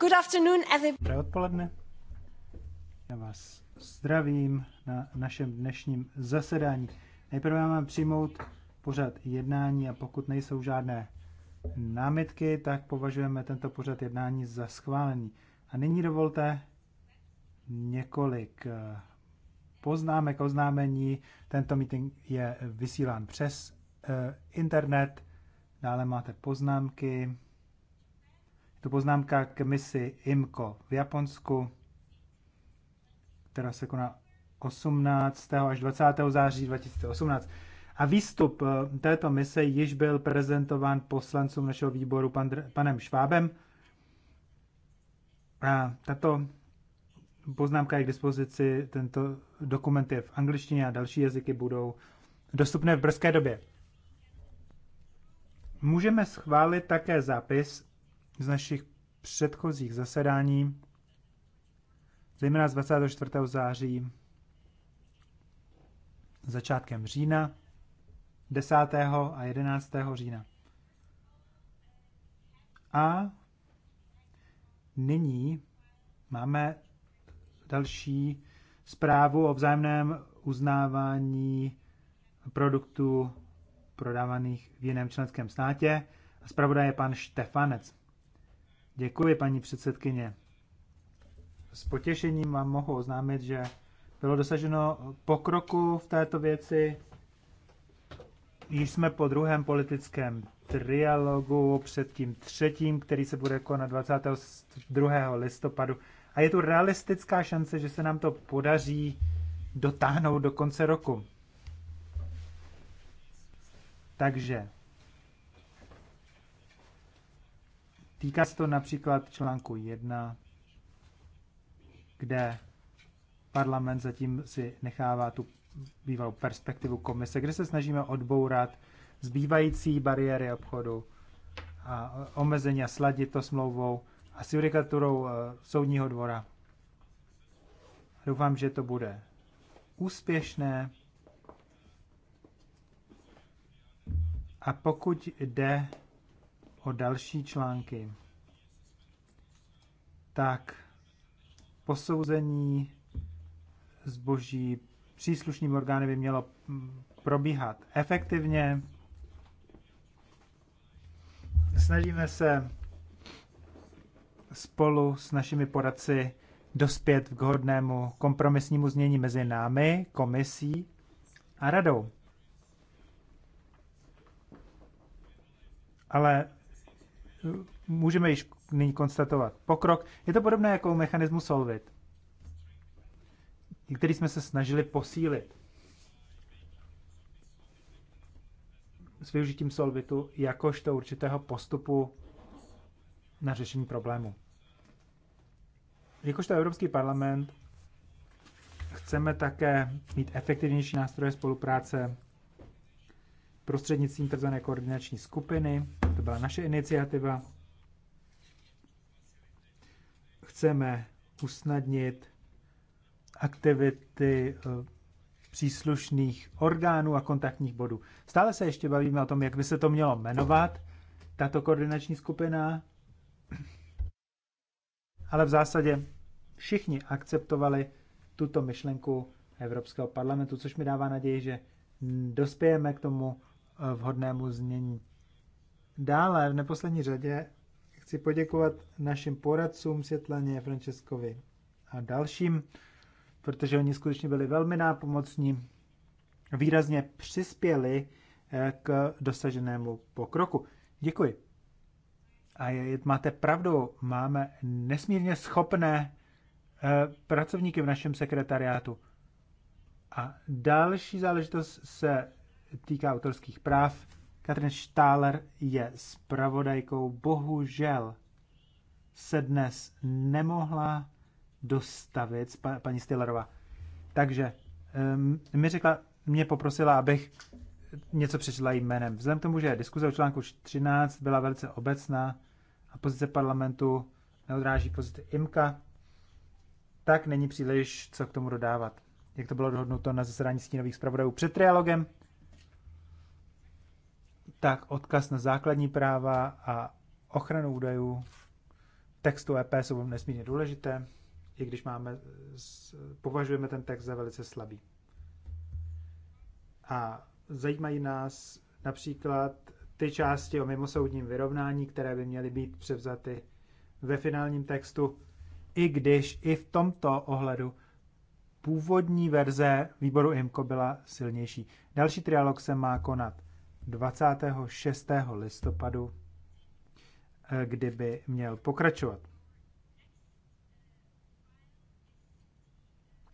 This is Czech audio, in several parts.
Good afternoon, everybody. Dobré odpoledne. Já vás zdravím na našem dnešním zasedání. Nejprve mám přijmout pořad jednání a pokud nejsou žádné námitky, tak považujeme tento pořad jednání za schválený. A nyní dovolte několik eh, poznámek, oznámení. Tento meeting je vysílán přes eh, internet. Dále máte poznámky to poznámka k misi IMCO v Japonsku, která se koná 18. až 20. září 2018. A výstup eh, této mise již byl prezentován poslancům našeho výboru pan, panem Švábem. A tato poznámka je k dispozici, tento dokument je v angličtině a další jazyky budou dostupné v brzké době. Můžeme schválit také zápis z našich předchozích zasedání, zejména z 24. září, začátkem října, 10. a 11. října. A nyní máme další zprávu o vzájemném uznávání produktů prodávaných v jiném členském státě. Zpravodaj je pan Štefanec. Děkuji, paní předsedkyně. S potěšením vám mohu oznámit, že bylo dosaženo pokroku v této věci. Již jsme po druhém politickém trialogu, před tím třetím, který se bude konat 22. listopadu. A je tu realistická šance, že se nám to podaří dotáhnout do konce roku. Takže Týká se to například článku 1, kde parlament zatím si nechává tu bývalou perspektivu komise, kde se snažíme odbourat zbývající bariéry obchodu a omezení a sladit to smlouvou a s judikaturou eh, soudního dvora. Doufám, že to bude úspěšné. A pokud jde o další články, tak posouzení zboží příslušným orgány by mělo probíhat efektivně. Snažíme se spolu s našimi poradci dospět k hodnému kompromisnímu změní mezi námi, komisí a radou. Ale můžeme již nyní konstatovat pokrok. Je to podobné jako u mechanismu Solvit, který jsme se snažili posílit s využitím Solvitu jakožto určitého postupu na řešení problému. Jakožto Evropský parlament chceme také mít efektivnější nástroje spolupráce prostřednictvím tzv. koordinační skupiny, to byla naše iniciativa. Chceme usnadnit aktivity eh, příslušných orgánů a kontaktních bodů. Stále se ještě bavíme o tom, jak by se to mělo jmenovat, tato koordinační skupina, ale v zásadě všichni akceptovali tuto myšlenku Evropského parlamentu, což mi dává naději, že dospějeme k tomu eh, vhodnému změní. Dále, v neposlední řadě, chci poděkovat našim poradcům Světlaně, Frančeskovi a dalším, protože oni skutečně byli velmi nápomocní, výrazně přispěli eh, k dosaženému pokroku. Děkuji. A je, máte pravdu, máme nesmírně schopné e, pracovníky v našem sekretariátu. A další záležitost se týká autorských práv. Katrin Stáler je zpravodajkou. Bohužel se dnes nemohla dostavit paní Stillerová. Takže um, mi řekla, mě poprosila, abych něco přečetla jménem. Vzhledem k tomu, že diskuze o článku 13 byla velice obecná a pozice parlamentu neodráží pozici IMKA, tak není příliš co k tomu dodávat. Jak to bylo dohodnuto na zasedání stínových zpravodajů před trialogem, tak odkaz na základní práva a ochranu údajů textu EP jsou nesmírně důležité, i když máme, považujeme ten text za velice slabý. A zajímají nás například ty části o mimosoudním vyrovnání, které by měly být převzaty ve finálním textu, i když i v tomto ohledu původní verze výboru IMCO byla silnější. Další trialog se má konat 26. listopadu, eh, kdyby měl pokračovat.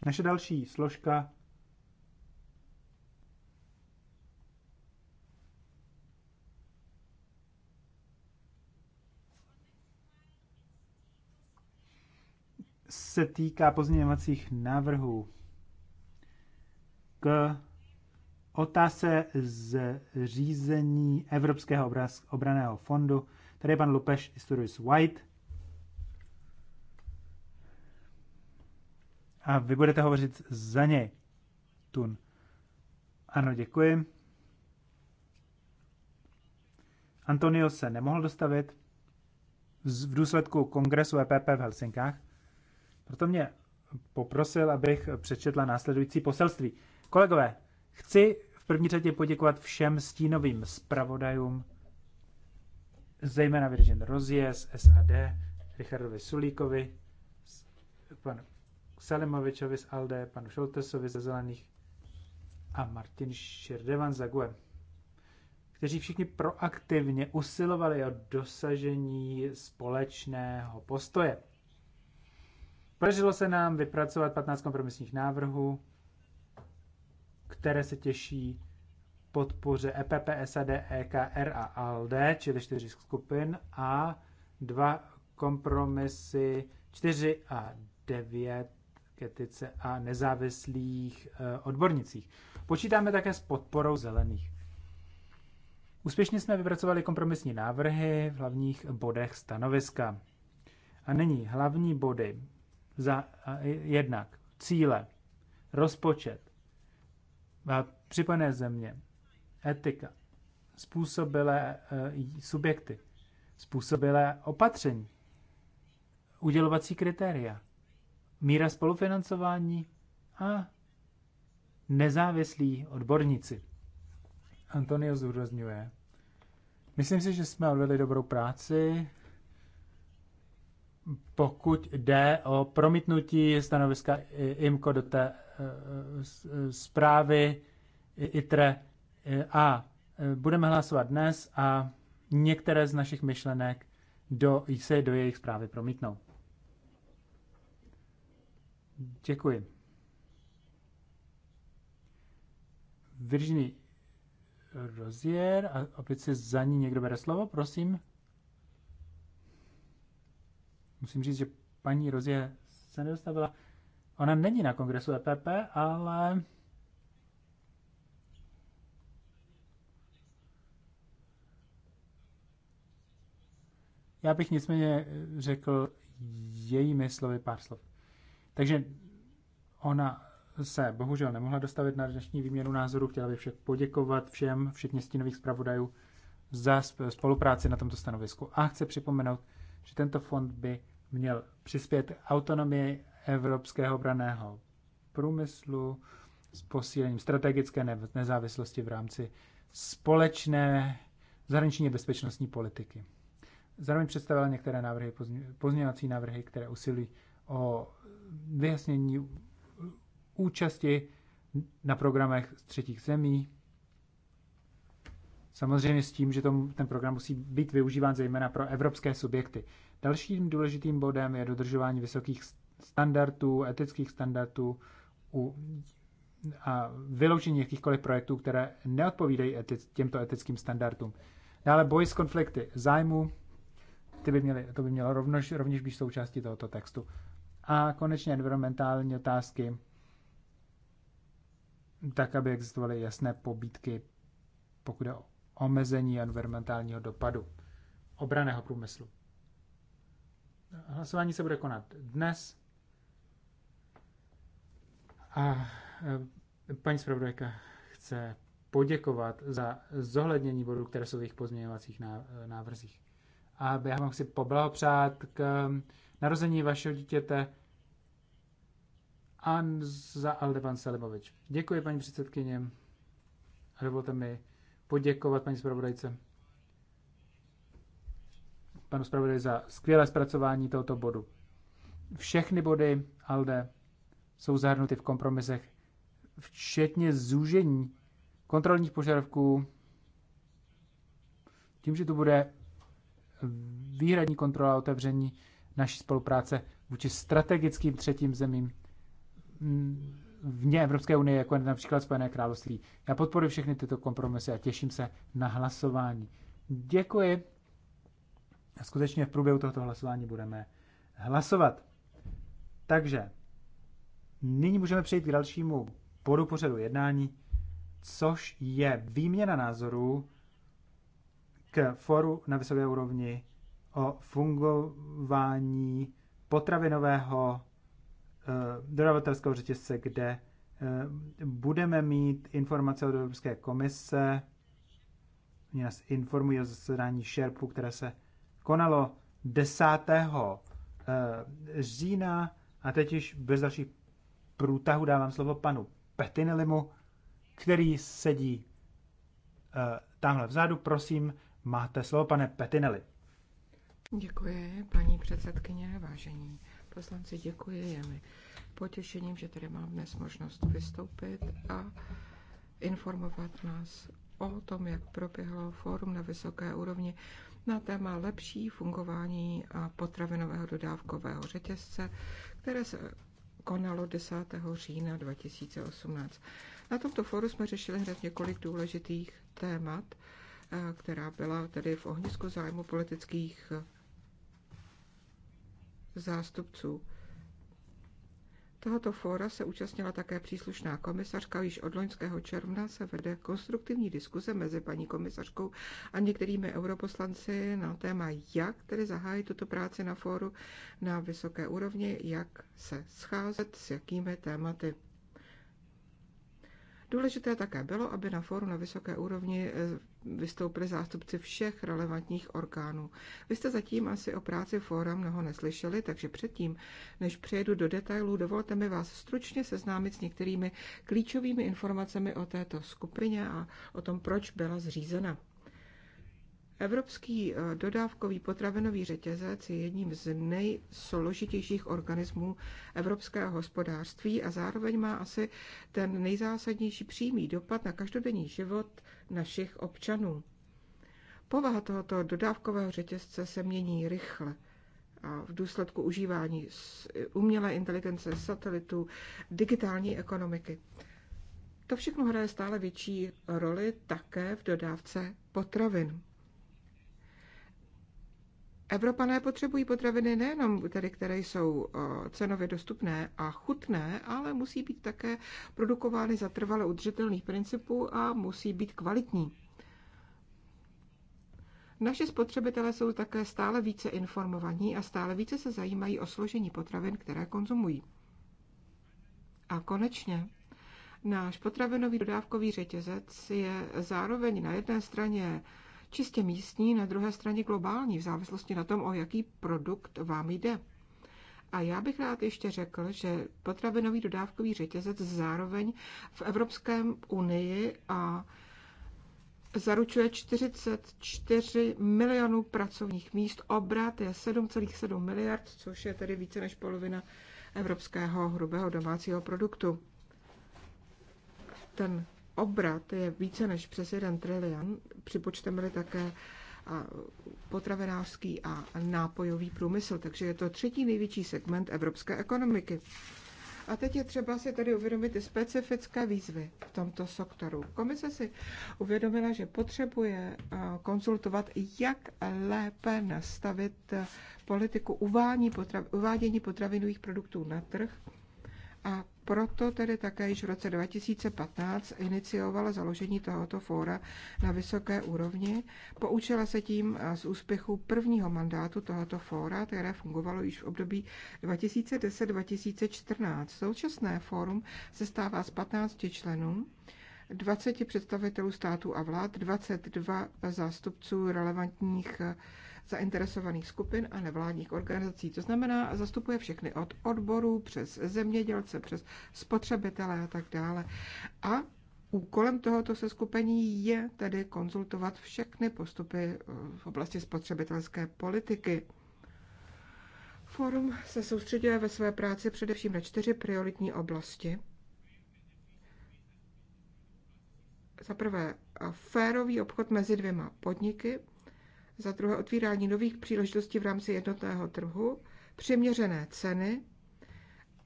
Naše další složka se týká pozměňovacích návrhů k otázce z řízení Evropského obraného fondu. Tady je pan Lupeš Isturis White. A vy budete hovořit za něj. Tun. Ano, děkuji. Antonio se nemohl dostavit v důsledku kongresu EPP v Helsinkách, proto mě poprosil, abych přečetla následující poselství. Kolegové, Chci v první řadě poděkovat všem stínovým zpravodajům, zejména Virgin Rozie z SAD, Richardovi Sulíkovi, panu Salimovičovi z ALDE, panu Šoltesovi ze Zelených a Martin Širdevan z AGUE, kteří všichni proaktivně usilovali o dosažení společného postoje. Podařilo se nám vypracovat 15 kompromisních návrhů, které se těší podpoře EPP, SAD, EKR a ALDE, čili čtyři skupin a dva kompromisy 4 a 9 ketice a nezávislých eh, odbornicích. Počítáme také s podporou zelených. Úspěšně jsme vypracovali kompromisní návrhy v hlavních bodech stanoviska. A nyní hlavní body za eh, jednak cíle, rozpočet, v připojené země, etika, způsobilé e, subjekty, způsobilé opatření, udělovací kritéria, míra spolufinancování a nezávislí odborníci. Antonio zdůrazňuje. Myslím si, že jsme odvedli dobrou práci, pokud jde o promítnutí stanoviska IMCO do té eh, zprávy ITRE eh, a eh, budeme hlasovat dnes a některé z našich myšlenek do, se do jejich zprávy promítnou. Děkuji. Virginie Rozier, a opět si za ní někdo bere slovo, prosím musím říct, že paní Rozie se nedostavila. Ona není na kongresu EPP, ale Já bych nicméně řekl jejími slovy pár slov. Takže ona se bohužel nemohla dostavit na dnešní výměnu názoru. Chtěla bych však poděkovat všem, všetně stínových zpravodajů, za spolupráci na tomto stanovisku. A chce připomenout, že tento fond by měl přispět autonomii evropského braného průmyslu s posílením strategické nezávislosti v rámci společné zahraniční bezpečnostní politiky. Zároveň představila některé návrhy, pozměňovací návrhy, které usilují o vyjasnění účasti na programech z třetích zemí. Samozřejmě s tím, že ten program musí být využíván zejména pro evropské subjekty. Dalším důležitým bodem je dodržování vysokých standardů, etických standardů u, a vyloučení jakýchkoliv projektů, které neodpovídají etic, těmto etickým standardům. Dále boj s konflikty zájmu, ty by měly, to by mělo rovnož, rovněž být součástí tohoto textu. A konečně environmentální otázky, tak, aby existovaly jasné pobídky, pokud je o omezení environmentálního dopadu obraného průmyslu. Hlasování se bude konat dnes. A e, paní zpravodajka chce poděkovat za zohlednění bodů, které jsou v jejich pozměňovacích e, návrzích. A já vám chci poblahopřát k e, narození vašeho dítěte a za Aldeban Selimovič. Děkuji, paní předsedkyně. A dovolte mi poděkovat paní zpravodajce panu zpravodaji za skvělé zpracování tohoto bodu. Všechny body ALDE jsou zahrnuty v kompromisech, včetně zúžení kontrolních požadavků. Tím, že tu bude výhradní kontrola otevření naší spolupráce vůči strategickým třetím zemím vně Evropské unie, jako je například Spojené království. Já podporuji všechny tyto kompromisy a těším se na hlasování. Děkuji a skutečně v průběhu tohoto hlasování budeme hlasovat. Takže nyní můžeme přejít k dalšímu bodu pořadu jednání, což je výměna názorů k foru na vysoké úrovni o fungování potravinového eh, dodavatelského řetězce, kde eh, budeme mít informace od Evropské komise. Mě nás informují o zasedání šerpu, které se konalo 10. Eh, října a teď již bez dalších průtahu dávám slovo panu Petinelimu, který sedí eh, tamhle vzadu. Prosím, máte slovo, pane Petineli. Děkuji, paní předsedkyně, vážení poslanci, děkuji. Je mi potěšením, že tady mám dnes možnost vystoupit a informovat nás o tom, jak proběhlo fórum na vysoké úrovni na téma lepší fungování potravinového dodávkového řetězce, které se konalo 10. října 2018. Na tomto fóru jsme řešili hned několik důležitých témat, eh, která byla tedy v ohnisku zájmu politických zástupců. Tohoto fóra se účastnila také příslušná komisařka, již od loňského června se vede konstruktivní diskuze mezi paní komisařkou a některými europoslanci na téma, jak tedy zahájit tuto práci na fóru na vysoké úrovni, jak se scházet, s jakými tématy. Důležité také bylo, aby na fóru na vysoké úrovni eh, vystoupili zástupci všech relevantních orgánů. Vy jste zatím asi o práci fóra mnoho neslyšeli, takže předtím, než přejdu do detailů, dovolte mi vás stručně seznámit s některými klíčovými informacemi o této skupině a o tom, proč byla zřízena. Evropský eh, dodávkový potravinový řetězec je jedním z nejsložitějších organismů evropského hospodářství a zároveň má asi ten nejzásadnější přímý dopad na každodenní život našich občanů. Povaha tohoto dodávkového řetězce se mění rychle a v důsledku užívání eh, umělé inteligence, satelitů, digitální ekonomiky. To všechno hraje stále větší roli také v dodávce potravin. Evropané potřebují potraviny nejenom tedy, které jsou eh, cenově dostupné a chutné, ale musí být také produkovány za trvale udržitelných principů a musí být kvalitní. Naše spotřebitelé jsou také stále více informovaní a stále více se zajímají o složení potravin, které konzumují. A konečně, náš potravinový dodávkový řetězec je zároveň na jedné straně čistě místní, na druhé straně globální, v závislosti na tom, o jaký produkt vám jde. A já bych rád ještě řekl, že potravinový dodávkový řetězec zároveň v Evropské unii a zaručuje 44 milionů pracovních míst, obrat je 7,7 miliard, což je tedy více než polovina evropského hrubého domácího produktu. Ten obrat je více než přes 1 trilion, připočteme-li také potravinářský a nápojový průmysl, takže je to třetí největší segment evropské ekonomiky. A teď je třeba si tady uvědomit i specifické výzvy v tomto sektoru. Komise si uvědomila, že potřebuje konsultovat, jak lépe nastavit politiku uvádění potravinových produktů na trh a proto tedy také již v roce 2015 iniciovala založení tohoto fóra na vysoké úrovni. Poučila se tím eh, z úspěchu prvního mandátu tohoto fóra, které fungovalo již v období 2010-2014. Současné fórum se stává z 15 členů, 20 představitelů států a vlád, 22 zástupců relevantních eh, zainteresovaných skupin a nevládních organizací. To znamená, zastupuje všechny od odborů přes zemědělce, přes spotřebitele a tak dále. A Úkolem tohoto seskupení je tedy konzultovat všechny postupy eh, v oblasti spotřebitelské politiky. Forum se soustředuje ve své práci především na čtyři prioritní oblasti. Za prvé, eh, férový obchod mezi dvěma podniky, za druhé otvírání nových příležitostí v rámci jednotného trhu, přiměřené ceny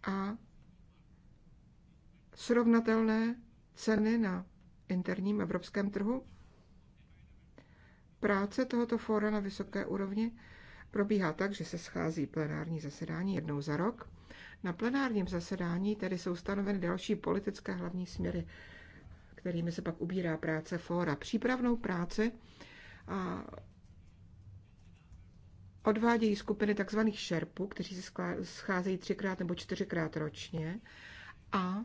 a srovnatelné ceny na interním evropském trhu. Práce tohoto fóra na vysoké úrovni probíhá tak, že se schází plenární zasedání jednou za rok. Na plenárním zasedání tedy jsou stanoveny další politické hlavní směry, kterými se pak ubírá práce fóra. Přípravnou práci a odvádějí skupiny tzv. šerpů, kteří se scházejí třikrát nebo čtyřikrát ročně a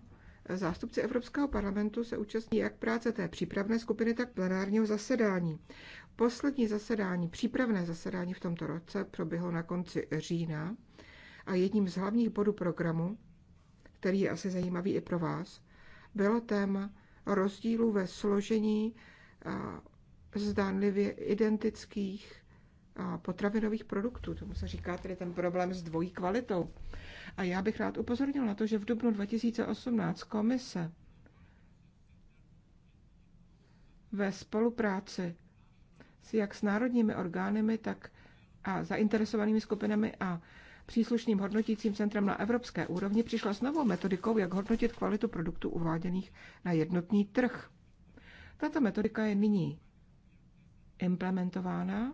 Zástupci Evropského parlamentu se účastní jak práce té přípravné skupiny, tak plenárního zasedání. Poslední zasedání, přípravné zasedání v tomto roce proběhlo na konci října a jedním z hlavních bodů programu, který je asi zajímavý i pro vás, bylo téma rozdílů ve složení zdánlivě identických potravinových produktů. Tomu se říká tedy ten problém s dvojí kvalitou. A já bych rád upozornil na to, že v dubnu 2018 komise ve spolupráci s jak s národními orgány, tak a zainteresovanými skupinami a příslušným hodnotícím centrem na evropské úrovni přišla s novou metodikou, jak hodnotit kvalitu produktů uváděných na jednotný trh. Tato metodika je nyní implementována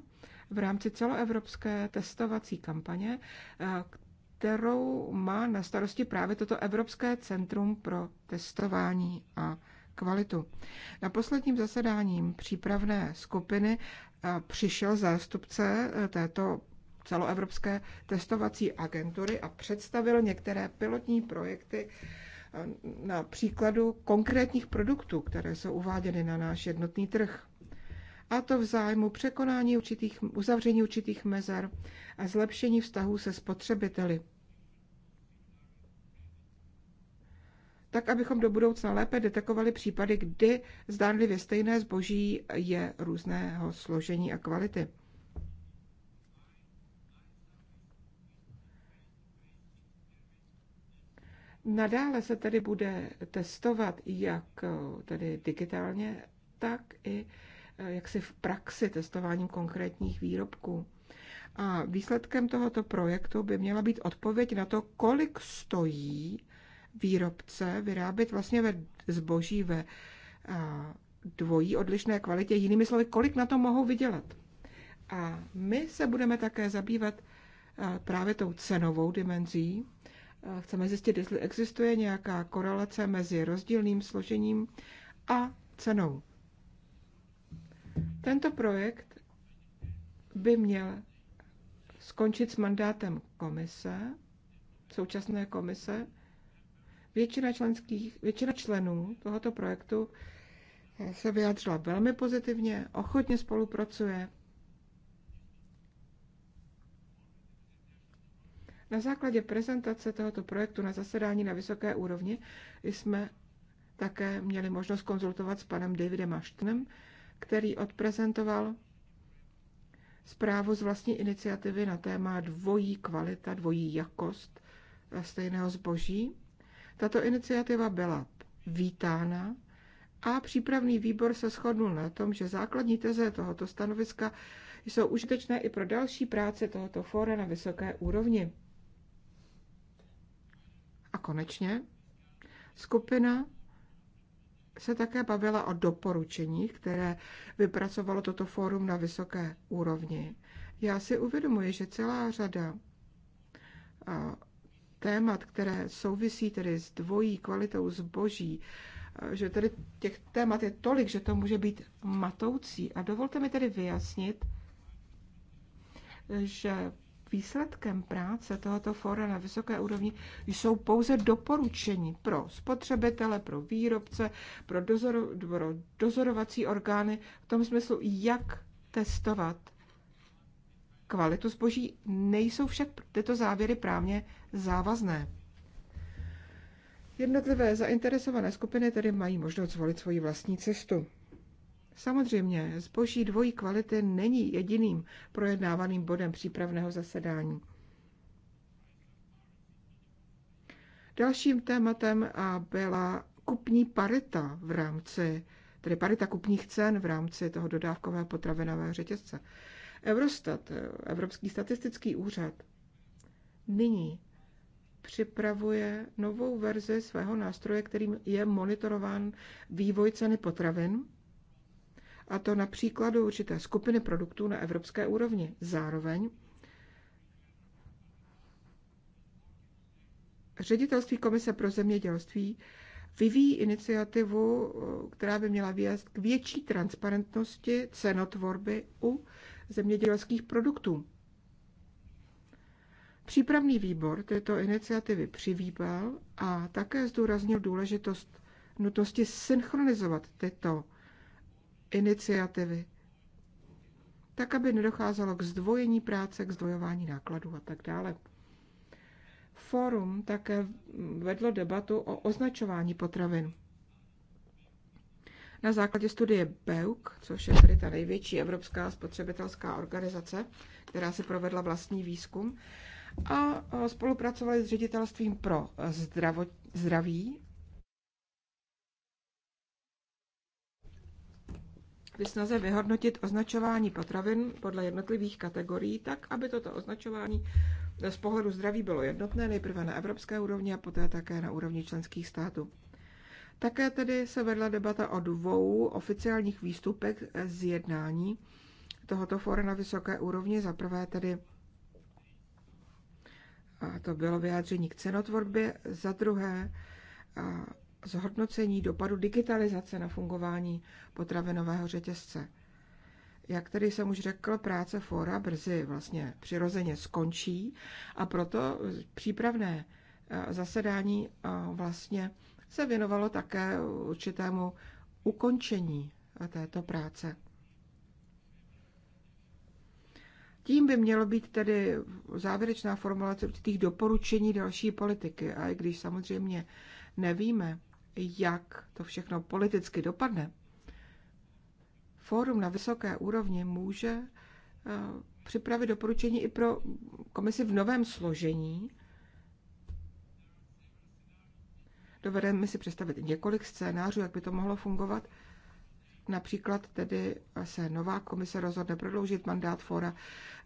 v rámci celoevropské testovací kampaně, eh, kterou má na starosti právě toto Evropské centrum pro testování a kvalitu. Na posledním zasedáním přípravné skupiny eh, přišel zástupce eh, této celoevropské testovací agentury a představil některé pilotní projekty na příkladu konkrétních produktů, které jsou uváděny na náš jednotný trh a to v zájmu překonání určitých, uzavření určitých mezer a zlepšení vztahů se spotřebiteli. tak abychom do budoucna lépe detekovali případy, kdy zdánlivě stejné zboží je různého složení a kvality. Nadále se tedy bude testovat jak tedy digitálně, tak i Eh, jaksi v praxi testováním konkrétních výrobků. A výsledkem tohoto projektu by měla být odpověď na to, kolik stojí výrobce vyrábět vlastně ve zboží ve eh, dvojí odlišné kvalitě, jinými slovy, kolik na to mohou vydělat. A my se budeme také zabývat eh, právě tou cenovou dimenzí. Chceme zjistit, jestli existuje nějaká korelace mezi rozdílným složením a cenou. Tento projekt by měl skončit s mandátem komise, současné komise. Většina, členských, většina členů tohoto projektu eh, se vyjádřila velmi pozitivně, ochotně spolupracuje. Na základě prezentace tohoto projektu na zasedání na vysoké úrovni jsme také měli možnost konzultovat s panem Davidem Aštnem, který odprezentoval zprávu z vlastní iniciativy na téma dvojí kvalita, dvojí jakost eh, stejného zboží. Tato iniciativa byla vítána a přípravný výbor se shodnul na tom, že základní teze tohoto stanoviska jsou užitečné i pro další práce tohoto fóra na vysoké úrovni. A konečně skupina se také bavila o doporučeních, které vypracovalo toto fórum na vysoké úrovni. Já si uvědomuji, že celá řada témat, které souvisí tedy s dvojí kvalitou zboží, že tedy těch témat je tolik, že to může být matoucí. A dovolte mi tedy vyjasnit, že Výsledkem práce tohoto fóra na vysoké úrovni jsou pouze doporučení pro spotřebitele, pro výrobce, pro, dozor, pro dozorovací orgány v tom smyslu, jak testovat kvalitu zboží. Nejsou však tyto závěry právně závazné. Jednotlivé zainteresované skupiny tedy mají možnost zvolit svoji vlastní cestu. Samozřejmě, zboží dvojí kvality není jediným projednávaným bodem přípravného zasedání. Dalším tématem byla kupní parita v rámci, tedy parita kupních cen v rámci toho dodávkového potravinového řetězce. Eurostat, Evropský statistický úřad, nyní připravuje novou verzi svého nástroje, kterým je monitorován vývoj ceny potravin a to na příkladu určité skupiny produktů na evropské úrovni. Zároveň ředitelství Komise pro zemědělství vyvíjí iniciativu, která by měla vést k větší transparentnosti cenotvorby u zemědělských produktů. Přípravný výbor této iniciativy přivýbal a také zdůraznil důležitost nutnosti synchronizovat tyto iniciativy, tak aby nedocházelo k zdvojení práce, k zdvojování nákladů a tak dále. Fórum také vedlo debatu o označování potravin. Na základě studie BEUK, což je tedy ta největší evropská spotřebitelská organizace, která si provedla vlastní výzkum, a spolupracovali s ředitelstvím pro zdravot, zdraví kdy snaze vyhodnotit označování potravin podle jednotlivých kategorií tak, aby toto označování z pohledu zdraví bylo jednotné nejprve na evropské úrovni a poté také na úrovni členských států. Také tedy se vedla debata o dvou oficiálních výstupech z jednání tohoto fóra na vysoké úrovni. Za prvé tedy a to bylo vyjádření k cenotvorbě, za druhé zhodnocení dopadu digitalizace na fungování potravinového řetězce. Jak tedy jsem už řekl, práce fora brzy vlastně přirozeně skončí a proto přípravné eh, zasedání eh, vlastně se věnovalo také určitému ukončení eh, této práce. Tím by mělo být tedy závěrečná formulace určitých doporučení další politiky, a i když samozřejmě nevíme, jak to všechno politicky dopadne, fórum na vysoké úrovni může eh, připravit doporučení i pro komisi v novém složení. Dovedeme si představit několik scénářů, jak by to mohlo fungovat. Například tedy eh, se nová komise rozhodne prodloužit mandát fora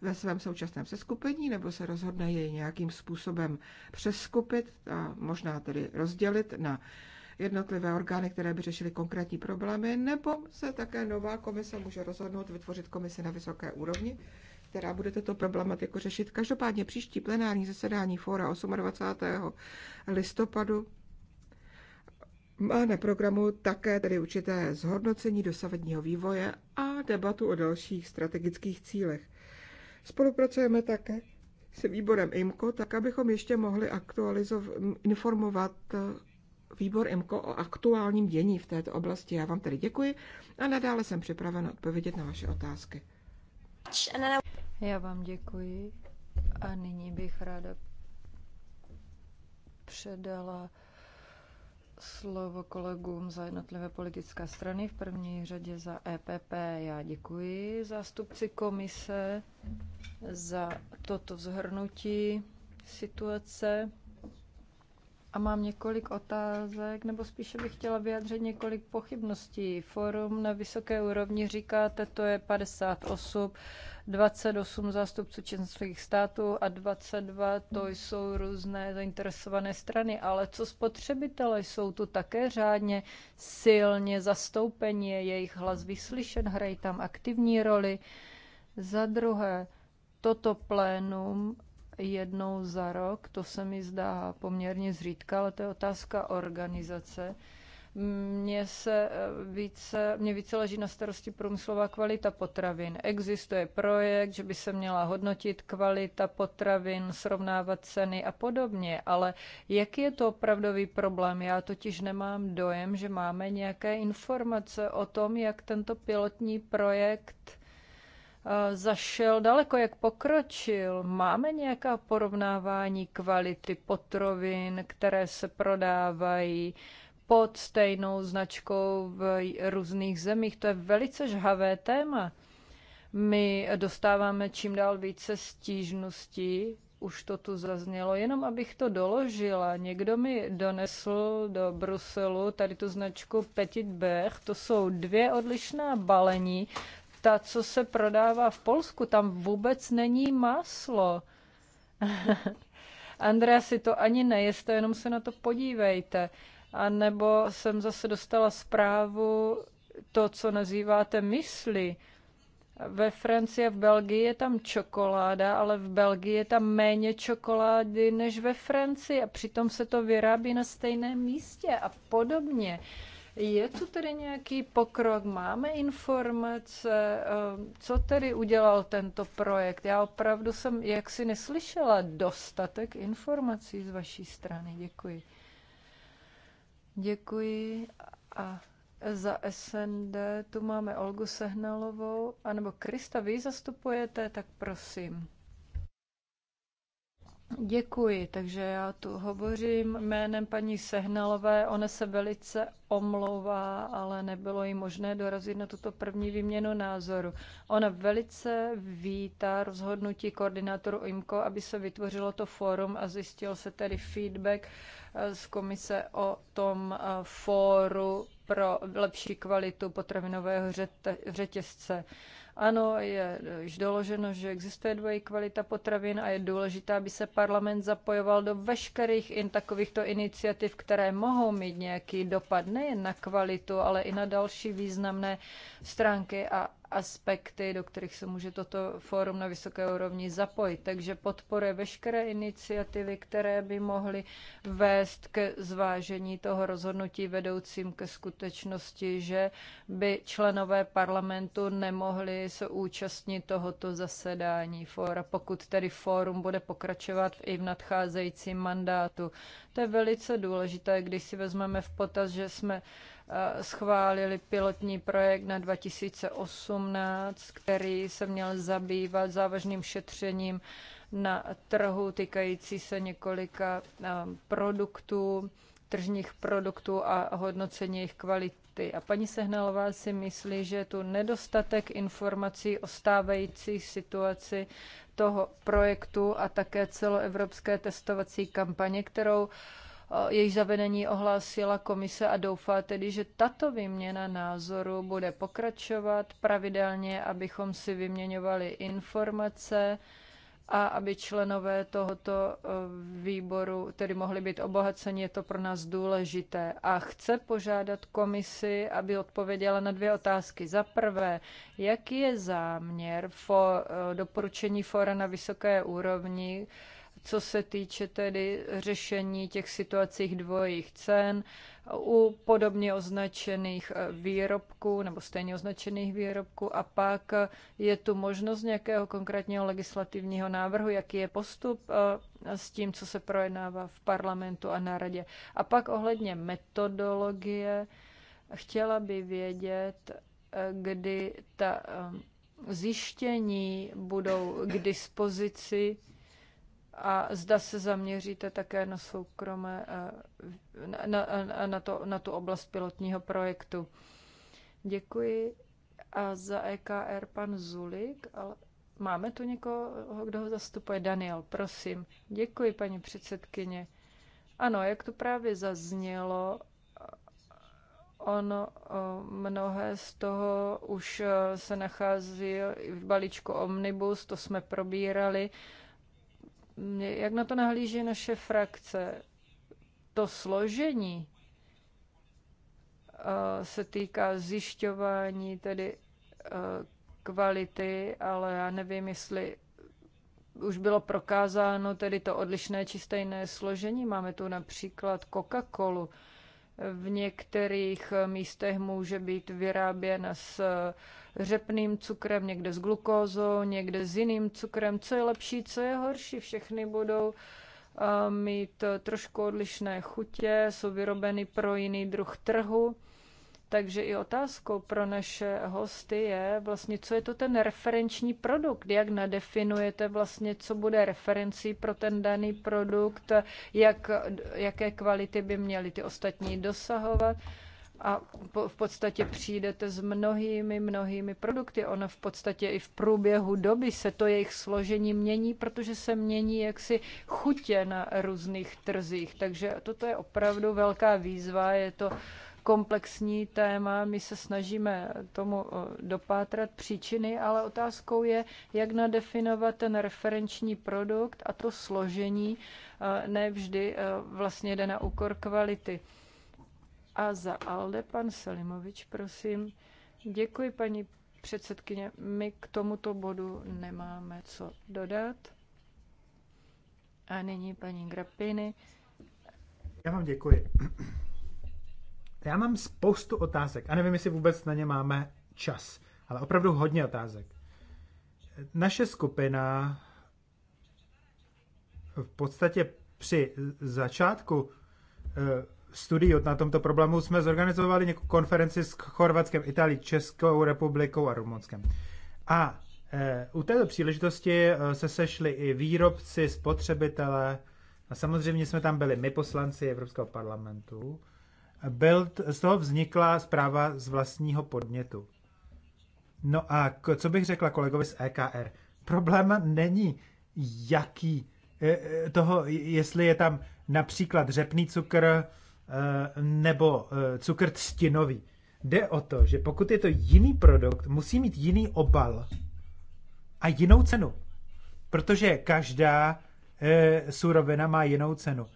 ve svém současném seskupení, nebo se rozhodne jej nějakým způsobem přeskupit, a možná tedy rozdělit na jednotlivé orgány, které by řešily konkrétní problémy, nebo se také nová komise může rozhodnout vytvořit komisi na vysoké úrovni, která bude tuto problematiku řešit. Každopádně příští plenární zasedání fóra 28. listopadu má na programu také tedy určité zhodnocení dosavadního vývoje a debatu o dalších strategických cílech. Spolupracujeme také s výborem IMCO, tak abychom ještě mohli aktualizovat, informovat výbor IMKO o aktuálním dění v této oblasti. Já vám tedy děkuji a nadále jsem připravena odpovědět na vaše otázky. Já vám děkuji a nyní bych ráda předala slovo kolegům za jednotlivé politické strany, v první řadě za EPP. Já děkuji zástupci komise za toto zhrnutí situace. A mám několik otázek, nebo spíše bych chtěla vyjádřit několik pochybností. Forum na vysoké úrovni říkáte, to je 50 osob, 28 zástupců členských států a 22 to jsou různé zainteresované strany. Ale co spotřebitele, jsou tu také řádně silně zastoupení je jejich hlas vyslyšen, hrají tam aktivní roli. Za druhé, toto plénum jednou za rok, to se mi zdá poměrně zřídka, ale to je otázka organizace. Mně se eh, více, mě více leží na starosti průmyslová kvalita potravin. Existuje projekt, že by se měla hodnotit kvalita potravin, srovnávat ceny a podobně, ale jaký je to opravdový problém? Já totiž nemám dojem, že máme nějaké informace o tom, jak tento pilotní projekt Eh, zašel daleko, jak pokročil. Máme nějaká porovnávání kvality potrovin, které se prodávají pod stejnou značkou v různých zemích. To je velice žhavé téma. My dostáváme čím dál více stížností, už to tu zaznělo, jenom abych to doložila. Někdo mi donesl do Bruselu tady tu značku Petit Bech, to jsou dvě odlišná balení ta, co se prodává v Polsku. Tam vůbec není máslo. Andrea si to ani nejeste, jenom se na to podívejte. A nebo jsem zase dostala zprávu to, co nazýváte mysli. Ve Francii a v Belgii je tam čokoláda, ale v Belgii je tam méně čokolády než ve Francii a přitom se to vyrábí na stejném místě a podobně. Je tu tedy nějaký pokrok? Máme informace? Ehm, co tedy udělal tento projekt? Já opravdu jsem jaksi neslyšela dostatek informací z vaší strany. Děkuji. Děkuji a za SND tu máme Olgu Sehnalovou, anebo Krista, vy zastupujete, tak prosím. Děkuji, takže já tu hovořím jménem paní Sehnalové. Ona se velice omlouvá, ale nebylo jí možné dorazit na tuto první výměnu názoru. Ona velice vítá rozhodnutí koordinátoru IMCO, aby se vytvořilo to fórum a zjistil se tedy feedback eh, z komise o tom eh, fóru pro lepší kvalitu potravinového řetězce. Ano, je již doloženo, že existuje dvojí kvalita potravin a je důležité, aby se parlament zapojoval do veškerých in takovýchto iniciativ, které mohou mít nějaký dopad nejen na kvalitu, ale i na další významné stránky a aspekty, do kterých se může toto fórum na vysoké úrovni zapojit. Takže podporuje veškeré iniciativy, které by mohly vést ke zvážení toho rozhodnutí vedoucím ke skutečnosti, že by členové parlamentu nemohli se účastnit tohoto zasedání fóra, pokud tedy fórum bude pokračovat i v nadcházejícím mandátu. To je velice důležité, když si vezmeme v potaz, že jsme Eh, schválili pilotní projekt na 2018, který se měl zabývat závažným šetřením na trhu týkající se několika eh, produktů, tržních produktů a hodnocení jejich kvality. A paní Sehnalová si myslí, že tu nedostatek informací o stávající situaci toho projektu a také celoevropské testovací kampaně, kterou uh, Eh, jejich zavedení ohlásila komise a doufá tedy, že tato výměna názoru bude pokračovat pravidelně, abychom si vyměňovali informace a aby členové tohoto eh, výboru tedy mohli být obohaceni, je to pro nás důležité. A chce požádat komisi, aby odpověděla na dvě otázky. Za prvé, jaký je záměr for, eh, doporučení fora na vysoké úrovni, co se týče tedy řešení těch situacích dvojích cen u podobně označených eh, výrobků nebo stejně označených výrobků a pak eh, je tu možnost nějakého konkrétního legislativního návrhu, jaký je postup eh, s tím, co se projednává v parlamentu a na radě. A pak ohledně metodologie, chtěla by vědět, kdy ta zjištění budou k dispozici a zda se zaměříte také na soukromé, eh, na, na, na, to, na tu oblast pilotního projektu. Děkuji. A za EKR pan Zulik, ale máme tu někoho, kdo ho zastupuje? Daniel, prosím. Děkuji, paní předsedkyně. Ano, jak to právě zaznělo, ono mnohé z toho už eh, se nachází v balíčku Omnibus, to jsme probírali. Jak na to nahlíží naše frakce? To složení eh, se týká zjišťování tedy eh, kvality, ale já nevím, jestli už bylo prokázáno tedy to odlišné či stejné složení. Máme tu například Coca-Colu. V některých místech může být vyráběna s řepným cukrem, někde s glukózou, někde s jiným cukrem, co je lepší, co je horší. Všechny budou eh, mít eh, trošku odlišné chutě, jsou vyrobeny pro jiný druh trhu. Takže i otázkou pro naše hosty je vlastně, co je to ten referenční produkt, jak nadefinujete vlastně, co bude referencí pro ten daný produkt, jak, jaké kvality by měly ty ostatní dosahovat a v podstatě přijdete s mnohými, mnohými produkty. Ono v podstatě i v průběhu doby se to jejich složení mění, protože se mění jaksi chutě na různých trzích. Takže toto je opravdu velká výzva, je to komplexní téma. My se snažíme tomu dopátrat příčiny, ale otázkou je, jak nadefinovat ten referenční produkt a to složení nevždy vlastně jde na úkor kvality. A za ALDE pan Selimovič, prosím. Děkuji, paní předsedkyně. My k tomuto bodu nemáme co dodat. A nyní paní Grapiny. Já vám děkuji. Já mám spoustu otázek a nevím, jestli vůbec na ně máme čas, ale opravdu hodně otázek. Naše skupina v podstatě při začátku eh, studiu na tomto problému jsme zorganizovali nějakou konferenci s Chorvatskem, Itálií, Českou republikou a Rumunskem. A e, u této příležitosti e, se sešli i výrobci, spotřebitelé, a samozřejmě jsme tam byli my poslanci Evropského parlamentu. Byl, z toho vznikla zpráva z vlastního podnětu. No a co bych řekla kolegovi z EKR? Problém není, jaký e, toho, jestli je tam například řepný cukr Eh, nebo eh, cukr třtinový. Jde o to, že pokud je to jiný produkt, musí mít jiný obal a jinou cenu. Protože každá e, surovina má jinou cenu.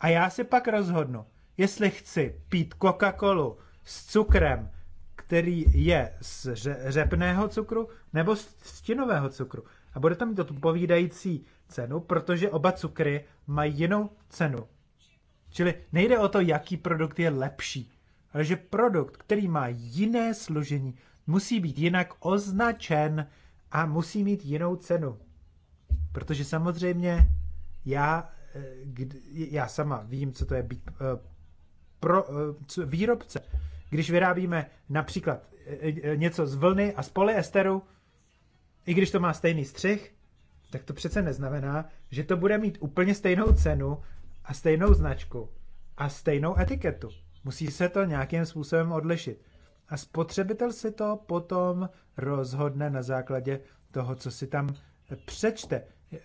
A já si pak rozhodnu, jestli chci pít Coca-Colu s cukrem, který je z řepného cukru nebo z stinového cukru. A bude tam mít odpovídající cenu, protože oba cukry mají jinou cenu. Čili nejde o to, jaký produkt je lepší, ale že produkt, který má jiné složení, musí být jinak označen a musí mít jinou cenu. Protože samozřejmě já, eh, já sama vím, co to je být eh, pro, eh, výrobce. Když vyrábíme například něco z vlny a z polyesteru, i když to má stejný střih, tak to přece neznamená, že to bude mít úplně stejnou cenu a stejnou značku a stejnou etiketu. Musí se to nějakým způsobem odlišit. A spotřebitel si to potom rozhodne na základě toho, co si tam přečte. E, e,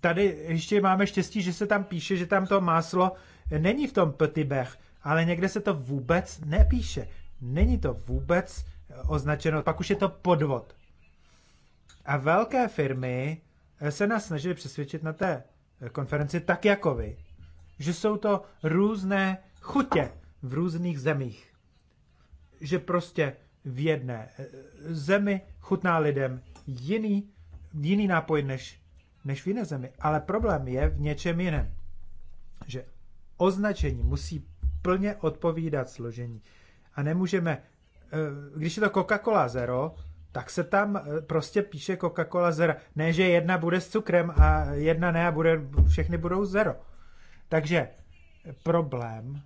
tady ještě máme štěstí, že se tam píše, že tam to máslo není v tom petibech, ale někde se to vůbec nepíše. Není to vůbec označeno, pak už je to podvod. A velké firmy se nás snažily přesvědčit na té konferenci, tak jako vy, že jsou to různé chutě v různých zemích. Že prostě v jedné eh, zemi chutná lidem jiný, jiný nápoj než, než v jiné zemi. Ale problém je v něčem jiném. Že označení musí plně odpovídat složení. A nemůžeme, eh, když je to Coca-Cola Zero, tak se tam eh, prostě píše Coca-Cola zero. Ne, že jedna bude s cukrem a jedna ne a bude, všechny budou zero. Takže problém,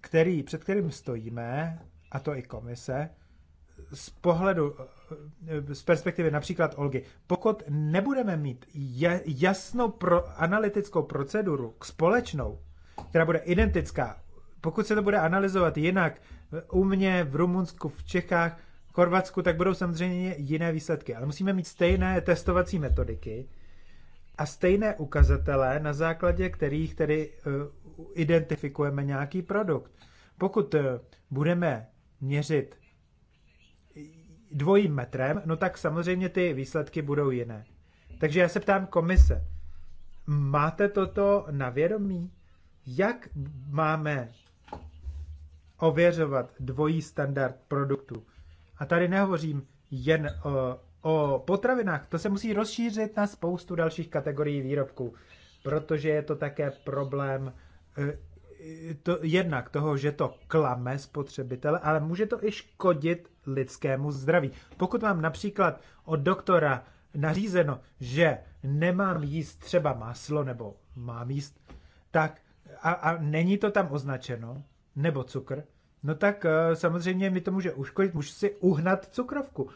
který, před kterým stojíme, a to i komise, z pohledu, eh, z perspektivy například Olgy, pokud nebudeme mít jasnou pro analytickou proceduru k společnou, která bude identická, pokud se to bude analyzovat jinak eh, u mě, v Rumunsku, v Čechách, Chorvatsku, tak budou samozřejmě jiné výsledky. Ale musíme mít stejné testovací metodiky a stejné ukazatele, na základě kterých tedy eh, identifikujeme nějaký produkt. Pokud eh, budeme měřit dvojím metrem, no tak samozřejmě ty výsledky budou jiné. Takže já se ptám komise, máte toto na vědomí? Jak máme ověřovat dvojí standard produktů? A tady nehovořím jen o, o potravinách, to se musí rozšířit na spoustu dalších kategorií výrobků, protože je to také problém eh, eh, to, jednak toho, že to klame spotřebitele, ale může to i škodit lidskému zdraví. Pokud mám například od doktora nařízeno, že nemám jíst třeba maslo nebo mám jíst, tak a, a není to tam označeno, nebo cukr, no tak eh, samozřejmě mi to může uškodit, můžu si uhnat cukrovku.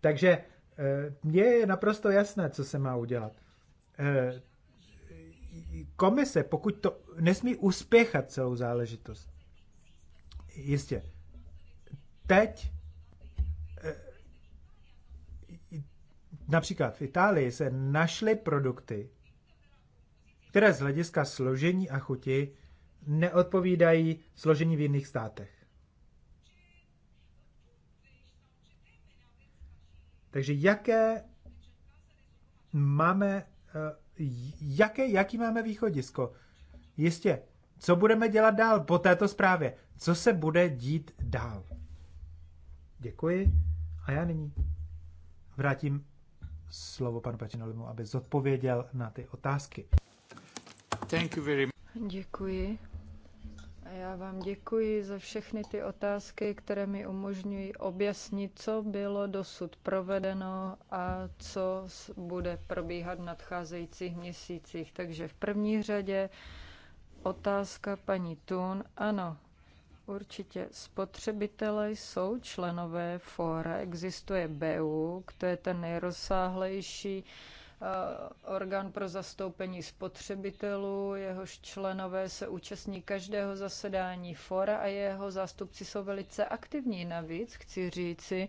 Takže eh, mně je naprosto jasné, co se má udělat. Eh, komise, pokud to nesmí uspěchat celou záležitost. Jistě. Teď například v Itálii se našly produkty, které z hlediska složení a chuti neodpovídají složení v jiných státech. Takže jaké máme, eh, jaké, jaký máme východisko? Jistě, co budeme dělat dál po této zprávě? Co se bude dít dál? Děkuji. A já nyní vrátím slovo panu Pačinolimu, aby zodpověděl na ty otázky. Thank you very much. Děkuji. Já vám děkuji za všechny ty otázky, které mi umožňují objasnit, co bylo dosud provedeno a co bude probíhat v nadcházejících měsících. Takže v první řadě otázka paní Tun. Ano, Určitě. Spotřebitelé jsou členové fóra, existuje BU, to je ten nejrozsáhlejší Eh, orgán pro zastoupení spotřebitelů, jehož členové se účastní každého zasedání fora a jeho zástupci jsou velice aktivní. Navíc chci říci,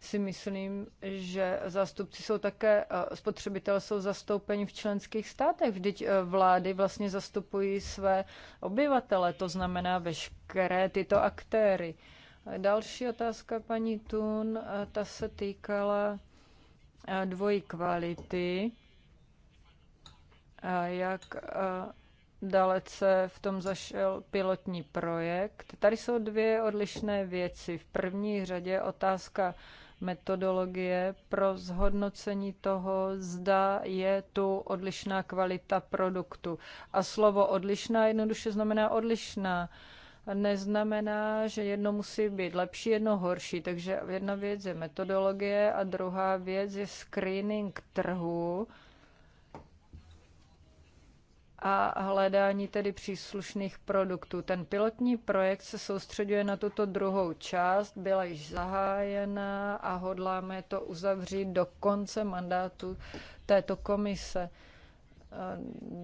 si myslím, že zástupci jsou také, eh, spotřebitelé jsou zastoupeni v členských státech. Vždyť eh, vlády vlastně zastupují své obyvatele, to znamená veškeré tyto aktéry. Další otázka paní Tun, ta se týkala dvojí kvality, jak dalece v tom zašel pilotní projekt. Tady jsou dvě odlišné věci. V první řadě otázka metodologie pro zhodnocení toho, zda je tu odlišná kvalita produktu. A slovo odlišná jednoduše znamená odlišná. Uh, neznamená, že jedno musí být lepší, jedno horší. Takže jedna věc je metodologie a druhá věc je screening trhu a hledání tedy příslušných produktů. Ten pilotní projekt se soustředuje na tuto druhou část, byla již zahájena a hodláme to uzavřít do konce mandátu této komise.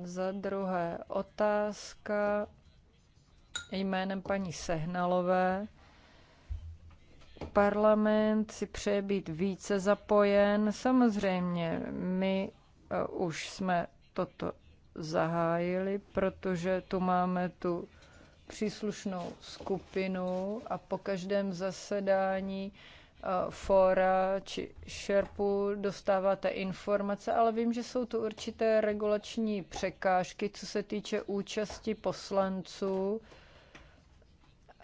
Za druhé otázka jménem paní Sehnalové. Parlament si přeje být více zapojen. Samozřejmě, my eh, už jsme toto zahájili, protože tu máme tu příslušnou skupinu a po každém zasedání eh, fora či šerpu dostáváte informace, ale vím, že jsou tu určité regulační překážky, co se týče účasti poslanců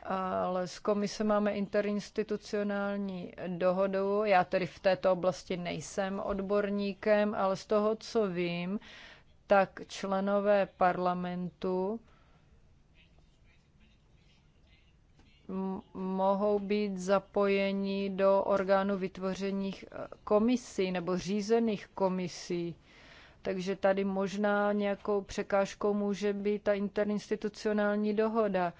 ale s komise máme interinstitucionální dohodu. Já tedy v této oblasti nejsem odborníkem, ale z toho, co vím, tak členové parlamentu mohou být zapojeni do orgánu vytvořených eh, komisí nebo řízených komisí. Takže tady možná nějakou překážkou může být ta interinstitucionální dohoda.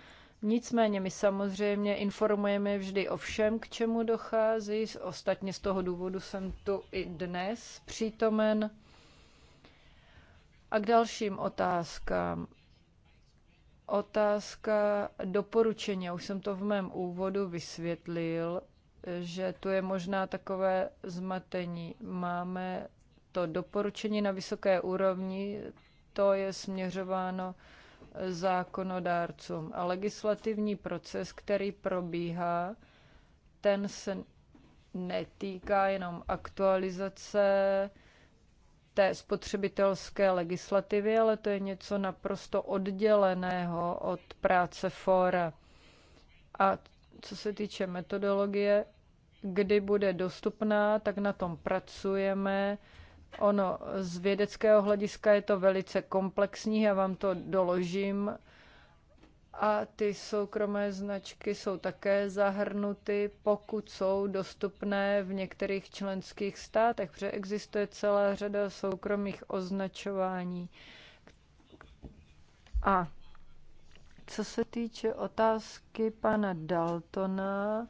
Nicméně my samozřejmě informujeme vždy o všem, k čemu dochází. Ostatně z toho důvodu jsem tu i dnes přítomen. A k dalším otázkám. Otázka doporučení. už jsem to v mém úvodu vysvětlil, že tu je možná takové zmatení. Máme to doporučení na vysoké úrovni, to je směřováno zákonodárcům. A legislativní proces, který probíhá, ten se netýká jenom aktualizace té spotřebitelské legislativy, ale to je něco naprosto odděleného od práce fóra. A co se týče metodologie, kdy bude dostupná, tak na tom pracujeme Ono z vědeckého hlediska je to velice komplexní, já vám to doložím. A ty soukromé značky jsou také zahrnuty, pokud jsou dostupné v některých členských státech, protože existuje celá řada soukromých označování. A co se týče otázky pana Daltona,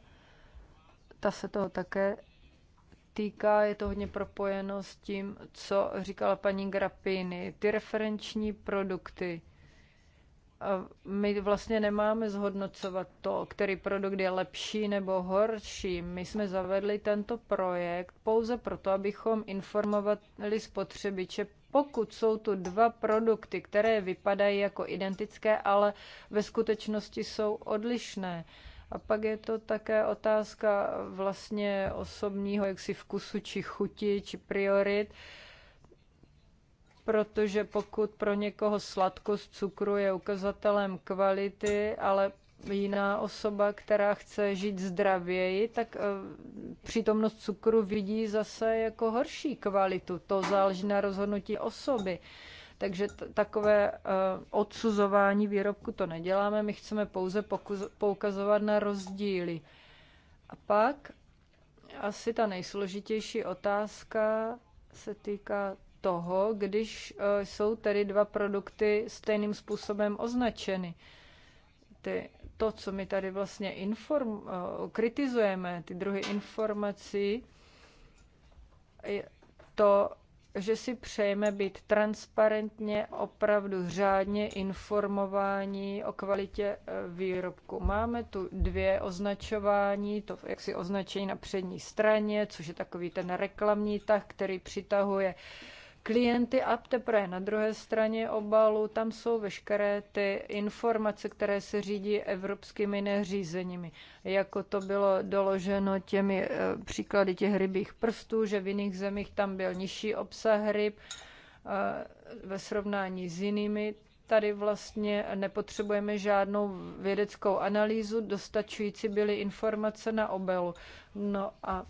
ta se toho také týká, je to hodně propojeno s tím, co říkala paní Grapiny. Ty referenční produkty. My vlastně nemáme zhodnocovat to, který produkt je lepší nebo horší. My jsme zavedli tento projekt pouze proto, abychom informovali spotřebiče, pokud jsou tu dva produkty, které vypadají jako identické, ale ve skutečnosti jsou odlišné. A pak je to také otázka vlastně osobního jaksi vkusu či chuti či priorit protože pokud pro někoho sladkost cukru je ukazatelem kvality, ale jiná osoba, která chce žít zdravěji, tak eh, přítomnost cukru vidí zase jako horší kvalitu. To záleží na rozhodnutí osoby. Takže takové eh, odsuzování výrobku to neděláme, my chceme pouze poukazovat na rozdíly. A pak asi ta nejsložitější otázka se týká toho, když eh, jsou tedy dva produkty stejným způsobem označeny. Ty, to, co my tady vlastně inform, eh, kritizujeme, ty druhy informací, to že si přejeme být transparentně, opravdu řádně informováni o kvalitě e, výrobku. Máme tu dvě označování, to jak si označení na přední straně, což je takový ten reklamní tah, který přitahuje uh, klienty a teprve na druhé straně obalu tam jsou veškeré ty informace, které se řídí evropskými neřízeními. Jako to bylo doloženo těmi eh, příklady těch rybích prstů, že v jiných zemích tam byl nižší obsah ryb eh, ve srovnání s jinými, tady vlastně nepotřebujeme žádnou vědeckou analýzu, dostačující byly informace na obelu. No a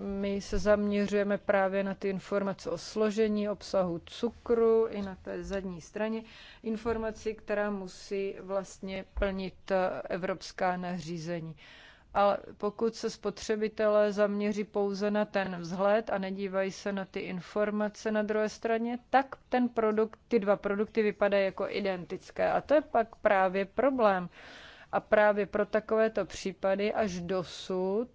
my se zaměřujeme právě na ty informace o složení obsahu cukru i na té zadní straně informaci, která musí vlastně plnit eh, evropská nařízení. Ale pokud se spotřebitelé zaměří pouze na ten vzhled a nedívají se na ty informace na druhé straně, tak ten produkt, ty dva produkty vypadají jako identické. A to je pak právě problém. A právě pro takovéto případy až dosud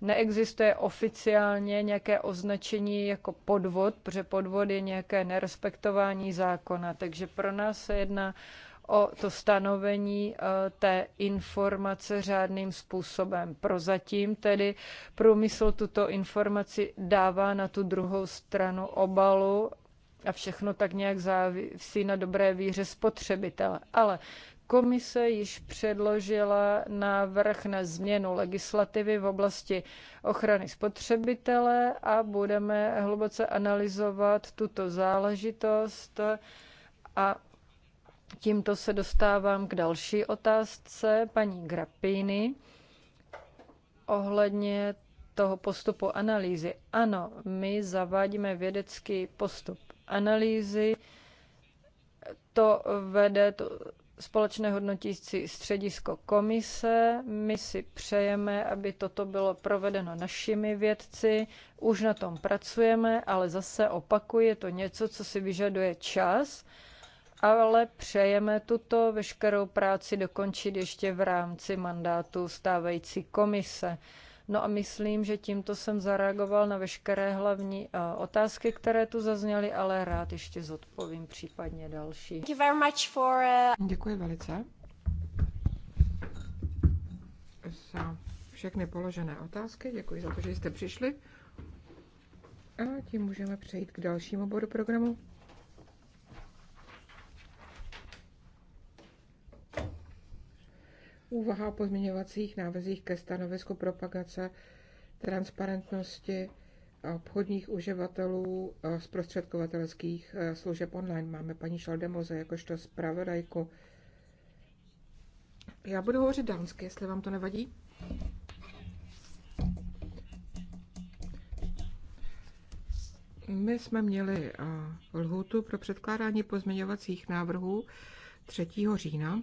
neexistuje oficiálně nějaké označení jako podvod, protože podvod je nějaké nerespektování zákona. Takže pro nás se jedná o to stanovení eh, té informace řádným způsobem. Prozatím tedy průmysl tuto informaci dává na tu druhou stranu obalu a všechno tak nějak závisí na dobré víře spotřebitele. Ale Komise již předložila návrh na změnu legislativy v oblasti ochrany spotřebitele a budeme hluboce analyzovat tuto záležitost a tímto se dostávám k další otázce paní Grapiny ohledně toho postupu analýzy. Ano, my zavádíme vědecký postup analýzy, to vede, to, společné hodnotící středisko komise. My si přejeme, aby toto bylo provedeno našimi vědci. Už na tom pracujeme, ale zase opakuje to něco, co si vyžaduje čas, ale přejeme tuto veškerou práci dokončit ještě v rámci mandátu stávající komise. No a myslím, že tímto jsem zareagoval na veškeré hlavní eh, otázky, které tu zazněly, ale rád ještě zodpovím případně další. Eh, Děkuji velice za všechny položené otázky. Děkuji za to, že jste přišli. A tím můžeme přejít k dalšímu bodu programu. úvaha o pozměňovacích návrzích ke stanovisku propagace transparentnosti obchodních uživatelů eh, zprostředkovatelských eh, služeb online. Máme paní Šaldemoze jakožto zpravodajku. Já budu hovořit dánsky, jestli vám to nevadí. My jsme měli eh, lhůtu pro předkládání pozměňovacích návrhů 3. října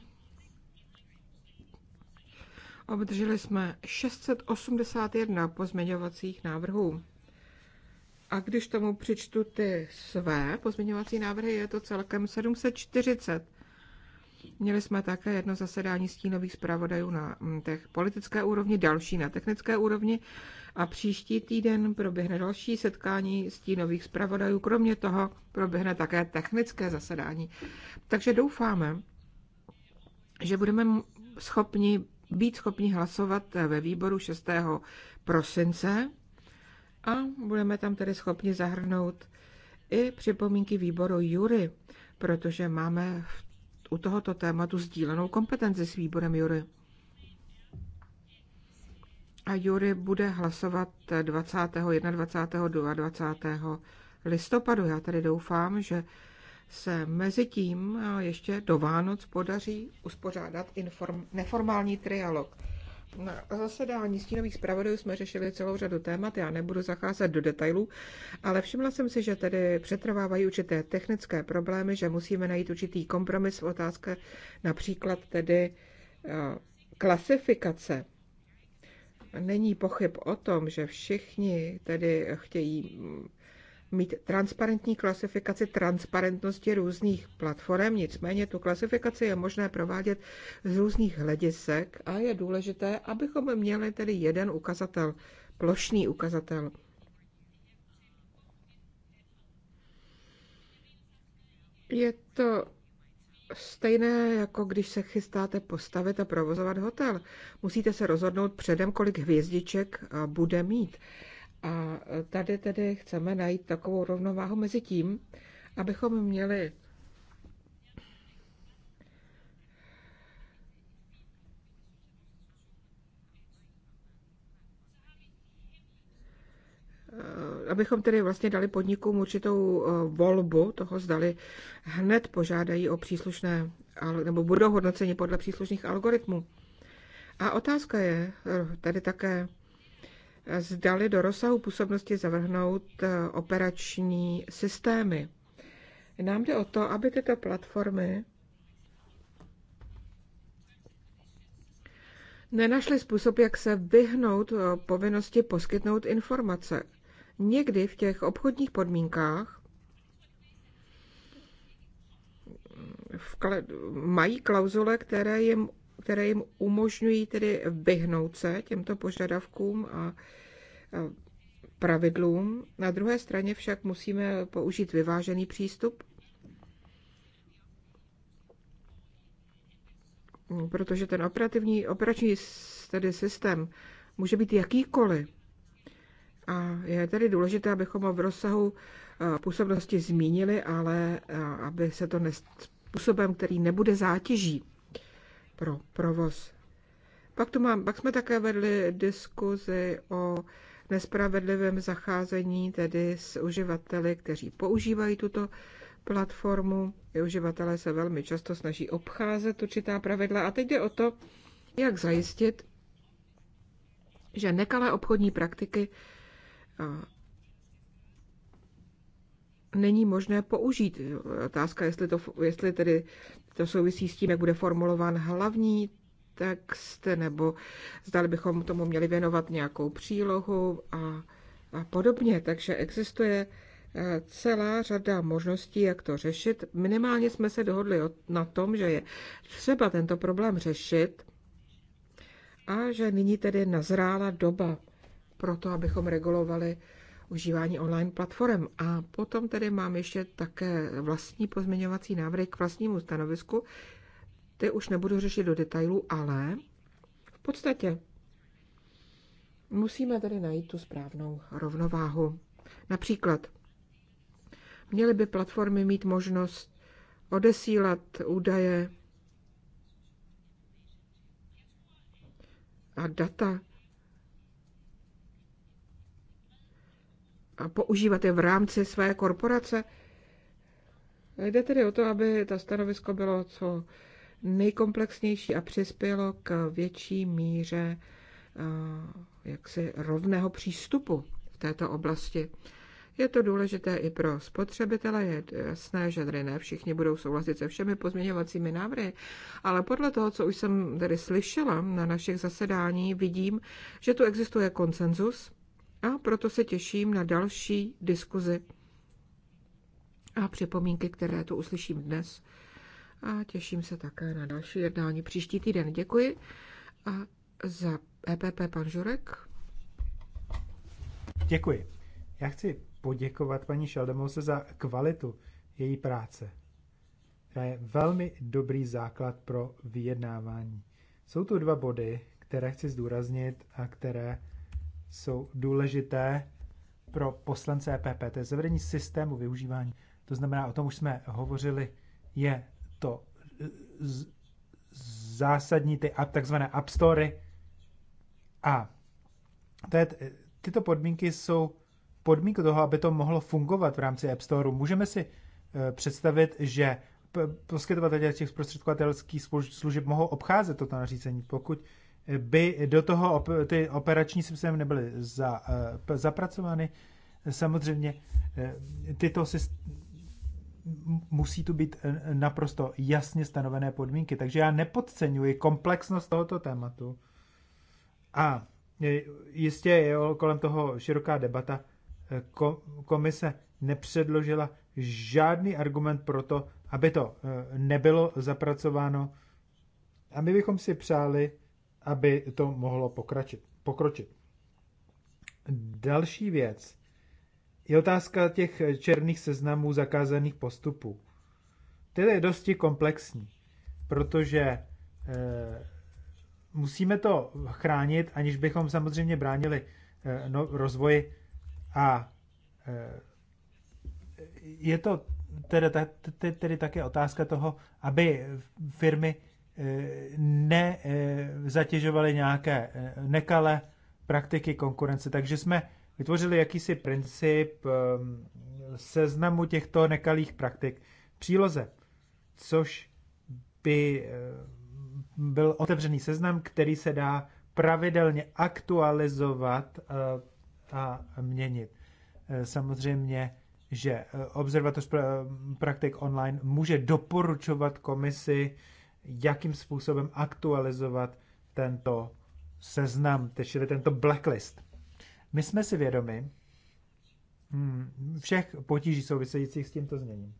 Obdrželi jsme 681 pozměňovacích návrhů. A když tomu přičtu ty své pozměňovací návrhy, je to celkem 740. Měli jsme také jedno zasedání stínových zpravodajů na mm, těch politické úrovni, další na technické úrovni a příští týden proběhne další setkání stínových zpravodajů. Kromě toho proběhne také technické zasedání. Takže doufáme, že budeme schopni být schopni hlasovat ve výboru 6. prosince a budeme tam tedy schopni zahrnout i připomínky výboru Jury, protože máme u tohoto tématu sdílenou kompetenci s výborem Jury. A Jury bude hlasovat 20., 21., 22. listopadu. Já tady doufám, že se mezi tím ještě do Vánoc podaří uspořádat inform, neformální trialog. Na zasedání stínových zpravodajů jsme řešili celou řadu témat, já nebudu zacházet do detailů, ale všimla jsem si, že tedy přetrvávají určité technické problémy, že musíme najít určitý kompromis v otázce například tedy eh, klasifikace. Není pochyb o tom, že všichni tedy chtějí mít transparentní klasifikaci transparentnosti různých platform, nicméně tu klasifikaci je možné provádět z různých hledisek a je důležité, abychom měli tedy jeden ukazatel, plošný ukazatel. Je to stejné, jako když se chystáte postavit a provozovat hotel. Musíte se rozhodnout předem, kolik hvězdiček bude mít. A tady tedy chceme najít takovou rovnováhu mezi tím, abychom měli abychom tedy vlastně dali podnikům určitou eh, volbu toho, zdali hned požádají o příslušné, nebo budou hodnoceni podle příslušných algoritmů. A otázka je eh, tady také, zdali do rozsahu působnosti zavrhnout eh, operační systémy. Nám jde o to, aby tyto platformy nenašly způsob, jak se vyhnout eh, povinnosti poskytnout informace. Někdy v těch obchodních podmínkách mají klauzule, které jim které jim umožňují tedy vyhnout se těmto požadavkům a pravidlům. Na druhé straně však musíme použít vyvážený přístup, protože ten operativní, operační tedy systém může být jakýkoliv. A je tedy důležité, abychom ho v rozsahu působnosti zmínili, ale aby se to nest, způsobem, který nebude zátěží pro provoz. Pak, tu mám, pak jsme také vedli diskuzi o nespravedlivém zacházení tedy s uživateli, kteří používají tuto platformu. I uživatelé se velmi často snaží obcházet určitá pravidla a teď jde o to, jak zajistit, že nekalé obchodní praktiky není možné použít. Otázka, jestli, to, jestli tedy to souvisí s tím, jak bude formulován hlavní text, nebo zdali bychom tomu měli věnovat nějakou přílohu a, a podobně. Takže existuje eh, celá řada možností, jak to řešit. Minimálně jsme se dohodli na tom, že je třeba tento problém řešit a že nyní tedy nazrála doba pro to, abychom regulovali užívání online platform. A potom tedy mám ještě také vlastní pozměňovací návrhy k vlastnímu stanovisku. Ty už nebudu řešit do detailu, ale v podstatě musíme tedy najít tu správnou rovnováhu. Například měly by platformy mít možnost odesílat údaje a data používat je v rámci své korporace. Jde tedy o to, aby ta stanovisko bylo co nejkomplexnější a přispělo k větší míře eh, jaksi rovného přístupu v této oblasti. Je to důležité i pro spotřebitele, je jasné, že tady ne všichni budou souhlasit se všemi pozměňovacími návrhy, ale podle toho, co už jsem tady slyšela na našich zasedání, vidím, že tu existuje konsenzus a proto se těším na další diskuzi a připomínky, které tu uslyším dnes. A těším se také na další jednání příští týden. Děkuji a za EPP pan Žurek. Děkuji. Já chci poděkovat paní Šeldemose za kvalitu její práce, To je velmi dobrý základ pro vyjednávání. Jsou tu dva body, které chci zdůraznit a které jsou důležité pro poslance EPP. To je zavedení systému využívání. To znamená, o tom už jsme hovořili, je to eh, zásadní, ty takzvané app story. A to je, eh, tyto podmínky jsou podmínky toho, aby to mohlo fungovat v rámci App Store. Můžeme si eh, představit, že poskytovatelé těch zprostředkovatelských služeb mohou obcházet toto nařízení, pokud by do toho op, ty operační systémy nebyly za, eh, zapracovány. Samozřejmě eh, tyto systémy musí tu být eh, naprosto jasně stanovené podmínky. Takže já nepodceňuji komplexnost tohoto tématu. A jistě je kolem toho široká debata. Komise nepředložila žádný argument pro to, aby to nebylo zapracováno. A my bychom si přáli, aby to mohlo pokračit, pokročit. Další věc je otázka těch černých seznamů zakázaných postupů. Tedy je dosti komplexní, protože e, musíme to chránit, aniž bychom samozřejmě bránili e, no, rozvoji a e, je to tedy, tedy také otázka toho, aby firmy Eh, nezatěžovali eh, nějaké eh, nekalé praktiky konkurence. Takže jsme vytvořili jakýsi princip ehm, seznamu těchto nekalých praktik v příloze, což by byl otevřený seznam, který se dá pravidelně aktualizovat a měnit. Samozřejmě, že observatoř praktik online může doporučovat komisi jakým způsobem aktualizovat tento seznam, tedy tento blacklist. My jsme si vědomi hmm, všech potíží souvisejících s tímto změním.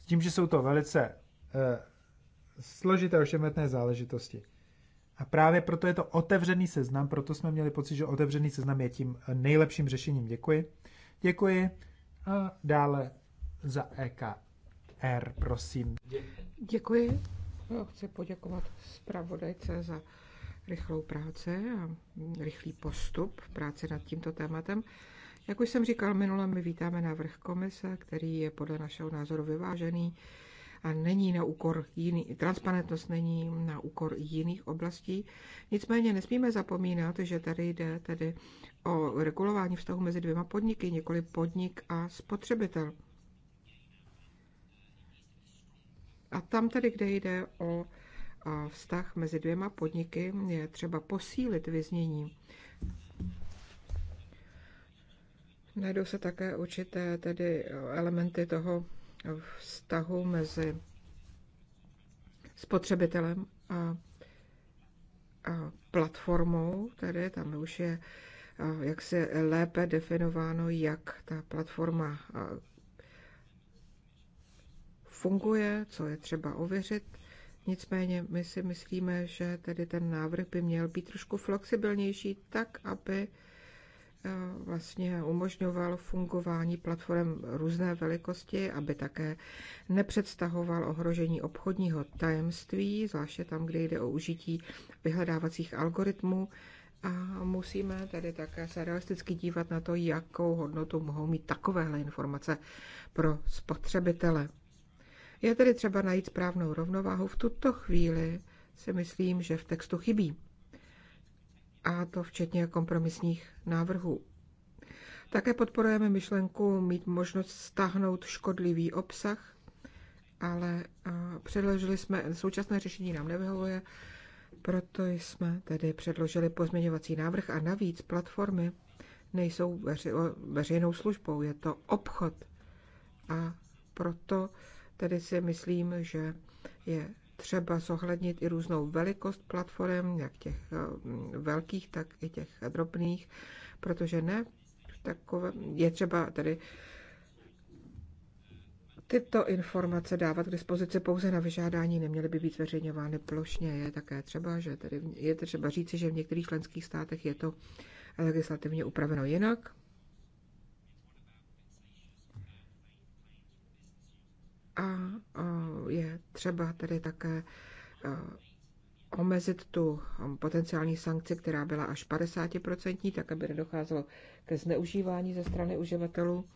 S tím, že jsou to velice eh, složité ošemetné záležitosti. A právě proto je to otevřený seznam, proto jsme měli pocit, že otevřený seznam je tím nejlepším řešením. Děkuji. Děkuji. A dále za EKR, prosím. Děkuji. Děkuji. Chci poděkovat zpravodajce za rychlou práci a rychlý postup v práci nad tímto tématem. Jak už jsem říkal minule, my vítáme návrh komise, který je podle našeho názoru vyvážený a není na úkor jiný, transparentnost není na úkor jiných oblastí. Nicméně nesmíme zapomínat, že tady jde tedy o regulování vztahu mezi dvěma podniky, několik podnik a spotřebitel. A tam tedy, kde jde o vztah mezi dvěma podniky, je třeba posílit vyznění. Najdou se také určité tedy elementy toho vztahu mezi spotřebitelem a, a platformou, tedy tam už je jak se lépe definováno, jak ta platforma funguje, co je třeba ověřit. Nicméně my si myslíme, že tedy ten návrh by měl být trošku flexibilnější, tak aby eh, vlastně umožňoval fungování platform různé velikosti, aby také nepředstahoval ohrožení obchodního tajemství, zvláště tam, kde jde o užití vyhledávacích algoritmů. A musíme tedy také se realisticky dívat na to, jakou hodnotu mohou mít takovéhle informace pro spotřebitele. Je tedy třeba najít správnou rovnováhu. V tuto chvíli si myslím, že v textu chybí. A to včetně kompromisních návrhů. Také podporujeme myšlenku mít možnost stáhnout škodlivý obsah, ale předložili jsme, současné řešení nám nevyhovuje, proto jsme tedy předložili pozměňovací návrh a navíc platformy nejsou veřejnou službou, je to obchod. A proto Tady si myslím, že je třeba zohlednit i různou velikost platform, jak těch eh, velkých, tak i těch drobných, protože ne takové, je třeba tady tyto informace dávat k dispozici pouze na vyžádání, neměly by být zveřejňovány plošně. Je také třeba, že tady je třeba říci, že v některých členských státech je to legislativně upraveno jinak. a je třeba tedy také omezit tu um, potenciální sankci, která byla až 50%, tak aby nedocházelo ke zneužívání ze strany uživatelů.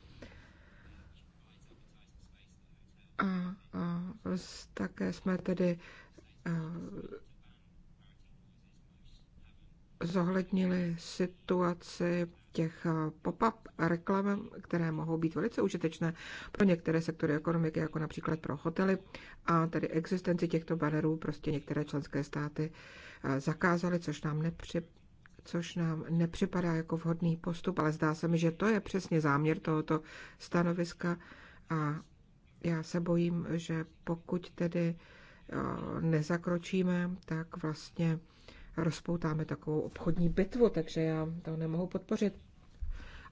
A, také jsme tedy zohlednili situaci těch eh, pop-up reklam, které mohou být velice užitečné pro některé sektory ekonomiky, jako například pro hotely. A tedy existenci těchto bannerů prostě některé členské státy eh, zakázaly, což nám nepři což nám nepřipadá jako vhodný postup, ale zdá se mi, že to je přesně záměr tohoto stanoviska a já se bojím, že pokud tedy eh, nezakročíme, tak vlastně rozpoutáme takovou obchodní bitvu, takže já to nemohu podpořit.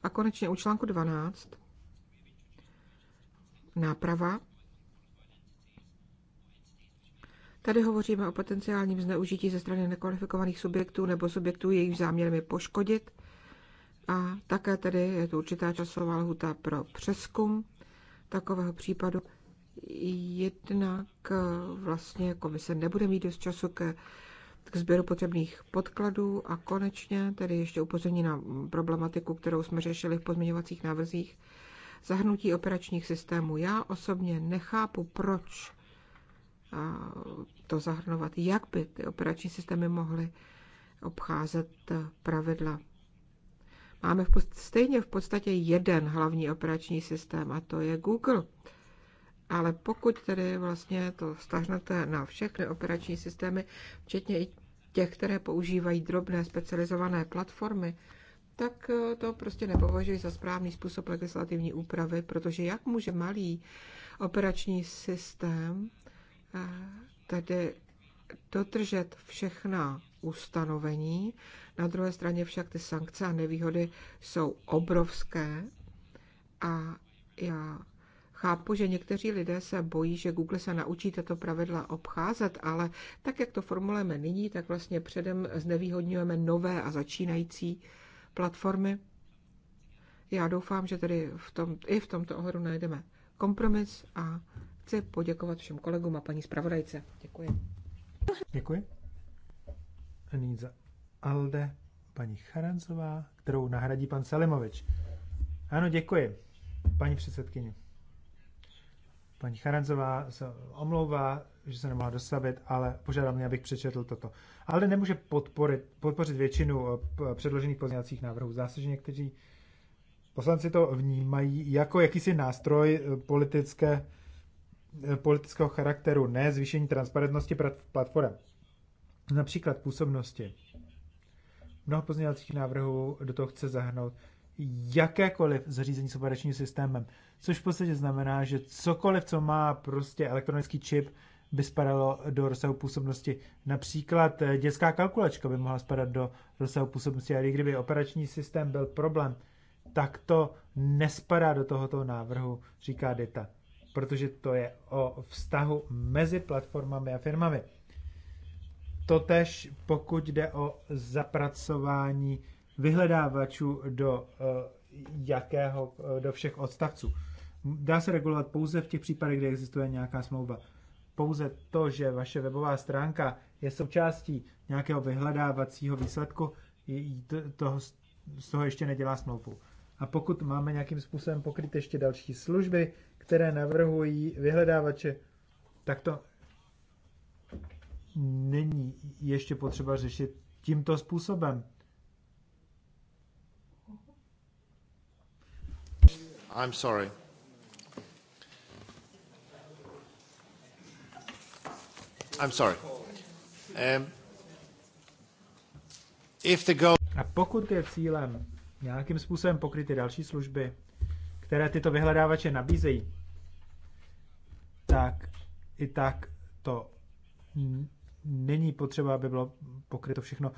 A konečně u článku 12 náprava. Tady hovoříme o potenciálním zneužití ze strany nekvalifikovaných subjektů nebo subjektů, jejich záměrem je poškodit. A také tady je to určitá časová lhuta pro přeskum takového případu. Jednak eh, vlastně komise nebude mít dost času ke k sběru potřebných podkladů a konečně tedy ještě upozorní na problematiku, kterou jsme řešili v pozměňovacích návrzích, zahrnutí operačních systémů. Já osobně nechápu, proč to zahrnovat, jak by ty operační systémy mohly obcházet pravidla. Máme v podstatě, stejně v podstatě jeden hlavní operační systém a to je Google. Ale pokud tedy vlastně to stažnete na všechny operační systémy, včetně i těch, které používají drobné specializované platformy, tak eh, to prostě nepovažuji za správný způsob legislativní úpravy, protože jak může malý operační systém eh, tedy dotržet všechna ustanovení, na druhé straně však ty sankce a nevýhody jsou obrovské a já Chápu, že někteří lidé se bojí, že Google se naučí tato pravidla obcházet, ale tak, jak to formulujeme nyní, tak vlastně předem znevýhodňujeme nové a začínající platformy. Já doufám, že tedy v tom, i v tomto ohledu najdeme kompromis a chci poděkovat všem kolegům a paní zpravodajce. Děkuji. Děkuji. A nyní za Alde paní Charanzová, kterou nahradí pan Salimovič. Ano, děkuji, paní předsedkyně. Paní Charanzová se omlouvá, že se nemohla dostavit, ale požádám mě, abych přečetl toto. Ale nemůže podporit, podpořit většinu eh, předložených pozměňovacích návrhů. Zdá se, že někteří poslanci to vnímají jako jakýsi nástroj eh, politické, eh, politického charakteru, ne zvýšení transparentnosti platform. Například působnosti. Mnoho pozměňovacích návrhů do toho chce zahrnout jakékoliv zařízení s operačním systémem. Což v podstatě znamená, že cokoliv, co má prostě elektronický čip, by spadalo do rozsahu působnosti. Například eh, dětská kalkulačka by mohla spadat do rozsahu působnosti, ale i kdyby operační systém byl problém, tak to nespadá do tohoto návrhu, říká Dita, protože to je o vztahu mezi platformami a firmami. Totež pokud jde o zapracování vyhledávačů do eh, jakého, eh, do všech odstavců. Dá se regulovat pouze v těch případech, kde existuje nějaká smlouva. Pouze to, že vaše webová stránka je součástí nějakého vyhledávacího výsledku, toho, z toho ještě nedělá smlouvu. A pokud máme nějakým způsobem pokryt ještě další služby, které navrhují vyhledávače, tak to není ještě potřeba řešit tímto způsobem. I'm sorry. I'm sorry. Um, if the goal... A pokud je cílem nějakým způsobem pokryty další služby, které tyto vyhledávače nabízejí, tak i tak to není potřeba, aby bylo pokryto všechno.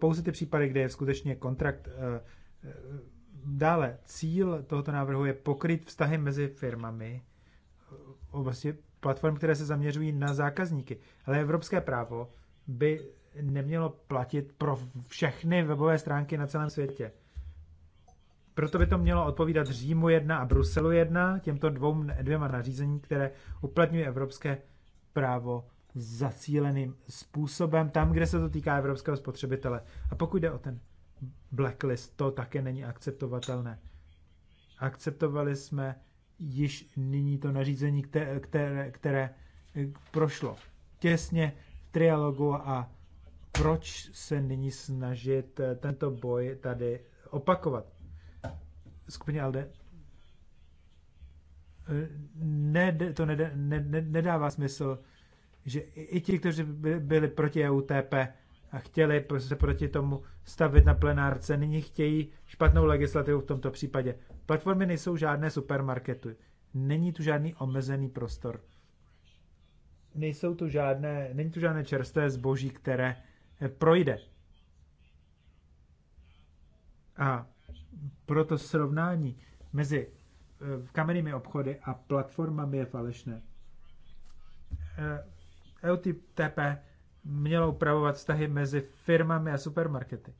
Pouze ty případy, kde je skutečně kontrakt eh, eh, Dále, cíl tohoto návrhu je pokryt vztahy mezi firmami, vlastně platform, které se zaměřují na zákazníky. Ale evropské právo by nemělo platit pro všechny webové stránky na celém světě. Proto by to mělo odpovídat Římu 1 a Bruselu 1, těmto dvou, dvěma nařízení, které uplatňují evropské právo zacíleným způsobem tam, kde se to týká evropského spotřebitele. A pokud jde o ten blacklist, to také není akceptovatelné. Akceptovali jsme již nyní to nařízení, které, které, které eh, prošlo těsně v trialogu a proč se nyní snažit eh, tento boj tady opakovat? Skupině Alde eh, ne, to ne, ne, nedává smysl, že i ti, kteří byli proti EUTP, a chtěli se proti tomu stavit na plenárce, nyní chtějí špatnou legislativu v tomto případě. Platformy nejsou žádné supermarkety. Není tu žádný omezený prostor. Nejsou tu žádné, není tu žádné čerstvé zboží, které eh, projde. A proto srovnání mezi eh, kamennými obchody a platformami je falešné. Eh, LTTP mělo upravovat vztahy mezi firmami a supermarkety.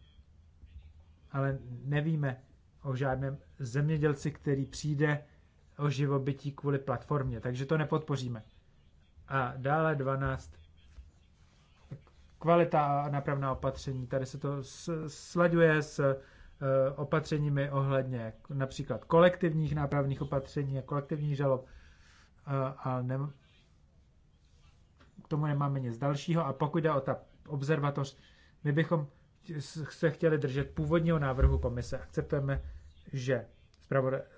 Ale nevíme o žádném zemědělci, který přijde o živobytí kvůli platformě, takže to nepodpoříme. A dále 12. Kvalita a napravná opatření. Tady se to slaďuje s eh, opatřeními ohledně například kolektivních nápravných opatření a kolektivních žalob, eh, ale ne, tomu nemáme nic dalšího. A pokud jde o ta observatoř, my bychom se chtěli držet původního návrhu komise. Akceptujeme, že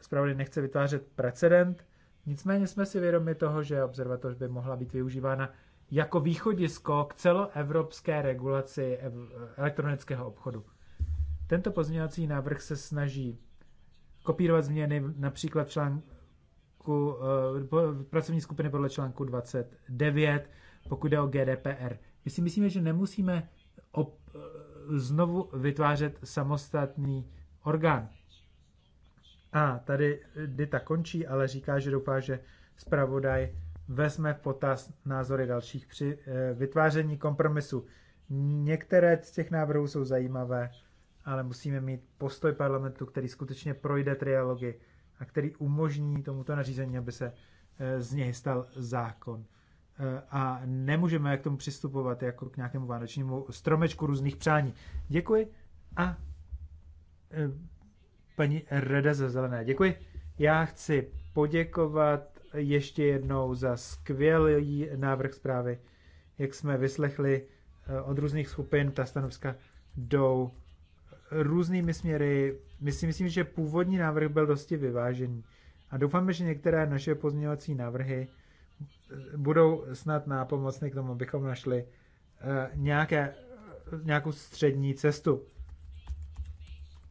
zpravodaj nechce vytvářet precedent, nicméně jsme si vědomi toho, že observatoř by mohla být využívána jako východisko k celoevropské regulaci elektronického obchodu. Tento pozměňovací návrh se snaží kopírovat změny například článku, eh, pracovní skupiny podle článku 29 pokud jde o GDPR. My si myslíme, že nemusíme op, eh, znovu vytvářet samostatný orgán. A tady Dita končí, ale říká, že doufá, že zpravodaj vezme v potaz názory dalších při eh, vytváření kompromisu. Některé z těch návrhů jsou zajímavé, ale musíme mít postoj parlamentu, který skutečně projde trialogy a který umožní tomuto nařízení, aby se eh, z něj stal zákon. Eh, a nemůžeme k tomu přistupovat jako k nějakému vánočnímu stromečku různých přání. Děkuji a eh, paní Reda za zelené. Děkuji. Já chci poděkovat ještě jednou za skvělý návrh zprávy. Jak jsme vyslechli eh, od různých skupin, ta stanoviska jdou různými směry. Myslím, myslím, že původní návrh byl dosti vyvážený. A doufáme, že některé naše pozměňovací návrhy budou snad nápomocny k tomu, abychom našli eh, nějaké, nějakou střední cestu.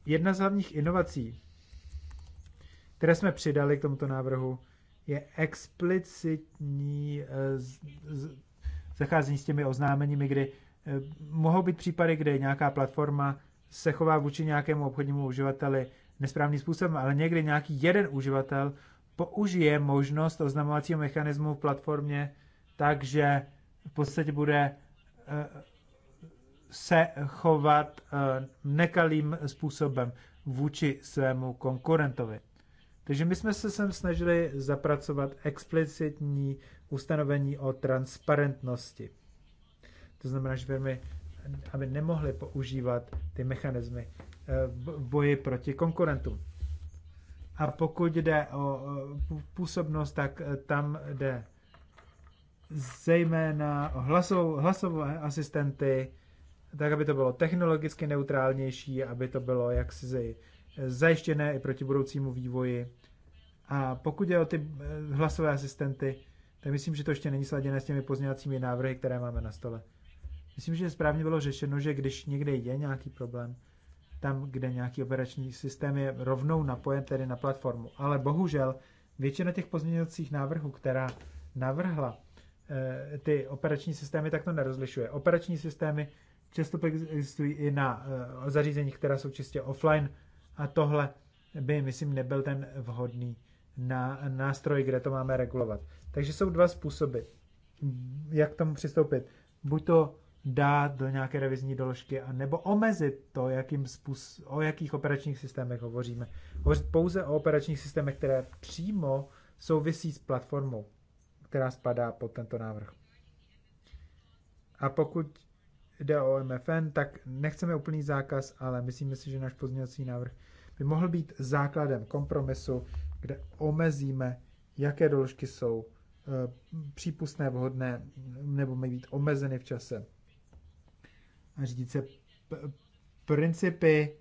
Jedna z hlavních inovací, které jsme přidali k tomuto návrhu, je explicitní eh, zacházení s těmi oznámeními, kdy eh, mohou být případy, kdy nějaká platforma se chová vůči nějakému obchodnímu uživateli nesprávným způsobem, ale někdy nějaký jeden uživatel použije možnost oznamovacího mechanismu v platformě, takže v podstatě bude eh, se chovat eh, nekalým způsobem vůči svému konkurentovi. Takže my jsme se sem snažili zapracovat explicitní ustanovení o transparentnosti. To znamená, že firmy, aby nemohly používat ty mechanismy eh, v boji proti konkurentům. A pokud jde o působnost, tak eh, tam jde zejména o hlasovou, hlasové asistenty, tak aby to bylo technologicky neutrálnější, aby to bylo jaksi zajištěné i proti budoucímu vývoji. A pokud je o ty eh, hlasové asistenty, tak myslím, že to ještě není sladěné s těmi pozněvacími návrhy, které máme na stole. Myslím, že správně bylo řešeno, že když někde je nějaký problém, tam, kde nějaký operační systém je rovnou napojen tedy na platformu. Ale bohužel většina těch pozměňovacích návrhů, která navrhla eh, ty operační systémy, tak to nerozlišuje. Operační systémy často existují i na eh, zařízeních, která jsou čistě offline a tohle by, myslím, nebyl ten vhodný na nástroj, kde to máme regulovat. Takže jsou dva způsoby, jak k tomu přistoupit. Buď to dát do nějaké revizní doložky a nebo omezit to, jakým způsob, o jakých operačních systémech hovoříme. Hovořit pouze o operačních systémech, které přímo souvisí s platformou, která spadá pod tento návrh. A pokud jde o MFN, tak nechceme úplný zákaz, ale myslíme si, že náš pozměňovací návrh by mohl být základem kompromisu, kde omezíme, jaké doložky jsou eh, přípustné, vhodné nebo mají být omezeny v čase a řídit se principy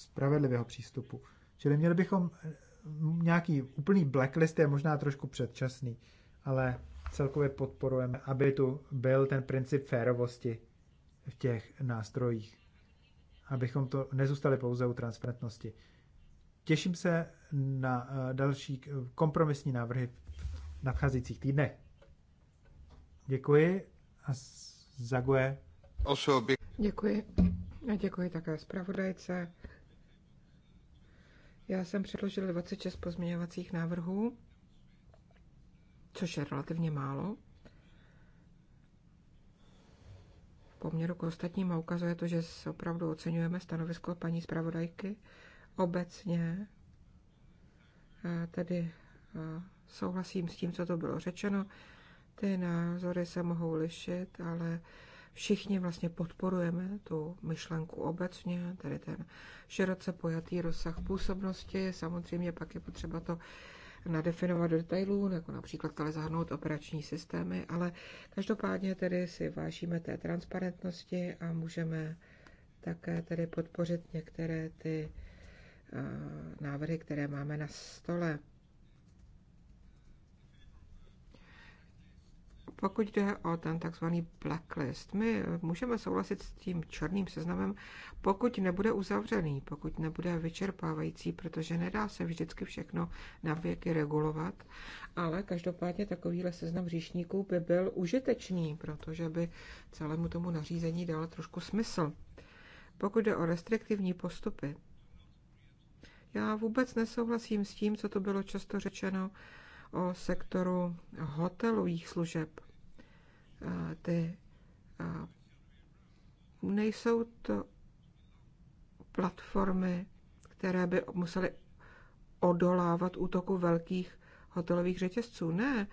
spravedlivého přístupu. Čili měli bychom eh, nějaký úplný blacklist je možná trošku předčasný, ale celkově podporujeme, aby tu byl ten princip férovosti v těch nástrojích, abychom to nezůstali pouze u transparentnosti. Těším se na eh, další kompromisní návrhy v nadcházejících týdnech. Děkuji a Zague. Děkuji. A děkuji také zpravodajce. Já jsem předložil 26 pozměňovacích návrhů, což je relativně málo. V poměru k ostatním a ukazuje to, že opravdu oceňujeme stanovisko paní zpravodajky obecně. Eh, tedy eh, souhlasím s tím, co to bylo řečeno. Ty názory se mohou lišit, ale všichni vlastně podporujeme tu myšlenku obecně, tedy ten široce pojatý rozsah působnosti. Samozřejmě pak je potřeba to nadefinovat do detailů, jako například ale zahrnout operační systémy, ale každopádně tedy si vážíme té transparentnosti a můžeme také tedy podpořit některé ty eh, návrhy, které máme na stole. Pokud jde o ten takzvaný blacklist, my můžeme souhlasit s tím černým seznamem, pokud nebude uzavřený, pokud nebude vyčerpávající, protože nedá se vždycky všechno na věky regulovat, ale každopádně takovýhle seznam říšníků by byl užitečný, protože by celému tomu nařízení dal trošku smysl. Pokud jde o restriktivní postupy, já vůbec nesouhlasím s tím, co to bylo často řečeno o sektoru hotelových služeb ty nejsou to platformy, které by musely odolávat útoku velkých hotelových řetězců. Ne,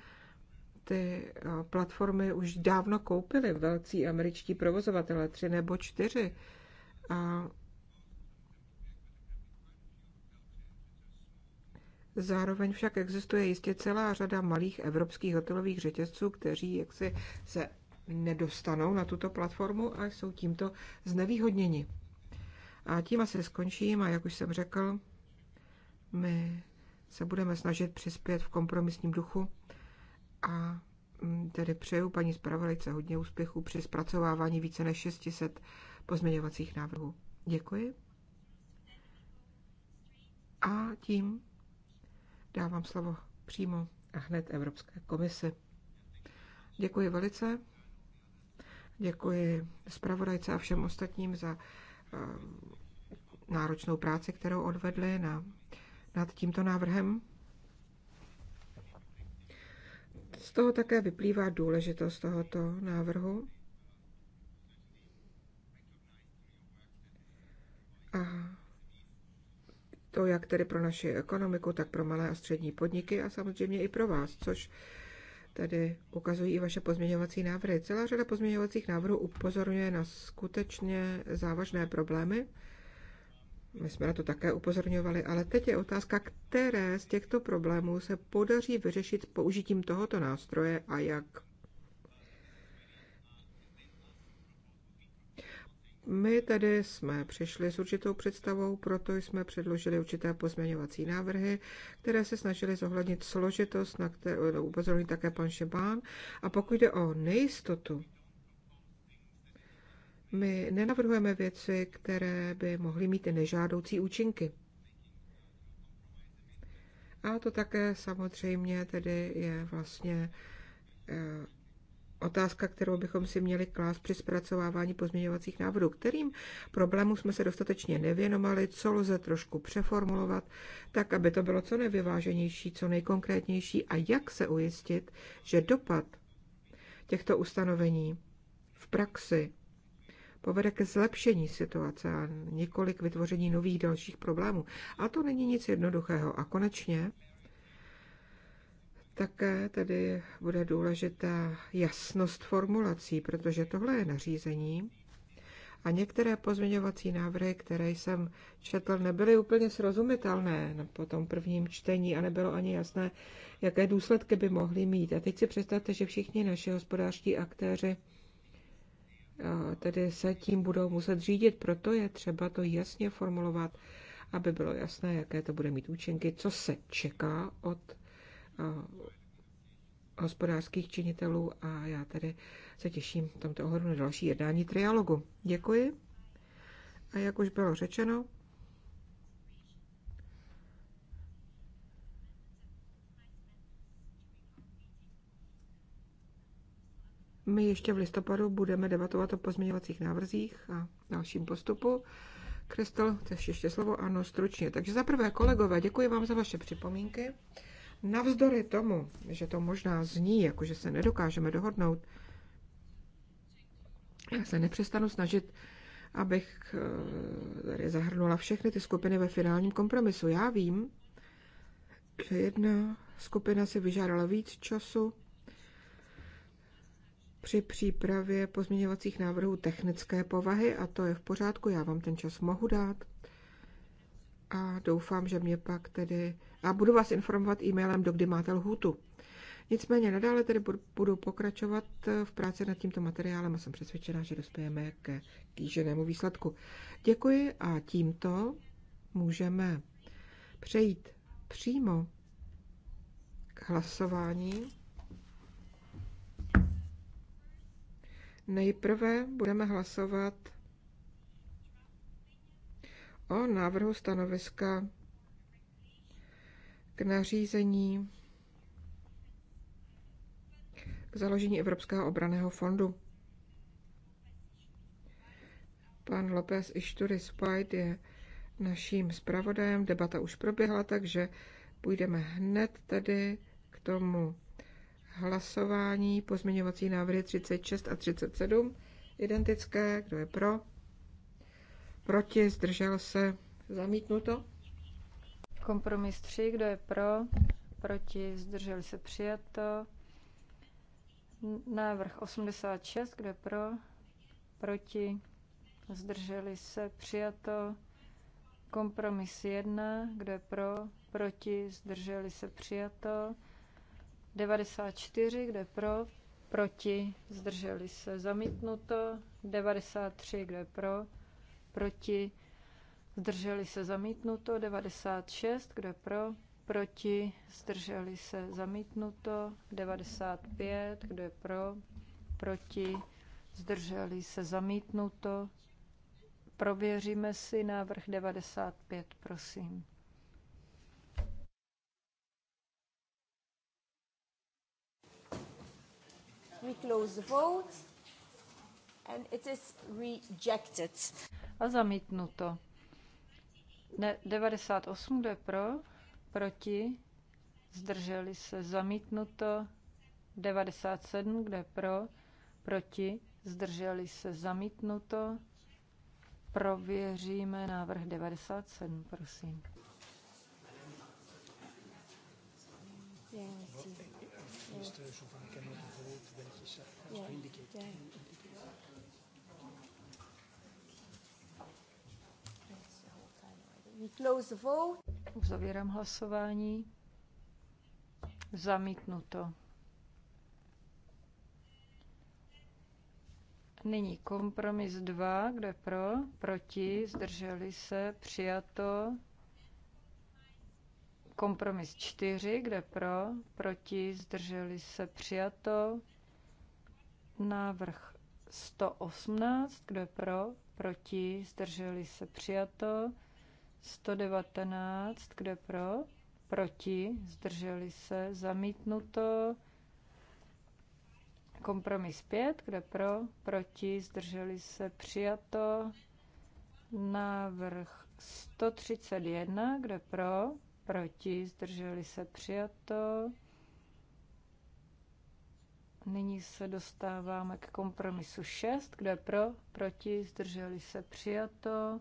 ty platformy už dávno koupily velcí američtí provozovatele, tři nebo čtyři. A Zároveň však existuje jistě celá řada malých evropských hotelových řetězců, kteří jaksi se nedostanou na tuto platformu a jsou tímto znevýhodněni. A tím asi skončím a jak už jsem řekl, my se budeme snažit přispět v kompromisním duchu a mm, tedy přeju paní zpravodajce hodně úspěchů při zpracovávání více než 600 pozměňovacích návrhů. Děkuji. A tím dávám slovo přímo a hned Evropské komisi. Děkuji velice. Děkuji zpravodajce a všem ostatním za eh, náročnou práci, kterou odvedli na, nad tímto návrhem. Z toho také vyplývá důležitost tohoto návrhu. to jak tedy pro naši ekonomiku, tak pro malé a střední podniky a samozřejmě i pro vás, což tedy ukazují i vaše pozměňovací návrhy. Celá řada pozměňovacích návrhů upozorňuje na skutečně závažné problémy. My jsme na to také upozorňovali, ale teď je otázka, které z těchto problémů se podaří vyřešit použitím tohoto nástroje a jak. My tedy jsme přišli s určitou představou, proto jsme předložili určité pozměňovací návrhy, které se snažily zohlednit složitost, na kterou upozorní také pan Šebán. A pokud jde o nejistotu, my nenavrhujeme věci, které by mohly mít nežádoucí účinky. A to také samozřejmě tedy je vlastně eh, otázka, kterou bychom si měli klást při zpracovávání pozměňovacích návrhů, kterým problému jsme se dostatečně nevěnovali, co lze trošku přeformulovat, tak aby to bylo co nevyváženější, co nejkonkrétnější a jak se ujistit, že dopad těchto ustanovení v praxi povede ke zlepšení situace a několik vytvoření nových dalších problémů. A to není nic jednoduchého. A konečně také tedy bude důležitá jasnost formulací, protože tohle je nařízení a některé pozměňovací návrhy, které jsem četl, nebyly úplně srozumitelné po tom prvním čtení a nebylo ani jasné, jaké důsledky by mohly mít. A teď si představte, že všichni naši hospodářští aktéři eh, tedy se tím budou muset řídit, proto je třeba to jasně formulovat, aby bylo jasné, jaké to bude mít účinky, co se čeká od hospodářských činitelů a já tady se těším v tomto ohledu na další jednání trialogu. Děkuji. A jak už bylo řečeno, My ještě v listopadu budeme debatovat o pozměňovacích návrzích a dalším postupu. Kristel, chceš ještě slovo? Ano, stručně. Takže za prvé, kolegové, děkuji vám za vaše připomínky. Navzdory tomu, že to možná zní, jako že se nedokážeme dohodnout, já se nepřestanu snažit, abych eh, tady zahrnula všechny ty skupiny ve finálním kompromisu. Já vím, že jedna skupina si vyžádala víc času při přípravě pozměňovacích návrhů technické povahy a to je v pořádku, já vám ten čas mohu dát a doufám, že mě pak tedy... A budu vás informovat e-mailem, dokdy máte lhůtu. Nicméně nadále tedy budu pokračovat v práci nad tímto materiálem a jsem přesvědčená, že dospějeme ke kýženému výsledku. Děkuji a tímto můžeme přejít přímo k hlasování. Nejprve budeme hlasovat o návrhu stanoviska k nařízení k založení Evropského obraného fondu. Pan López Išturis Spajt je naším zpravodajem. Debata už proběhla, takže půjdeme hned tedy k tomu hlasování. Pozměňovací návrhy 36 a 37 identické. Kdo je pro? proti, zdržel se, zamítnuto. Kompromis 3, kdo je pro, proti, zdržel se, přijato. Návrh 86, kdo je pro, proti, zdrželi se, přijato. Kompromis 1, kdo je pro, proti, zdrželi se, přijato. 94, kdo je pro, proti, zdrželi se, zamítnuto. 93, kdo je pro, proti, zdrželi se zamítnuto, 96, kdo je pro, proti, zdrželi se zamítnuto, 95, kdo je pro, proti, zdrželi se zamítnuto. Prověříme si návrh 95, prosím. We close the vote and it is rejected. A zamítnuto. Ne, 98 jde pro, proti, zdrželi se, zamítnuto. 97 kde pro, proti, zdrželi se, zamítnuto. Prověříme návrh 97, prosím. Yeah, yeah. We close the vote. Uzavírám hlasování. Zamítnuto. Nyní kompromis 2, kde pro, proti, zdrželi se, přijato. Kompromis 4, kde pro, proti, zdrželi se, přijato. Návrh 118, kde pro, proti, zdrželi se, přijato. 119, kde pro? Proti, zdrželi se, zamítnuto. Kompromis 5, kde pro? Proti, zdrželi se, přijato. Návrh 131, kde pro? Proti, zdrželi se, přijato. Nyní se dostáváme k kompromisu 6, kde pro, proti, zdrželi se, přijato.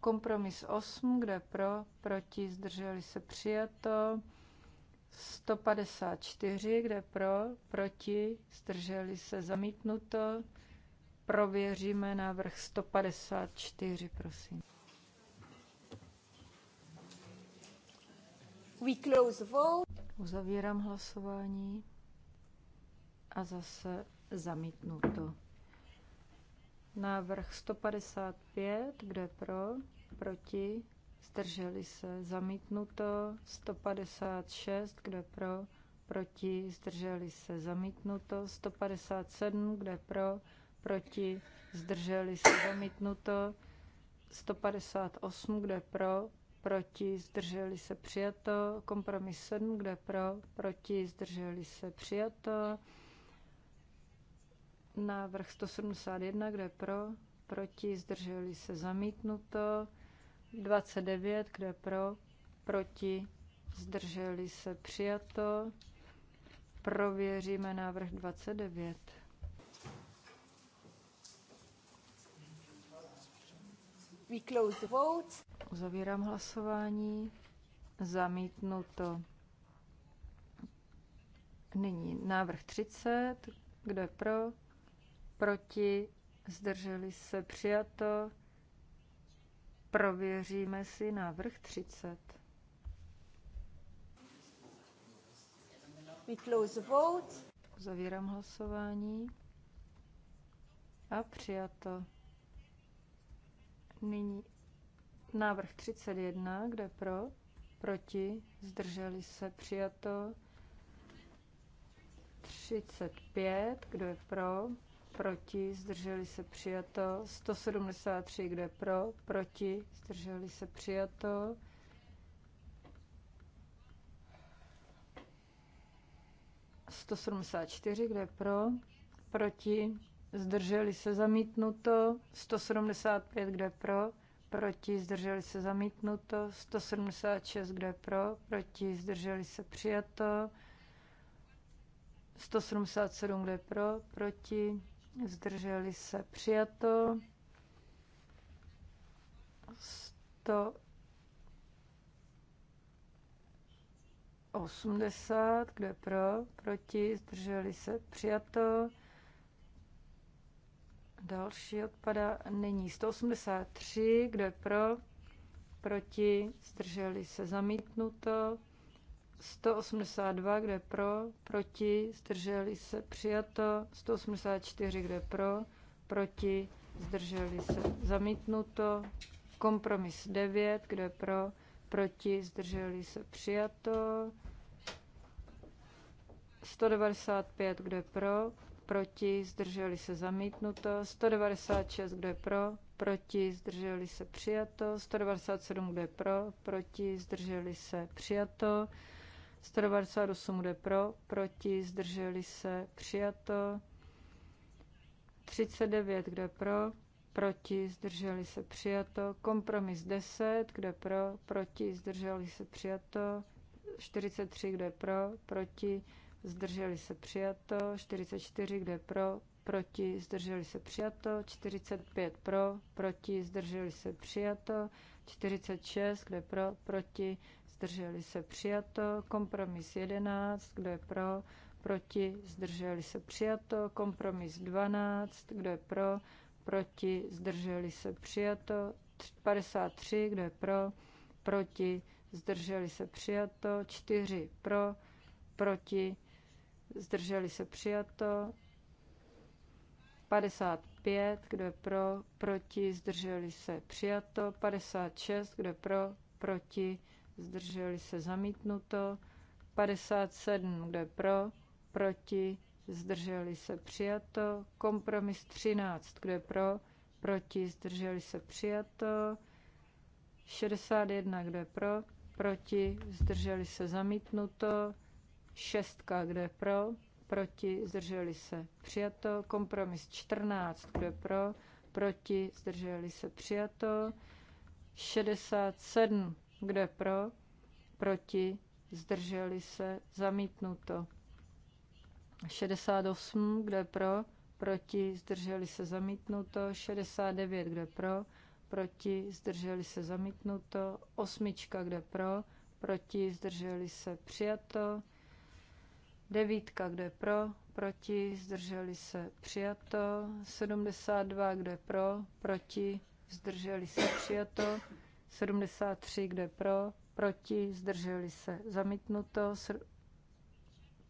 Kompromis 8, kde pro, proti, zdrželi se přijato. 154, kde pro, proti, zdrželi se zamítnuto. Prověříme návrh 154, prosím. We close vote. Uzavírám hlasování a zase zamítnuto. Návrh 155, kde pro, proti, zdrželi se, zamítnuto. 156, kde pro, proti, zdrželi se, zamítnuto. 157, kde pro, proti, zdrželi se, zamítnuto. 158, kde pro, proti, zdrželi se, přijato. Kompromis 7, kde pro, proti, zdrželi se, přijato. Návrh 171, kde pro, proti, zdrželi se zamítnuto. 29, kde pro, proti, zdrželi se přijato. Prověříme návrh 29. We close the vote. Uzavírám hlasování. Zamítnuto. Nyní návrh 30. Kdo je pro? proti, zdrželi se přijato. Prověříme si návrh 30. We close the vote. Zavírám hlasování. A přijato. Nyní návrh 31, kde pro, proti, zdrželi se, přijato. 35, kdo je pro, proti, zdrželi se přijato. 173, kdo je pro, proti, zdrželi se přijato. Sto sedmdesát kde je pro, proti, zdrželi se zamítnuto, 175, kde pro, proti, zdrželi se zamítnuto, 176, kde pro, proti, zdrželi se přijato, 177, kde pro, proti, zdrželi se přijato. 180, kdo je pro, proti, zdrželi se přijato. Další odpada není 183, kdo je pro, proti, zdrželi se zamítnuto. 182, kdo je pro, proti, zdrželi se, přijato. 184, kdo je pro, proti, zdrželi se, zamítnuto. Kompromis 9, kdo je pro, proti, zdrželi se, přijato. 195, kdo je pro, proti, zdrželi se, zamítnuto. 196, kdo je pro, proti, zdrželi se, přijato. 197, kdo je pro, proti, zdrželi se, přijato. 198 jde pro, proti, zdrželi se, přijato. 39, kde pro, proti, zdrželi se, přijato. Kompromis 10, kde pro, proti, zdrželi se, přijato. 43, kde pro, proti, zdrželi se, přijato. 44, kde pro, proti, zdrželi se, přijato. 45 pro, proti, zdrželi se, přijato. 46, kde pro, proti, zdrželi se přijato, kompromis 11, kdo je pro, proti, zdrželi se přijato, kompromis 12, kdo je pro, proti, zdrželi se přijato, 53, kdo je pro, proti, zdrželi se přijato, 4 pro, proti, zdrželi se přijato, 55, kdo je pro, proti, zdrželi se přijato, 56, kdo je pro, proti, zdrželi se zamítnuto, 57, kdo je pro, proti, zdrželi se přijato, kompromis 13, kdo je pro, proti, zdrželi se přijato, 61, kdo je pro, proti, zdrželi se zamítnuto, 6, kdo je pro, proti, zdrželi se přijato, kompromis 14, kdo je pro, proti, zdrželi se přijato, 67, kdo je pro? Proti? Zdrželi se? Zamítnuto. 68. Kdo je pro? Proti? Zdrželi se? Zamítnuto. 69. Kdo je pro? Proti? Zdrželi se? Zamítnuto. Osmička. Kdo je pro? Proti? Zdrželi se? Přijato. Devítka. Kdo je pro? Proti? Zdrželi se? Přijato. 72. Kdo je pro? Proti? Zdrželi se? Přijato. 73, kdo je pro, proti, zdrželi se, zamítnuto. Sr-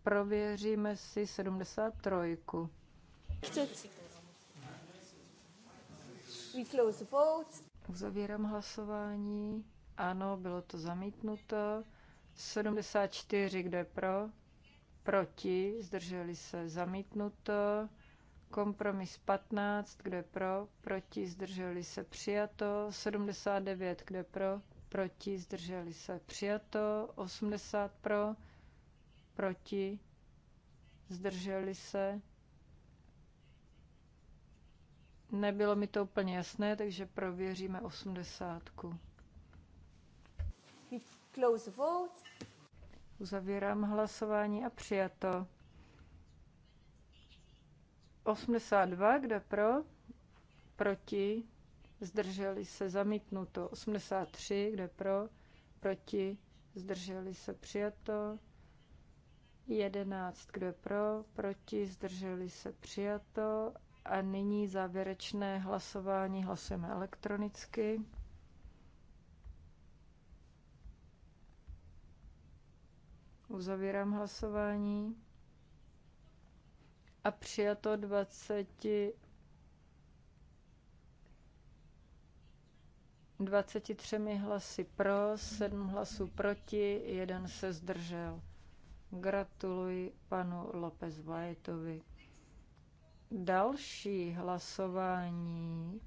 prověříme si 73. We close the vote. Uzavírám hlasování. Ano, bylo to zamítnuto. 74, kdo je pro? Proti, zdrželi se, zamítnuto. Kompromis 15, kdo je pro, proti, zdrželi se přijato. 79, kdo je pro, proti, zdrželi se přijato. 80 pro, proti, zdrželi se. Nebylo mi to úplně jasné, takže prověříme 80. Uzavírám hlasování a přijato. 82, kde pro, proti, zdrželi se zamítnuto. 83, kde pro, proti, zdrželi se přijato. 11, kde pro, proti, zdrželi se přijato. A nyní závěrečné hlasování hlasujeme elektronicky. Uzavírám hlasování a přijato 20 23 hlasy pro, 7 hlasů proti, jeden se zdržel. Gratuluji panu López Vajetovi. Další hlasování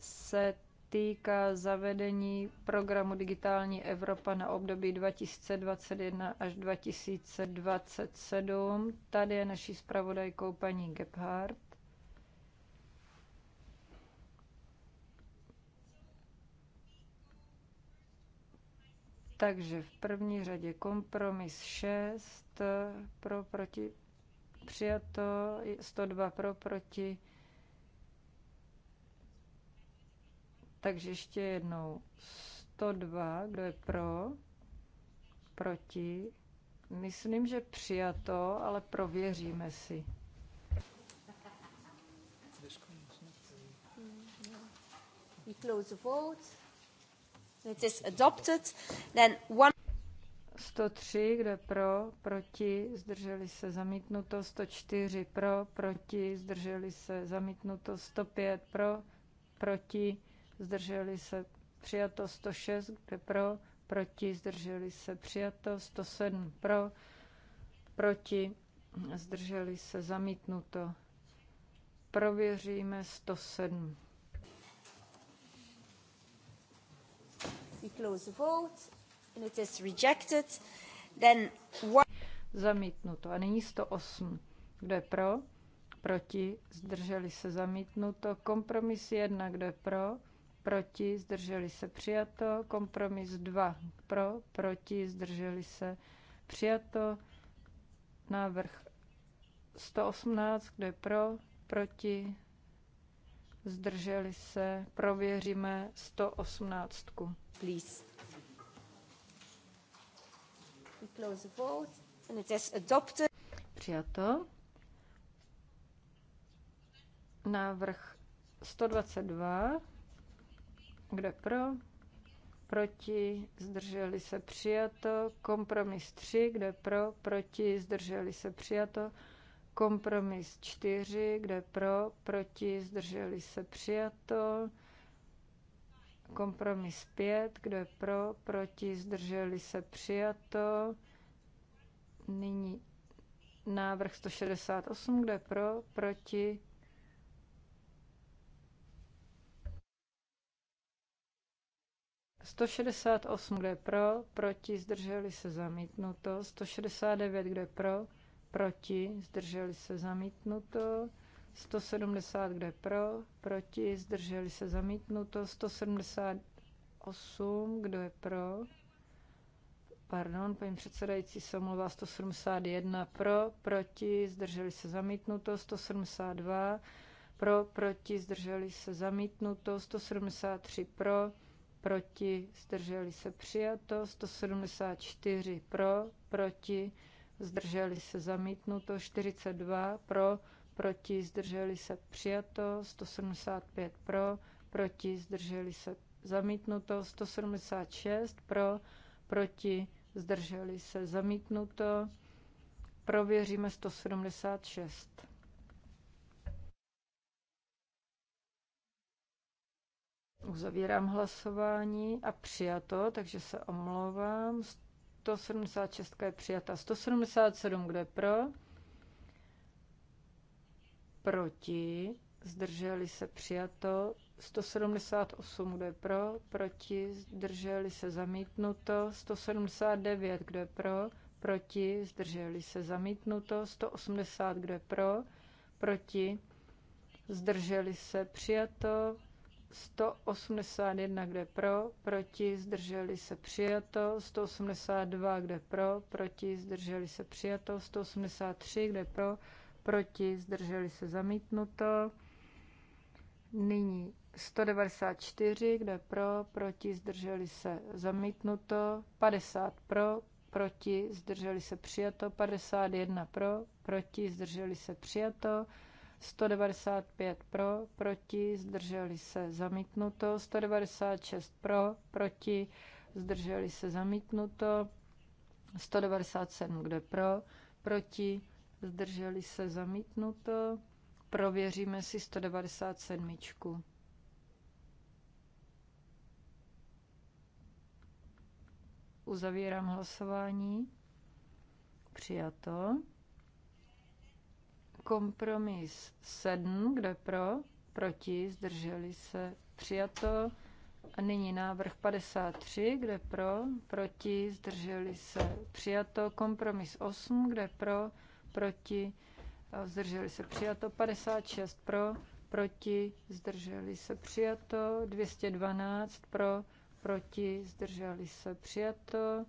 se týká zavedení programu Digitální Evropa na období 2021 až 2027. Tady je naší zpravodajkou paní Gebhardt. Takže v první řadě kompromis 6 pro proti přijato, 102 pro proti Takže ještě jednou 102, kdo je pro, proti. Myslím, že přijato, ale prověříme si. We close the vote. It is adopted. Then one... 103, kdo je pro, proti, zdrželi se zamítnuto, 104 pro, proti, zdrželi se zamítnuto, 105 pro, proti, zdrželi se přijato 106, kde pro, proti, zdrželi se přijato 107 pro, proti, zdrželi se zamítnuto. Prověříme 107. We close vote and it is rejected. Then one... Zamítnuto. A nyní 108. Kdo je pro? Proti. Zdrželi se zamítnuto. Kompromis 1. Kdo je pro? proti, zdrželi se přijato, kompromis 2 pro, proti, zdrželi se přijato, návrh 118, kde pro, proti, zdrželi se, prověříme 118. Please. close vote and it is adopted. Přijato. Návrh 122 kdo pro? Proti? Zdrželi se přijato. Kompromis 3. Kdo pro? Proti? Zdrželi se přijato. Kompromis 4. Kdo pro? Proti? Zdrželi se přijato. Kompromis 5. Kdo je pro? Proti? Zdrželi se přijato. Nyní návrh 168. Kdo je pro? Proti? 168, kdo je pro, proti, zdrželi se zamítnuto. 169, kdo je pro, proti, zdrželi se zamítnuto. 170, kdo je pro, proti, zdrželi se zamítnuto. 178, kdo je pro, pardon, paní předsedající se omlouvá 171 pro, proti, zdrželi se zamítnuto, 172 pro, proti, zdrželi se zamítnuto, 173 pro, proti, zdrželi se přijato, 174 pro, proti, zdrželi se zamítnuto, 42 pro, proti, zdrželi se přijato, 175 pro, proti, zdrželi se zamítnuto, 176 pro, proti, zdrželi se zamítnuto, prověříme 176. Uzavírám hlasování a přijato, takže se omlouvám. 176 je přijata. 177, kdo je pro? Proti. Zdrželi se přijato. 178, kdo je pro? Proti. Zdrželi se zamítnuto. 179, kdo je pro? Proti. Zdrželi se zamítnuto. 180, kdo je pro? Proti. Zdrželi se přijato. 181, kde pro, proti, zdrželi se přijato, 182, kde pro, proti, zdrželi se přijato, 183, kde pro, proti, zdrželi se zamítnuto. Nyní 194, kde pro, proti, zdrželi se zamítnuto, 50 pro, proti, zdrželi se přijato, 51 pro, proti, zdrželi se přijato, 195 pro, proti, zdrželi se zamítnuto, 196 pro, proti, zdrželi se zamítnuto, 197 kde pro, proti, zdrželi se zamítnuto, prověříme si 197. Uzavírám hlasování. Přijato. Kompromis 7, kdo je pro? Proti, zdrželi se, přijato. A nyní návrh 53, kde pro, proti, zdrželi se, přijato. Kompromis 8, kde pro, proti, zdrželi se, přijato. 56 pro, proti, zdrželi se, přijato. 212 pro, proti, zdrželi se, přijato.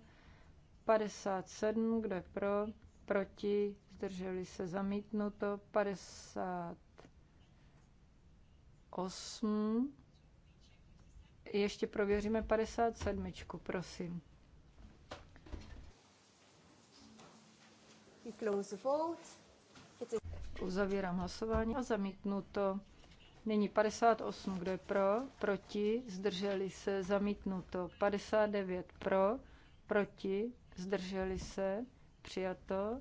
57, kde pro, proti, zdrželi se zamítnuto 58. Ještě prověříme 57, prosím. We close the vote. Uzavírám hlasování a zamítnuto. Nyní 58, kdo je pro, proti, zdrželi se, zamítnuto. 59 pro, proti, zdrželi se, přijato.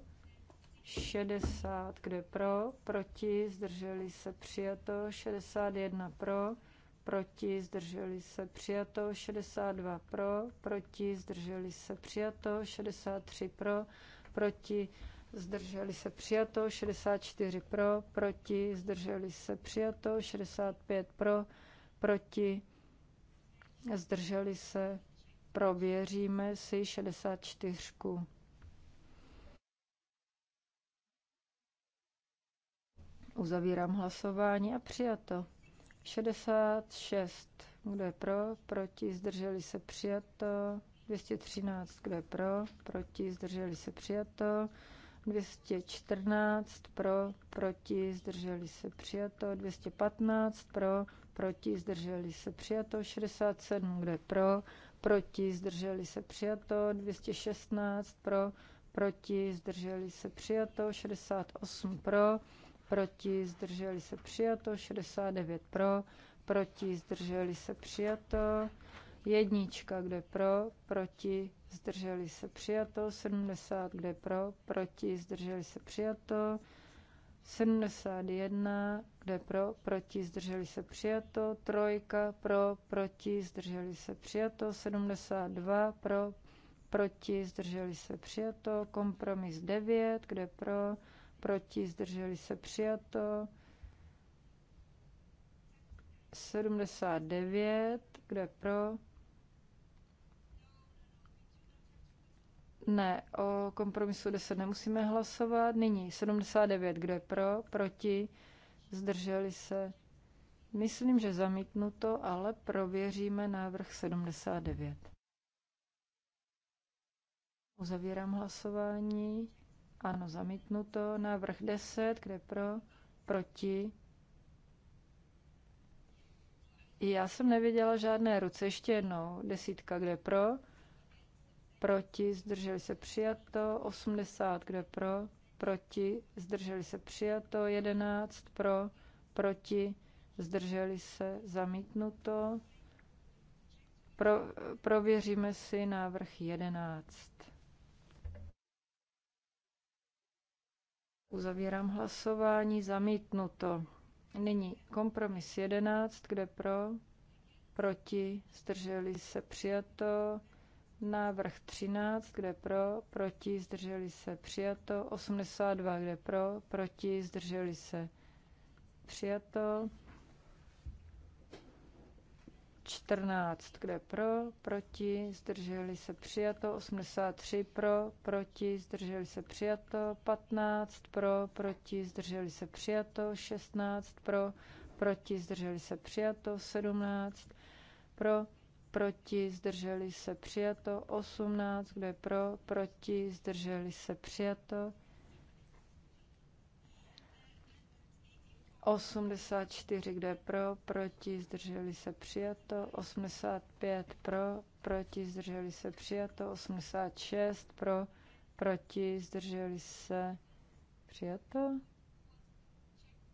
60, kdo je pro, proti, zdrželi se přijato, 61 pro, proti, zdrželi se přijato, 62 pro, proti, zdrželi se přijato, 63 pro, proti, zdrželi se přijato, 64 pro, proti, zdrželi se přijato, 65 pro, proti, zdrželi se, prověříme si 64. Uzavírám hlasování a přijato. 66. Kdo je pro? Proti? Zdrželi se? Přijato. 213. Kdo je pro? Proti? Zdrželi se? Přijato. 214 pro, proti, zdrželi se přijato, 215 pro, proti, zdrželi se přijato, 67, kdo je pro, proti, zdrželi se přijato, 216 pro, proti, zdrželi se přijato, 68 pro, proti, zdrželi se přijato, 69 pro, proti, zdrželi se přijato, jednička, kde pro, proti, zdrželi se přijato, 70, kde pro, proti, zdrželi se přijato, 71, kde pro, proti, zdrželi se přijato, trojka, pro, proti, zdrželi se přijato, 72, pro, proti, zdrželi se přijato, kompromis 9, kde pro, proti, zdrželi se přijato. 79, kde pro? Ne, o kompromisu 10 nemusíme hlasovat. Nyní 79, kdo je pro, proti, zdrželi se. Myslím, že zamítnuto, ale prověříme návrh 79. Uzavírám hlasování. Ano, zamítnuto. Návrh 10, kde pro? Proti? Já jsem neviděla žádné ruce. Ještě jednou. Desítka, kde pro? Proti, zdrželi se přijato. 80, kde pro? Proti, zdrželi se přijato. 11, pro? Proti, zdrželi se zamítnuto. Pro, prověříme si návrh 11. Uzavírám hlasování, zamítnuto. Nyní kompromis 11, kde pro, proti, zdrželi se přijato. Návrh 13, kde pro, proti, zdrželi se přijato. 82, kde pro, proti, zdrželi se přijato. 14, kde pro, proti, zdrželi se přijato, 83 pro, proti, zdrželi se přijato, 15 pro, proti, zdrželi se přijato, 16 pro, proti, zdrželi se přijato, 17 pro, proti, zdrželi se přijato, 18, kde pro, proti, zdrželi se přijato, 84, kde pro, proti, zdrželi se přijato, 85 pro, proti, zdrželi se přijato, 86 pro, proti, zdrželi se přijato.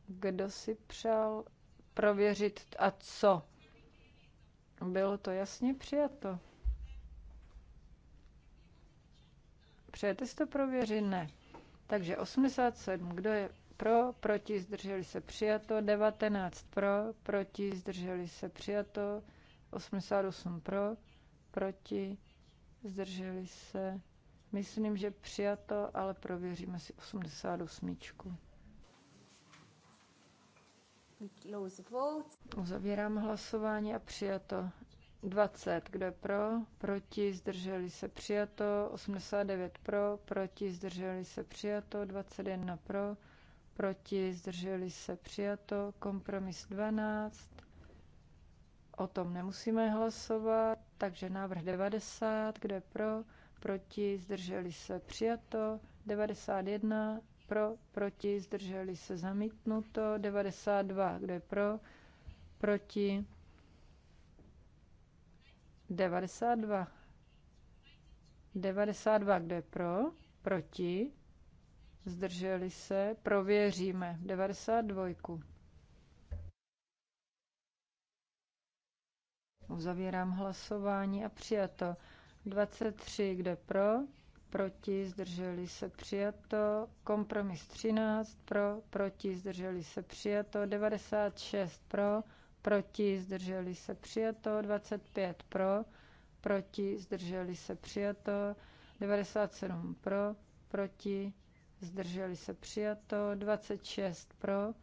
Kdo si přál prověřit a co? Bylo to jasně přijato. Přejete si to prověřit? Ne. Takže 87, kdo je pro, proti, zdrželi se přijato, 19 pro, proti, zdrželi se přijato, 88 pro, proti, zdrželi se, myslím, že přijato, ale prověříme si 88. Uzavírám hlasování a přijato 20. Kdo je pro? Proti, zdrželi se přijato. 89 pro, proti, zdrželi se přijato. 21 pro, proti, zdrželi se přijato, kompromis 12, o tom nemusíme hlasovat, takže návrh 90, kde pro, proti, zdrželi se přijato, 91, pro, proti, zdrželi se zamítnuto, 92, kde pro, proti, 92, 92, kde pro, proti, zdrželi se, prověříme 92. Uzavírám hlasování a přijato 23, kde pro, proti, zdrželi se, přijato, kompromis 13, pro, proti, zdrželi se, přijato, 96 pro, proti, zdrželi se, přijato, 25 pro, proti, zdrželi se, přijato, 97 pro, proti, zdrželi se přijato, 26 pro,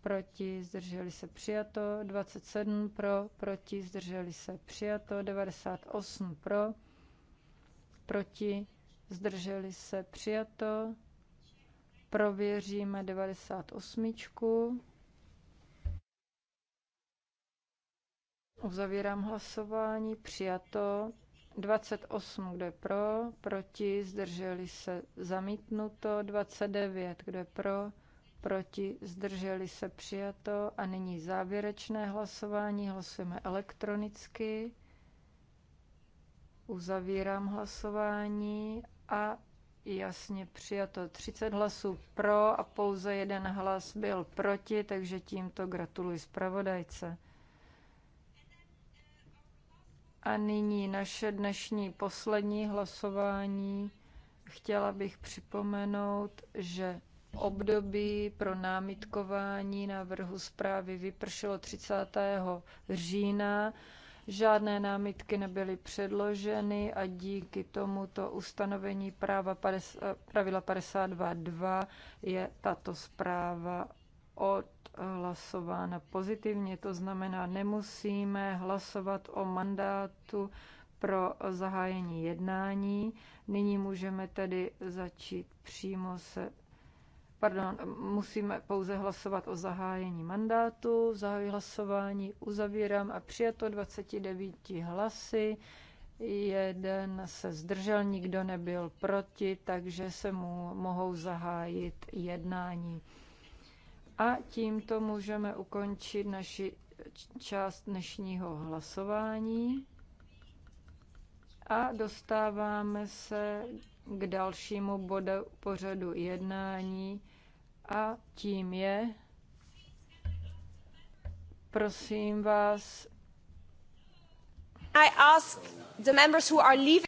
proti, zdrželi se přijato, 27 pro, proti, zdrželi se přijato, 98 pro, proti, zdrželi se přijato, prověříme 98. Uzavírám hlasování, přijato. 28, kdo je pro, proti, zdrželi se zamítnuto, 29, kdo je pro, proti, zdrželi se přijato a nyní závěrečné hlasování, hlasujeme elektronicky, uzavírám hlasování a jasně přijato 30 hlasů pro a pouze jeden hlas byl proti, takže tímto gratuluji zpravodajce. A nyní naše dnešní poslední hlasování. Chtěla bych připomenout, že období pro námitkování návrhu zprávy vypršelo 30. října. Žádné námitky nebyly předloženy a díky tomuto ustanovení práva 50, eh, pravidla 52.2 je tato zpráva od Hlasována pozitivně. To znamená, nemusíme hlasovat o mandátu pro zahájení jednání. Nyní můžeme tedy začít přímo se pardon, musíme pouze hlasovat o zahájení mandátu, zahájí hlasování, uzavírám a přijato 29 hlasy, jeden se zdržel, nikdo nebyl proti, takže se mu mohou zahájit jednání. A tímto můžeme ukončit naši část dnešního hlasování. A dostáváme se k dalšímu bodu pořadu jednání a tím je, prosím vás, I ask the members who are leaving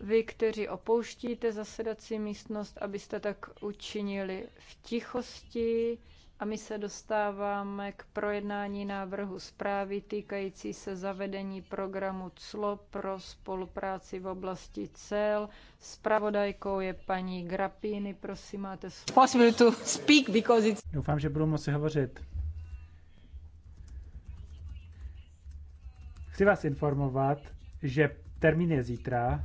vy, kteří opouštíte zasedací místnost, abyste tak učinili v tichosti. A my se dostáváme k projednání návrhu zprávy týkající se zavedení programu CLO pro spolupráci v oblasti cel. Spravodajkou je paní Grapini, prosím, máte Possible to speak because it's... Doufám, že budu moci hovořit. Chci vás informovat, že termín je zítra,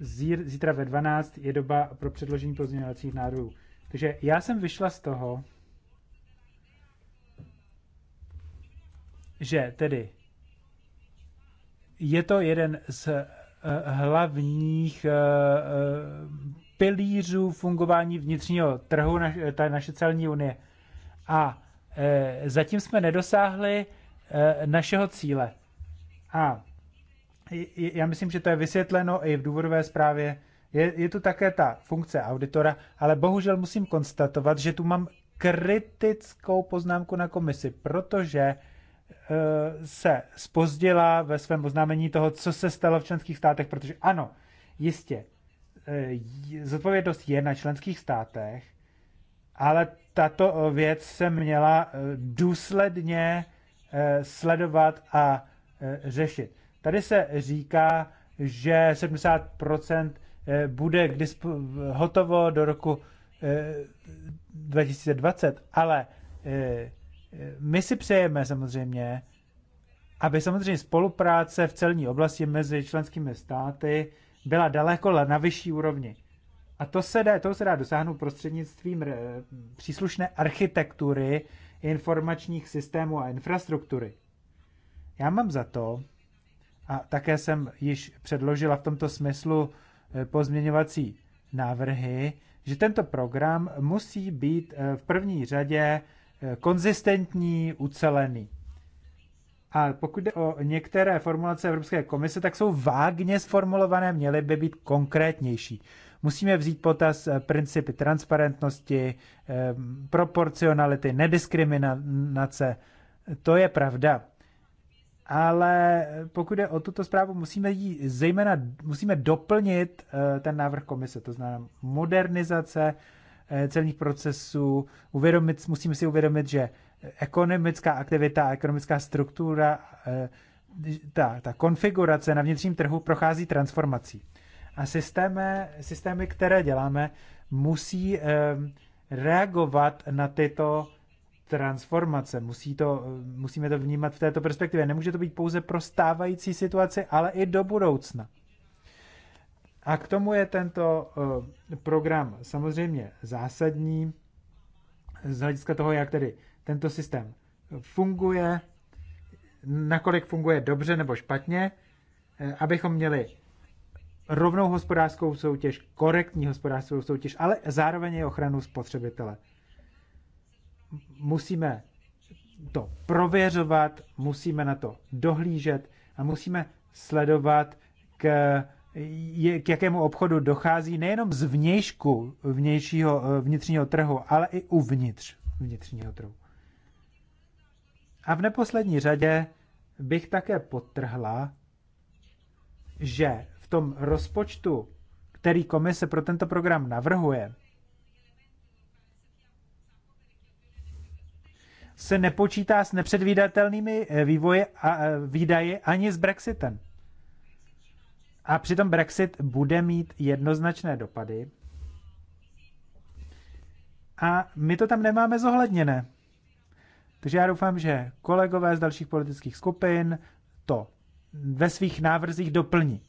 zítra ve 12 je doba pro předložení pozměňovacích návrhů. Takže já jsem vyšla z toho, že tedy je to jeden z eh, hlavních eh, eh, pilířů fungování vnitřního trhu, ta naše celní unie. A zatím jsme nedosáhli našeho cíle. A já myslím, že to je vysvětleno i v důvodové zprávě. Je, je tu také ta funkce auditora, ale bohužel musím konstatovat, že tu mám kritickou poznámku na komisi, protože e, se spozdila ve svém oznámení toho, co se stalo v členských státech, protože ano, jistě, e, zodpovědnost je na členských státech, ale tato e, věc se měla důsledně sledovat a řešit. Tady se říká, že 70% eh, bude hotovo do roku 2020, eh, ale eh, my si přejeme samozřejmě, aby samozřejmě spolupráce v celní oblasti mezi členskými státy byla daleko na vyšší úrovni. A to se dá, to se dá dosáhnout prostřednictvím příslušné architektury informačních systémů a infrastruktury. Já mám za to, a také jsem již předložila v tomto smyslu eh, pozměňovací návrhy, že tento program musí být eh, v první řadě eh, konzistentní, ucelený. A pokud jde o některé formulace Evropské komise, tak jsou vágně sformulované, měly by být konkrétnější. Musíme vzít potaz principy transparentnosti, proporcionality, nediskriminace. To je pravda ale pokud je o tuto zprávu, musíme jí zejména musíme doplnit eh, ten návrh komise, to znamená modernizace eh, celních procesů, uvědomit, musíme si uvědomit, že ekonomická aktivita, ekonomická struktura, eh, ta, ta konfigurace na vnitřním trhu prochází transformací. A systémy, systémy které děláme, musí reagovat na tyto transformace. Musí to, eh, musíme to vnímat v této perspektivě. Nemůže to být pouze pro stávající situaci, ale i do budoucna. A k tomu je tento eh, program samozřejmě zásadní z hlediska toho, jak tedy tento systém funguje, nakolik funguje dobře nebo špatně, eh, abychom měli rovnou hospodářskou soutěž, korektní hospodářskou soutěž, ale zároveň i ochranu spotřebitele musíme to prověřovat, musíme na to dohlížet a musíme sledovat, k, k jakému obchodu dochází nejenom z vnějšku vnějšího, eh, vnitřního trhu, ale i uvnitř vnitřního trhu. A v neposlední řadě bych také potrhla, že v tom rozpočtu, který komise pro tento program navrhuje, se nepočítá s nepředvídatelnými eh, vývoji a eh, výdaji ani s Brexitem. A přitom Brexit bude mít jednoznačné dopady. A my to tam nemáme zohledněné. Takže já doufám, že kolegové z dalších politických skupin to ve svých návrzích doplní.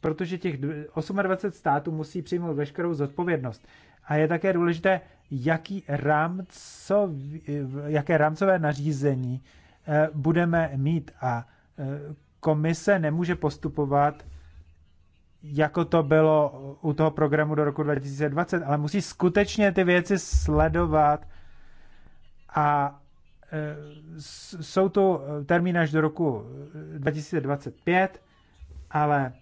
Protože těch 28 států musí přijmout veškerou zodpovědnost. A je také důležité jaký rámcov, eh, jaké rámcové nařízení eh, budeme mít a eh, komise nemůže postupovat jako to bylo u toho programu do roku 2020, ale musí skutečně ty věci sledovat a jsou tu termín až do roku 2025, ale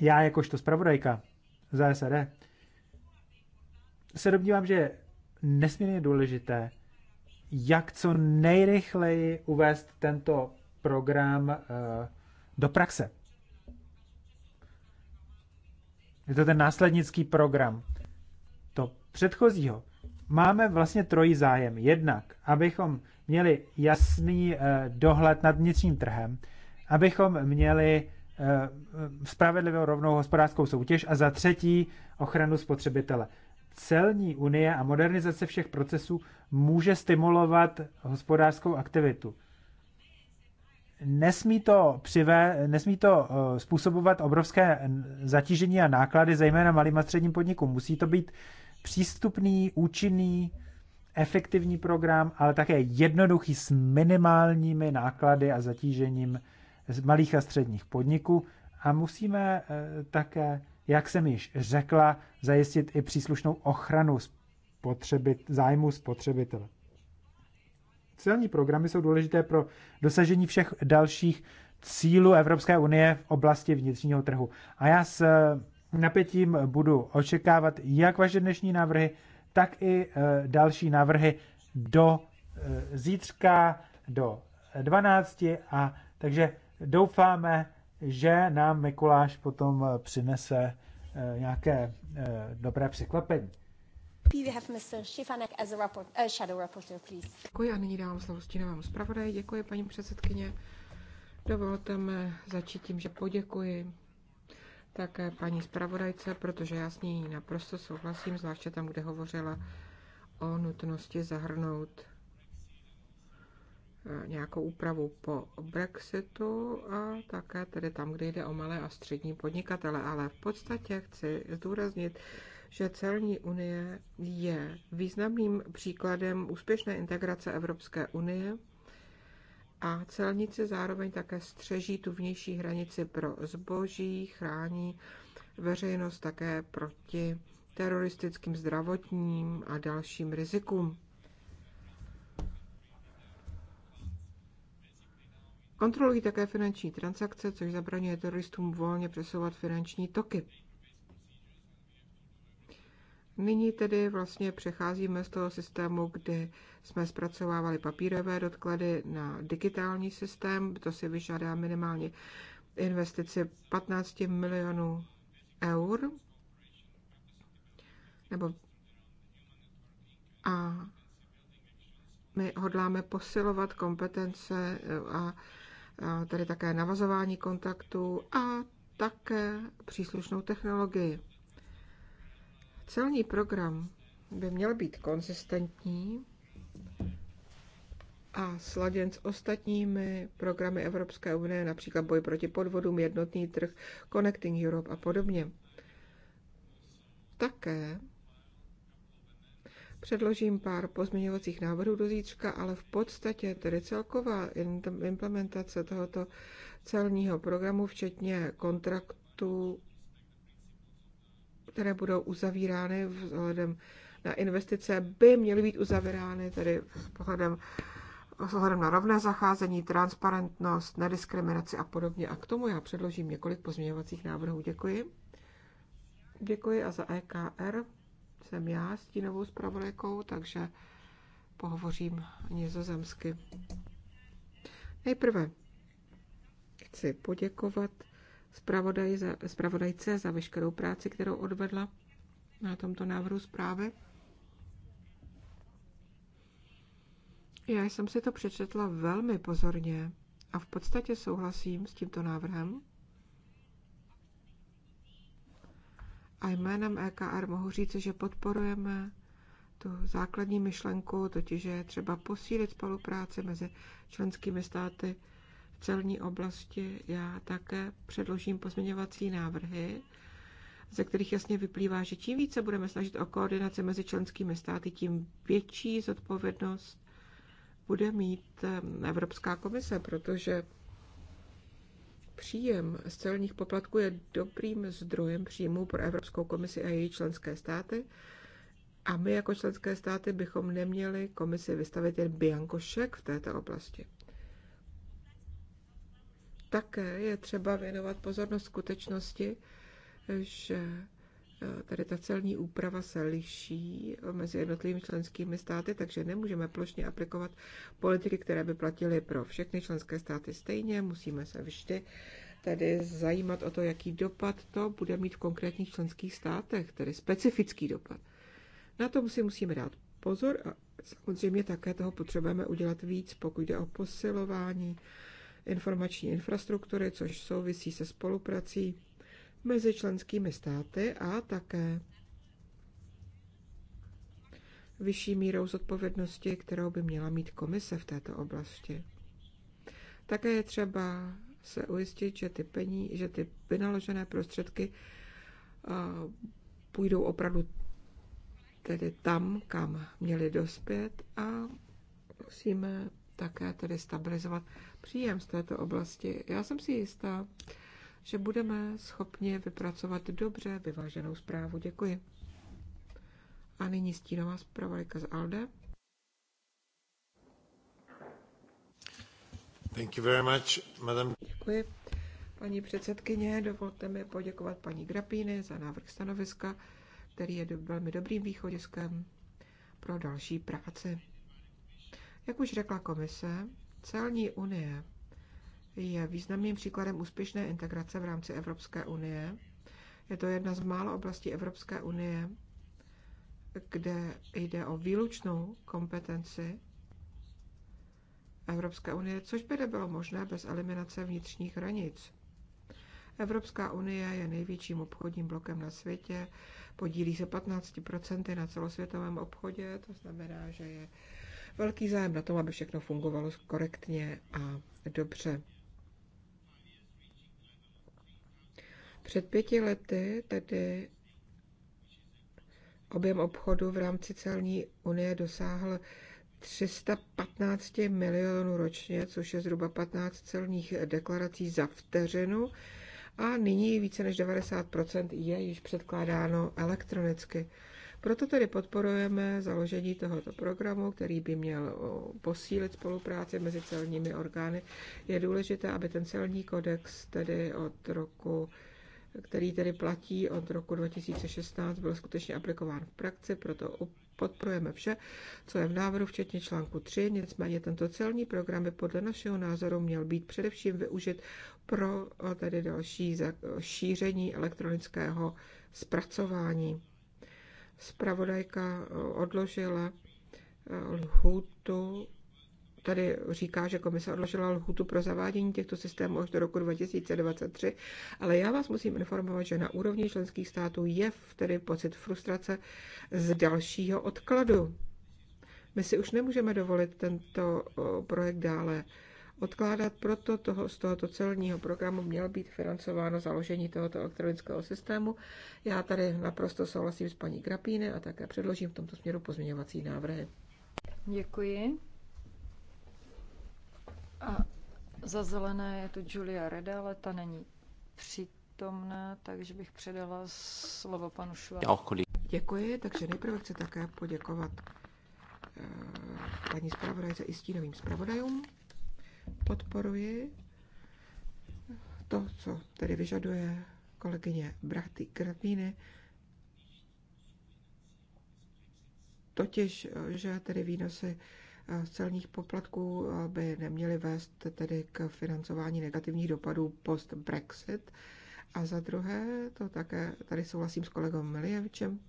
já jakožto zpravodajka za SRE se domnívám, že je nesmírně důležité, jak co nejrychleji uvést tento program eh, do praxe. Je to ten následnický program. To předchozího. Máme vlastně trojí zájem. Jednak, abychom měli jasný eh, dohled nad vnitřním trhem, abychom měli eh, spravedlivou rovnou hospodářskou soutěž a za třetí ochranu spotřebitele celní unie a modernizace všech procesů může stimulovat hospodářskou aktivitu. Nesmí to, přivé, nesmí to eh, způsobovat obrovské zatížení a náklady, zejména malým a středním podnikům. Musí to být přístupný, účinný, efektivní program, ale také jednoduchý s minimálními náklady a zatížením z malých a středních podniků. A musíme eh, také jak jsem již řekla, zajistit i příslušnou ochranu spotřebit, zájmu spotřebitele. Celní programy jsou důležité pro dosažení všech dalších cílů Evropské unie v oblasti vnitřního trhu. A já s eh, napětím budu očekávat jak vaše dnešní návrhy, tak i eh, další návrhy do eh, zítřka, do 12. A takže doufáme, že nám Mikuláš potom eh, přinese eh, nějaké eh, dobré překvapení. Děkuji a nyní dávám slovo stínovému zpravodaji. Děkuji, paní předsedkyně. Dovolte mi začít tím, že poděkuji také paní zpravodajce, protože já s ní naprosto souhlasím, zvláště tam, kde hovořila o nutnosti zahrnout E, nějakou úpravu po Brexitu a také tedy tam, kde jde o malé a střední podnikatele. Ale v podstatě chci zdůraznit, že celní unie je významným příkladem úspěšné integrace Evropské unie a celníci zároveň také střeží tu vnější hranici pro zboží, chrání veřejnost také proti teroristickým zdravotním a dalším rizikům. Kontrolují také finanční transakce, což zabraňuje teroristům volně přesouvat finanční toky. Nyní tedy vlastně přecházíme z toho systému, kdy jsme zpracovávali papírové doklady na digitální systém. To si vyžádá minimálně investici 15 milionů eur. Nebo a my hodláme posilovat kompetence eh, a tedy také navazování kontaktů a také příslušnou technologii. Celní program by měl být konzistentní a sladěn s ostatními programy Evropské unie, například boj proti podvodům, jednotný trh, Connecting Europe a podobně. Také Předložím pár pozměňovacích návrhů do zítřka, ale v podstatě tedy celková implementace tohoto celního programu, včetně kontraktů, které budou uzavírány vzhledem na investice, by měly být uzavírány tedy pohledem s na rovné zacházení, transparentnost, nediskriminaci a podobně. A k tomu já předložím několik pozměňovacích návrhů. Děkuji. Děkuji a za EKR jsem já stínovou zpravodajkou, takže pohovořím nizozemsky. Nejprve chci poděkovat zpravodaj za, zpravodajce za veškerou práci, kterou odvedla na tomto návrhu zprávy. Já jsem si to přečetla velmi pozorně a v podstatě souhlasím s tímto návrhem. a jménem EKR mohu říct, že podporujeme tu základní myšlenku, totiž je třeba posílit spolupráci mezi členskými státy v celní oblasti. Já také předložím pozměňovací návrhy, ze kterých jasně vyplývá, že čím více budeme snažit o koordinaci mezi členskými státy, tím větší zodpovědnost bude mít Evropská komise, protože Příjem z celních poplatků je dobrým zdrojem příjmu pro Evropskou komisi a její členské státy a my jako členské státy bychom neměli komisi vystavit jen biankošek v této oblasti. Také je třeba věnovat pozornost skutečnosti, že Eh, tady ta celní úprava se liší eh, mezi jednotlivými členskými státy, takže nemůžeme plošně aplikovat politiky, které by platily pro všechny členské státy stejně. Musíme se vždy tedy zajímat o to, jaký dopad to bude mít v konkrétních členských státech, tedy specifický dopad. Na to si musíme dát pozor a samozřejmě také toho potřebujeme udělat víc, pokud jde o posilování informační infrastruktury, což souvisí se spoluprací mezi členskými státy a také vyšší mírou zodpovědnosti, kterou by měla mít komise v této oblasti. Také je třeba se ujistit, že ty, pení, že ty vynaložené prostředky půjdou opravdu tedy tam, kam měli dospět a musíme také tedy stabilizovat příjem z této oblasti. Já jsem si jistá, že budeme schopni vypracovat dobře vyváženou zprávu. Děkuji. A nyní stínová zpravodajka z ALDE. Thank you very much, madam. Děkuji. Paní předsedkyně, dovolte mi poděkovat paní Grapíny za návrh stanoviska, který je velmi dobrým východiskem pro další práci. Jak už řekla komise, celní unie je významným příkladem úspěšné integrace v rámci Evropské unie. Je to jedna z mála oblastí Evropské unie, kde jde o výlučnou kompetenci Evropské unie, což by nebylo možné bez eliminace vnitřních hranic. Evropská unie je největším obchodním blokem na světě, podílí se 15% na celosvětovém obchodě, to znamená, že je velký zájem na tom, aby všechno fungovalo korektně a dobře. Před pěti lety tedy objem obchodu v rámci celní unie dosáhl 315 milionů ročně, což je zhruba 15 celních deklarací za vteřinu a nyní více než 90% je již předkládáno elektronicky. Proto tedy podporujeme založení tohoto programu, který by měl posílit spolupráci mezi celními orgány. Je důležité, aby ten celní kodex tedy od roku který tedy platí od roku 2016, byl skutečně aplikován v praxi, proto podporujeme vše, co je v návrhu, včetně článku 3. Nicméně tento celní program by podle našeho názoru měl být především využit pro eh, tedy další šíření elektronického zpracování. Spravodajka eh, odložila eh, lhůtu tady říká, že komise odložila lhůtu pro zavádění těchto systémů až do roku 2023, ale já vás musím informovat, že na úrovni členských států je tedy pocit frustrace z dalšího odkladu. My si už nemůžeme dovolit tento projekt dále odkládat, proto toho, z tohoto celního programu mělo být financováno založení tohoto elektronického systému. Já tady naprosto souhlasím s paní Grapíny a také předložím v tomto směru pozměňovací návrhy. Děkuji. Za zelené je tu Julia Reda, ale ta není přítomná, takže bych předala slovo panu Švábovi. Děkuji, takže nejprve chci také poděkovat eh, paní zpravodajce i stínovým zpravodajům. Podporuji to, co tedy vyžaduje kolegyně Brachty Krapíny, totiž, eh, že tedy výnosy celních poplatků by neměly vést tedy k financování negativních dopadů post-Brexit. A za druhé, to také tady souhlasím s kolegou Milievičem,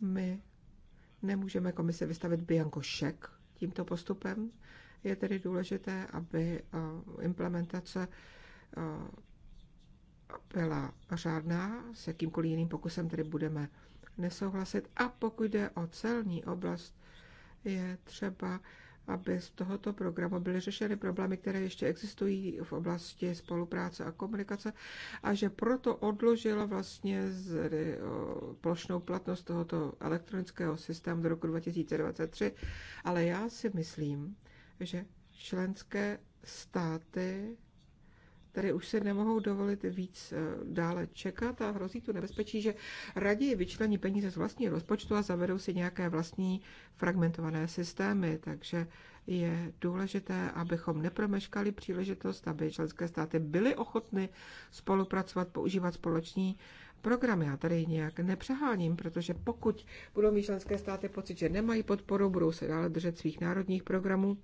my nemůžeme komise vystavit bianko šek tímto postupem. Je tedy důležité, aby implementace byla řádná, s jakýmkoliv jiným pokusem tedy budeme nesouhlasit. A pokud jde o celní oblast, je třeba, aby z tohoto programu byly řešeny problémy, které ještě existují v oblasti spolupráce a komunikace a že proto odložila vlastně z, eh, plošnou platnost tohoto elektronického systému do roku 2023. Ale já si myslím, že členské státy Tady už se nemohou dovolit víc eh, dále čekat a hrozí tu nebezpečí, že raději vyčlení peníze z vlastního rozpočtu a zavedou si nějaké vlastní fragmentované systémy. Takže je důležité, abychom nepromeškali příležitost, aby členské státy byly ochotny spolupracovat, používat společní programy Já tady nějak nepřeháním, protože pokud budou mít členské státy pocit, že nemají podporu, budou se dále držet svých národních programů.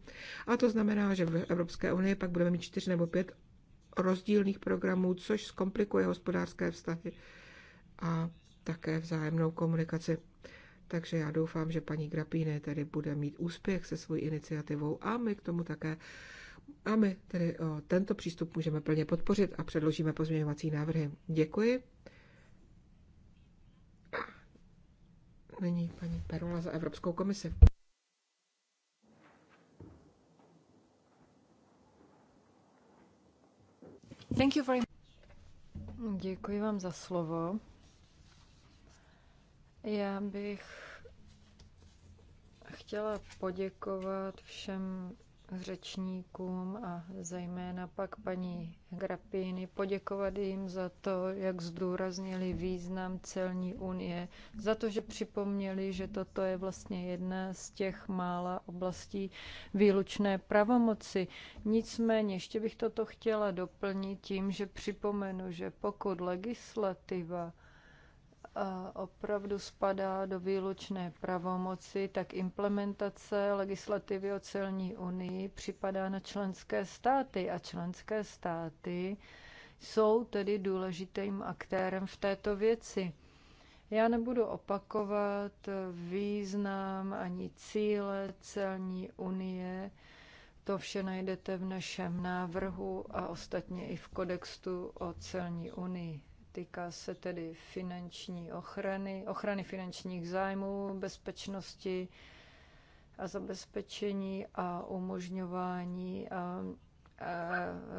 A to znamená, že v Evropské unii pak budeme mít čtyři nebo pět rozdílných programů, což zkomplikuje hospodářské vztahy a také vzájemnou komunikaci. Takže já doufám, že paní Grapíny tedy bude mít úspěch se svou iniciativou a my k tomu také a my tedy o, tento přístup můžeme plně podpořit a předložíme pozměňovací návrhy. Děkuji. Není paní Perola za Evropskou komisi. Thank you very... Děkuji vám za slovo. Já bych chtěla poděkovat všem řečníkům a zejména pak paní Grapíny poděkovat jim za to, jak zdůraznili význam celní unie, za to, že připomněli, že toto je vlastně jedna z těch mála oblastí výlučné pravomoci. Nicméně ještě bych toto chtěla doplnit tím, že připomenu, že pokud legislativa opravdu spadá do výlučné pravomoci, tak implementace legislativy o celní unii připadá na členské státy a členské státy jsou tedy důležitým aktérem v této věci. Já nebudu opakovat význam ani cíle celní unie. To vše najdete v našem návrhu a ostatně i v kodextu o celní unii. Týká se tedy finanční ochrany, ochrany finančních zájmů, bezpečnosti a zabezpečení a umožňování a, a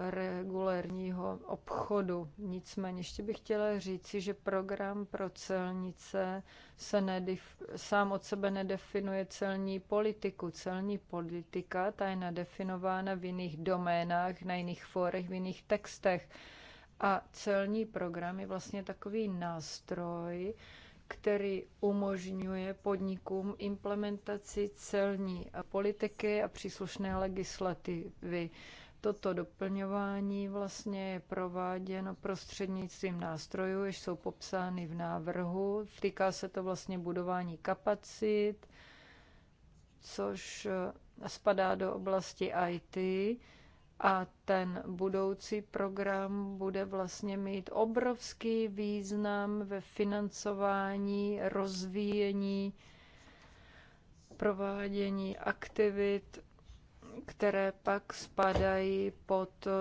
regulérního obchodu. Nicméně ještě bych chtěla říci, že program pro celnice se nedif, sám od sebe nedefinuje celní politiku. Celní politika ta je nadefinována v jiných doménách, na jiných fórech, v jiných textech. A celní program je vlastně takový nástroj, který umožňuje podnikům implementaci celní politiky a příslušné legislativy. Toto doplňování vlastně je prováděno prostřednictvím nástrojů, jež jsou popsány v návrhu. Týká se to vlastně budování kapacit, což spadá do oblasti IT. A ten budoucí program bude vlastně mít obrovský význam ve financování, rozvíjení, provádění aktivit, které pak spadají pod eh,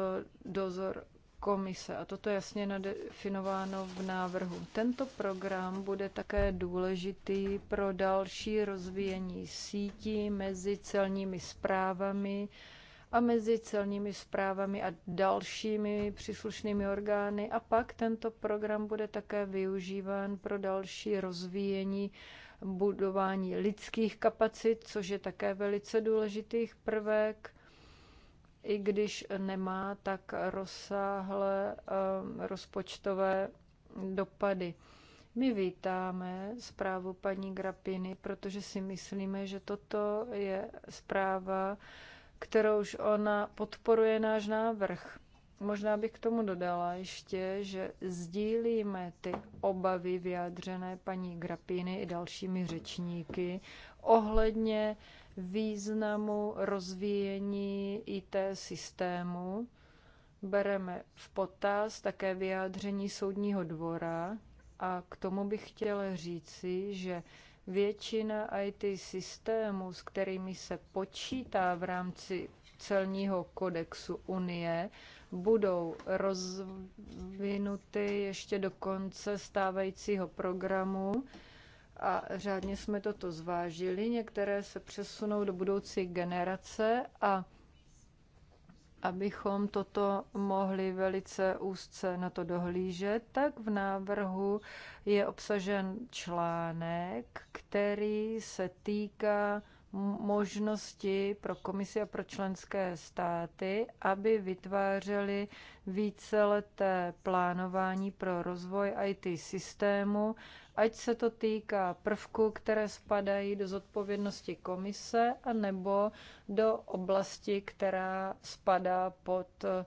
dozor komise. A toto je jasně nadefinováno v návrhu. Tento program bude také důležitý pro další rozvíjení sítí mezi celními zprávami, a mezi celními zprávami a dalšími příslušnými orgány. A pak tento program bude také využíván pro další rozvíjení budování lidských kapacit, což je také velice důležitý prvek i když nemá tak rozsáhlé eh, rozpočtové dopady. My vítáme zprávu paní Grapiny, protože si myslíme, že toto je zpráva, kterouž ona podporuje náš návrh. Možná bych k tomu dodala ještě, že sdílíme ty obavy vyjádřené paní Grapiny i dalšími řečníky ohledně významu rozvíjení IT systému. Bereme v potaz také vyjádření soudního dvora a k tomu bych chtěla říci, že Většina IT systémů, s kterými se počítá v rámci celního kodexu Unie, budou rozvinuty ještě do konce stávajícího programu a řádně jsme toto zvážili. Některé se přesunou do budoucí generace a abychom toto mohli velice úzce na to dohlížet, tak v návrhu je obsažen článek, který se týká možnosti pro komisi a pro členské státy, aby vytvářely víceleté plánování pro rozvoj IT systému, ať se to týká prvků, které spadají do zodpovědnosti komise, anebo do oblasti, která spadá pod eh,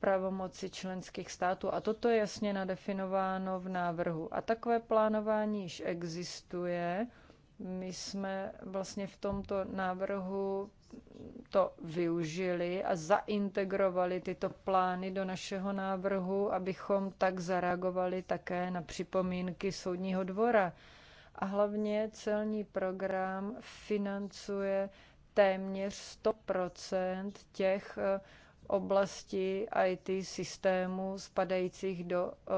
pravomoci členských států. A toto je jasně nadefinováno v návrhu. A takové plánování již existuje my jsme vlastně v tomto návrhu to využili a zaintegrovali tyto plány do našeho návrhu, abychom tak zareagovali také na připomínky Soudního dvora. A hlavně celní program financuje téměř 100 těch eh, oblastí IT systému spadajících do eh,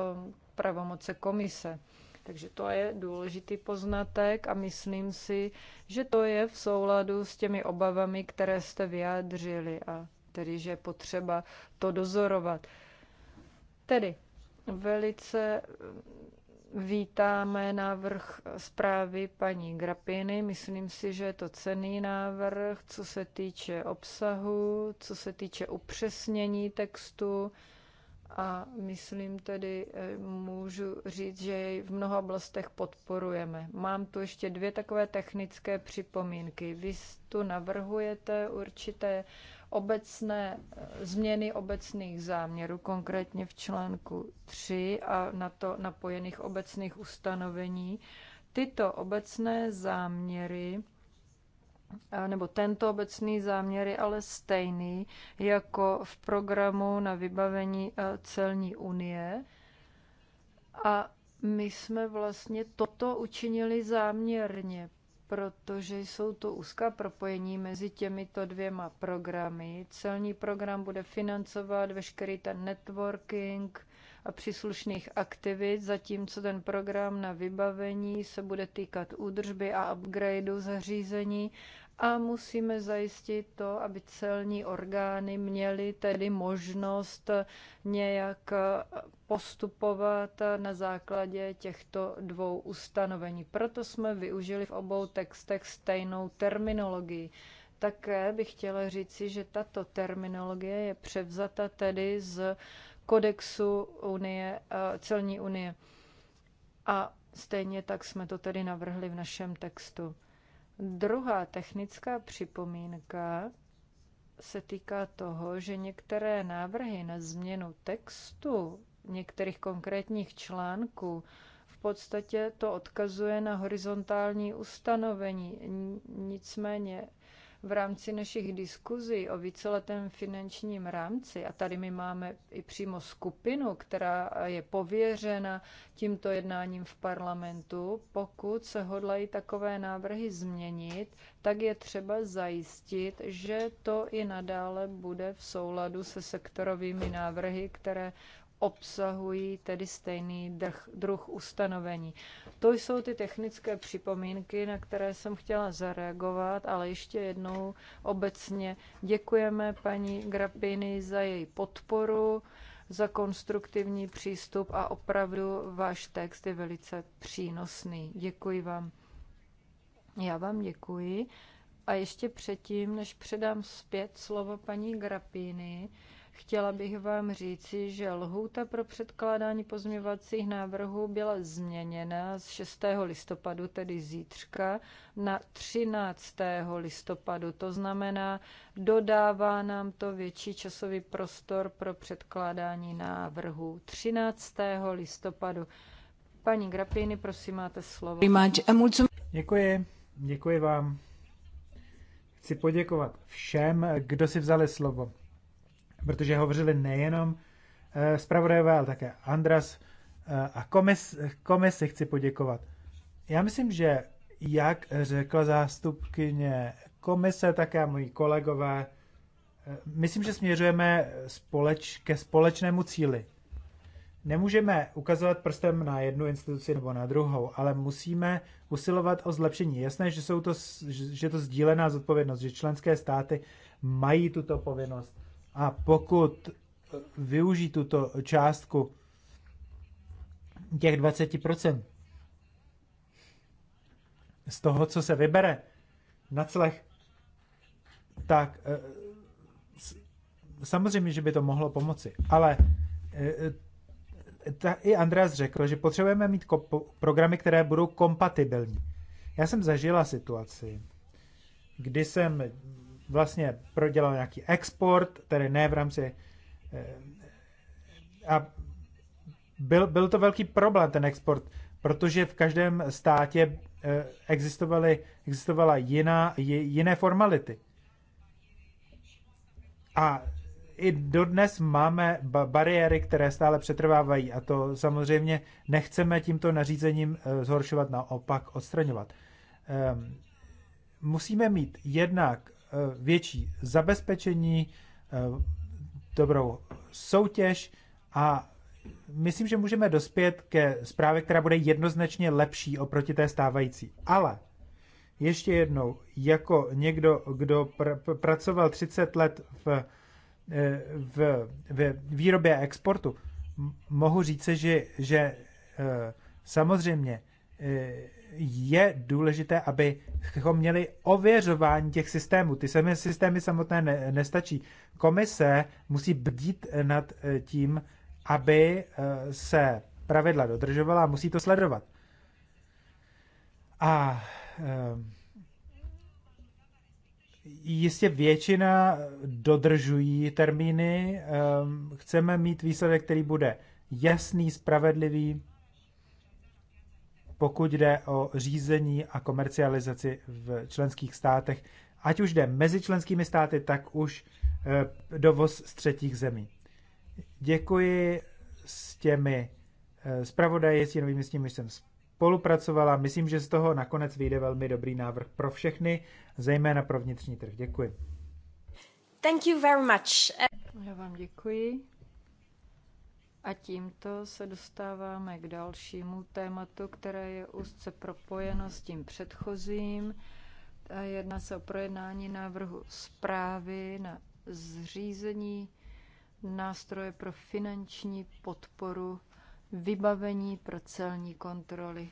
pravomoce komise. Takže to je důležitý poznatek a myslím si, že to je v souladu s těmi obavami, které jste vyjádřili a tedy, že je potřeba to dozorovat. Tedy velice vítáme návrh zprávy paní Grapiny. Myslím si, že je to cený návrh, co se týče obsahu, co se týče upřesnění textu a myslím tedy, eh, můžu říct, že jej v mnoha oblastech podporujeme. Mám tu ještě dvě takové technické připomínky. Vy tu navrhujete určité obecné eh, změny obecných záměrů, konkrétně v článku 3 a na to napojených obecných ustanovení. Tyto obecné záměry nebo tento obecný záměr je ale stejný jako v programu na vybavení celní unie. A my jsme vlastně toto učinili záměrně, protože jsou to úzká propojení mezi těmito dvěma programy. Celní program bude financovat veškerý ten networking, a příslušných aktivit, zatímco ten program na vybavení se bude týkat údržby a upgradeu zařízení a musíme zajistit to, aby celní orgány měly tedy možnost nějak postupovat na základě těchto dvou ustanovení. Proto jsme využili v obou textech stejnou terminologii. Také bych chtěla říci, že tato terminologie je převzata tedy z kodexu unie, eh, celní unie. A stejně tak jsme to tedy navrhli v našem textu. Druhá technická připomínka se týká toho, že některé návrhy na změnu textu některých konkrétních článků v podstatě to odkazuje na horizontální ustanovení. Nicméně v rámci našich diskuzí o víceletém finančním rámci, a tady my máme i přímo skupinu, která je pověřena tímto jednáním v parlamentu, pokud se hodlají takové návrhy změnit, tak je třeba zajistit, že to i nadále bude v souladu se sektorovými návrhy, které obsahují tedy stejný druh, druh ustanovení. To jsou ty technické připomínky, na které jsem chtěla zareagovat, ale ještě jednou obecně děkujeme paní Grapiny za její podporu, za konstruktivní přístup a opravdu váš text je velice přínosný. Děkuji vám. Já vám děkuji. A ještě předtím, než předám zpět slovo paní Grapiny, Chtěla bych vám říci, že lhůta pro předkládání pozměvacích návrhů byla změněna z 6. listopadu, tedy zítřka, na 13. listopadu. To znamená, dodává nám to větší časový prostor pro předkládání návrhů 13. listopadu. Paní Grapiny, prosím, máte slovo. Děkuji, děkuji vám. Chci poděkovat všem, kdo si vzali slovo protože hovořili nejenom eh, zpravodajové, ale také Andras eh, a komis, komisi chci poděkovat. Já myslím, že jak řekla zástupkyně komise, také moji kolegové, eh, myslím, že směřujeme společ, ke společnému cíli. Nemůžeme ukazovat prstem na jednu instituci nebo na druhou, ale musíme usilovat o zlepšení. Jasné, že, jsou to, že to sdílená zodpovědnost, že členské státy mají tuto povinnost a pokud využí tuto částku těch 20% z toho, co se vybere na clech, tak eh, samozřejmě, že by to mohlo pomoci. Ale eh, eh, ta, i Andreas řekl, že potřebujeme mít programy, které budou kompatibilní. Já jsem zažila situaci, kdy jsem vlastně prodělal nějaký export, tedy ne v rámci... Eh, a byl, byl to velký problém, ten export, protože v každém státě eh, existovaly, existovala jiná, jiné formality. A i dodnes máme bariéry, které stále přetrvávají a to samozřejmě nechceme tímto nařízením eh, zhoršovat, naopak odstraňovat. Ehm, musíme mít jednak Eh, větší zabezpečení, eh, dobrou soutěž a myslím, že můžeme dospět ke zprávě, která bude jednoznačně lepší oproti té stávající. Ale ještě jednou, jako někdo, kdo pr- pracoval 30 let v, eh, v, v výrobě a exportu, mohu říct, že, že samozřejmě je důležité, abychom měli ověřování těch systémů. Ty samé systémy samotné ne, nestačí. Komise musí bdít nad eh, tím, aby eh, se pravidla dodržovala a musí to sledovat. A eh, jistě většina dodržují termíny. Chceme mít výsledek, který bude jasný, spravedlivý, pokud jde o řízení a komercializaci v členských státech, ať už jde mezi členskými státy, tak už eh, dovoz z třetích zemí. Děkuji s těmi eh, zpravodaji, s těmi, s nimi jsem spolupracovala. Myslím, že z toho nakonec vyjde velmi dobrý návrh pro všechny, zejména pro vnitřní trh. Děkuji. Thank you very much. Já vám děkuji. A tímto se dostáváme k dalšímu tématu, které je úzce propojeno s tím předchozím. Jedná se o projednání návrhu zprávy na zřízení nástroje pro finanční podporu vybavení pro celní kontroly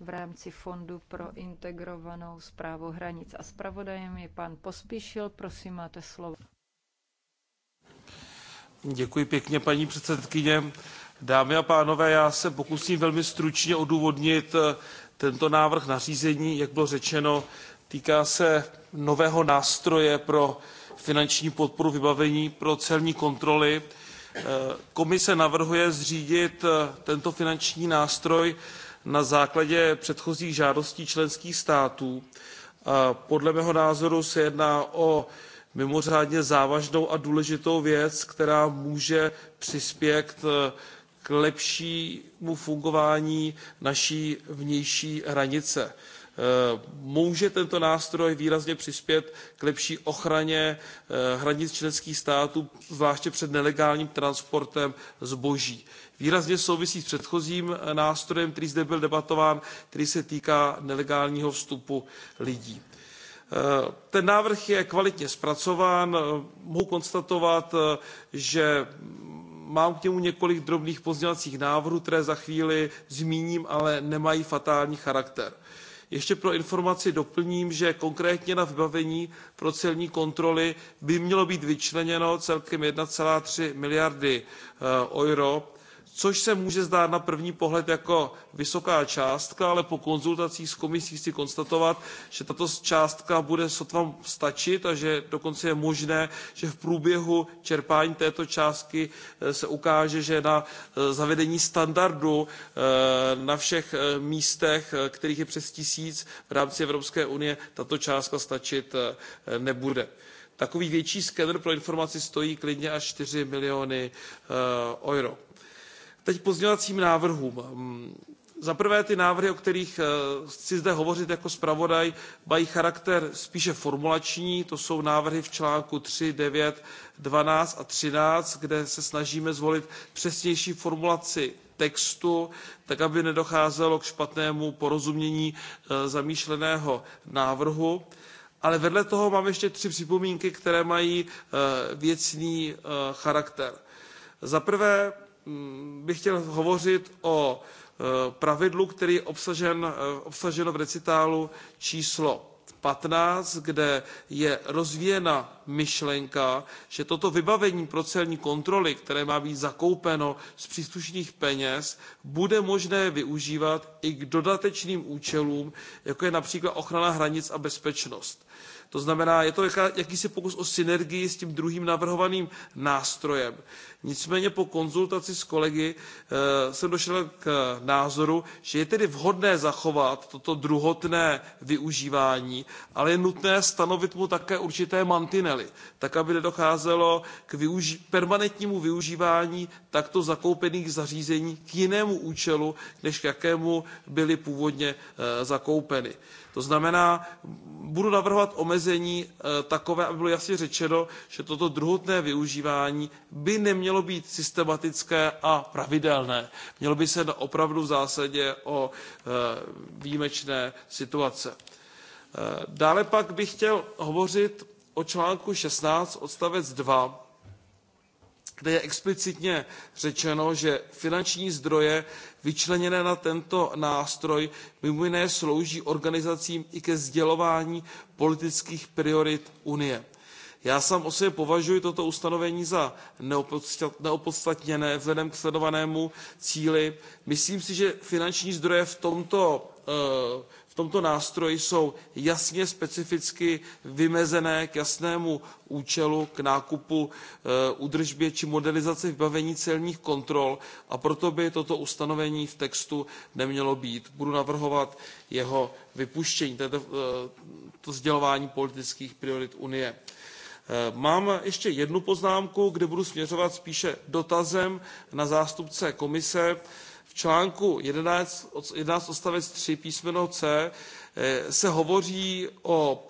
v rámci Fondu pro integrovanou zprávu hranic. A zpravodajem je pan Pospíšil. Prosím, máte slovo. Děkuji pěkně, paní předsedkyně. Dámy a pánové, já se pokusím velmi stručně odůvodnit eh, tento návrh nařízení. Jak bylo řečeno, týká se nového nástroje pro finanční podporu vybavení pro celní kontroly. Eh, komise navrhuje zřídit eh, tento finanční nástroj na základě předchozích žádostí členských států. Podle mého názoru se jedná o mimořádně závažnou a důležitou věc která může přispět eh, k lepšímu fungování naší vnější hranice. Eh, může tento nástroj výrazně přispět k lepší ochraně eh, hranic členských států zvláště před nelegálním transportem zboží. výrazně souvisí s předchozím nástrojem který zde byl debatován který se týká nelegálního vstupu lidí. Eh, ten návrh je kvalitně zpracován, eh, mohu konstatovat, eh, že mám k němu několik drobných pozměňovacích návrhů, které za chvíli zmíním, ale nemají fatální charakter. Ještě pro informaci doplním, že konkrétně na vybavení pro celní kontroly by mělo být vyčleněno celkem three miliardy eur což se může zdát na první pohled jako vysoká částka ale po konzultacích s komisí chci konstatovat že tato částka bude sotva stačit a že dokonce je možné že v průběhu čerpání této částky eh, se ukáže že na eh, zavedení standardu eh, na všech místech kterých je přes tisíc v rámci evropské unie tato částka stačit nebude. takový větší skener pro informaci stojí klidně až four miliony eur Teď k pozměňovacím návrhům. Hm, za prvé ty návrhy, o kterých eh, chci zde hovořit jako zpravodaj, mají charakter spíše formulační. To jsou návrhy v článku three nine 12 a 13, kde se snažíme zvolit přesnější formulaci textu, tak aby nedocházelo k špatnému porozumění eh, zamýšleného návrhu. Ale vedle toho mám ještě tři připomínky, které mají eh, věcný charakter. Za prvé Mm, bych chtěl hovořit o e, pravidlu, které je e, obsaženo v recitálu číslo fifteen kde je rozvíjena myšlenka, že toto vybavení pro celní kontroly, které má být zakoupeno z příslušných peněz, bude možné využívat i k dodatečným účelům, jako je například ochrana hranic a bezpečnost. To znamená, je to jakýsi pokus o synergii s tím druhým navrhovaným nástrojem. Nicméně po konzultaci s kolegy eh, jsem došel k názoru, že je tedy vhodné zachovat toto druhotné využívání, ale je nutné stanovit mu také určité mantinely, tak aby nedocházelo k permanentnímu využívání takto zakoupených zařízení k jinému účelu, než k jakému byly původně zakoupena. Eh, zakoupeny. To znamená, budu navrhovat omezení eh, takové, aby bylo jasně řečeno, že toto druhotné využívání by nemělo být systematické a pravidelné. Mělo by se opravdu v zásadě o eh, výjimečné situace. Eh, dále pak bych chtěl hovořit o článku 16 odstavec 2 kde je explicitně řečeno že finanční zdroje vyčleněné na tento nástroj mimo jiné slouží organizacím i ke sdělování politických priorit unie. já sám osobně považuji toto ustanovení za neopodstatněné vzhledem k sledovanému cíli. myslím si že finanční zdroje v tomto eh, tomto nástroji jsou jasně specificky vymezené k jasnému účelu k nákupu eh, údržbě či modernizaci vybavení celních kontrol a proto by toto ustanovení v textu nemělo být. budu navrhovat jeho vypuštění to eh, sdělování politických priorit unie. Eh, mám ještě jednu poznámku kde budu směřovat spíše dotazem na zástupce komise článku eleven odstavec three písmeno C eh, se hovoří o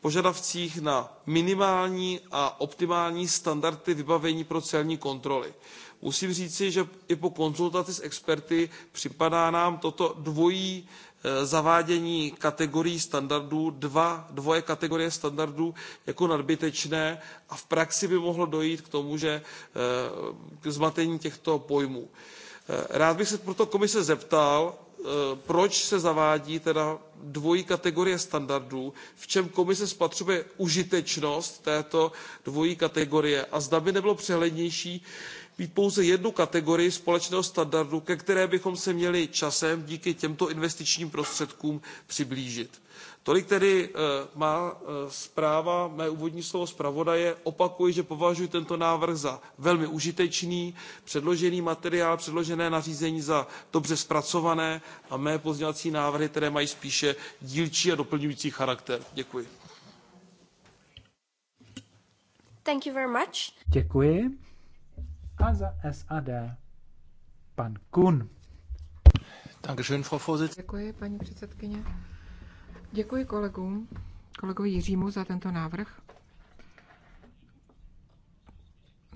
požadavcích na minimální a optimální standardy vybavení pro celní kontroly. Musím říci, že i po konzultaci s experty připadá nám toto dvojí eh, zavádění kategorií standardů, dva, dvoje kategorie standardů jako nadbytečné a v praxi by mohlo dojít k tomu, že eh, k zmatení těchto pojmů. Eh, rád bych se proto komise zeptal, eh, proč se zavádí teda dvojí kategorie standardů, v čem komise spatřuje užitečnost této dvojí kategorie a zda by nebylo přehlednější mít pouze jednu kategorii společného standardu, ke které bychom se měli časem díky těmto investičním prostředkům přiblížit. Tolik tedy eh, má eh, zpráva, mé úvodní slovo zpravodaje. Opakuji, že považuji tento návrh za velmi užitečný, předložený materiál, předložené nařízení za dobře zpracované a mé pozměňovací návrhy, které mají spíše dílčí a doplňující charakter. Děkuji. Thank you very much. Děkuji. A za SAD pan Kun. Frau Vorsitzende. Děkuji, paní předsedkyně. Děkuji kolegům, kolegovi Jiřímu za tento návrh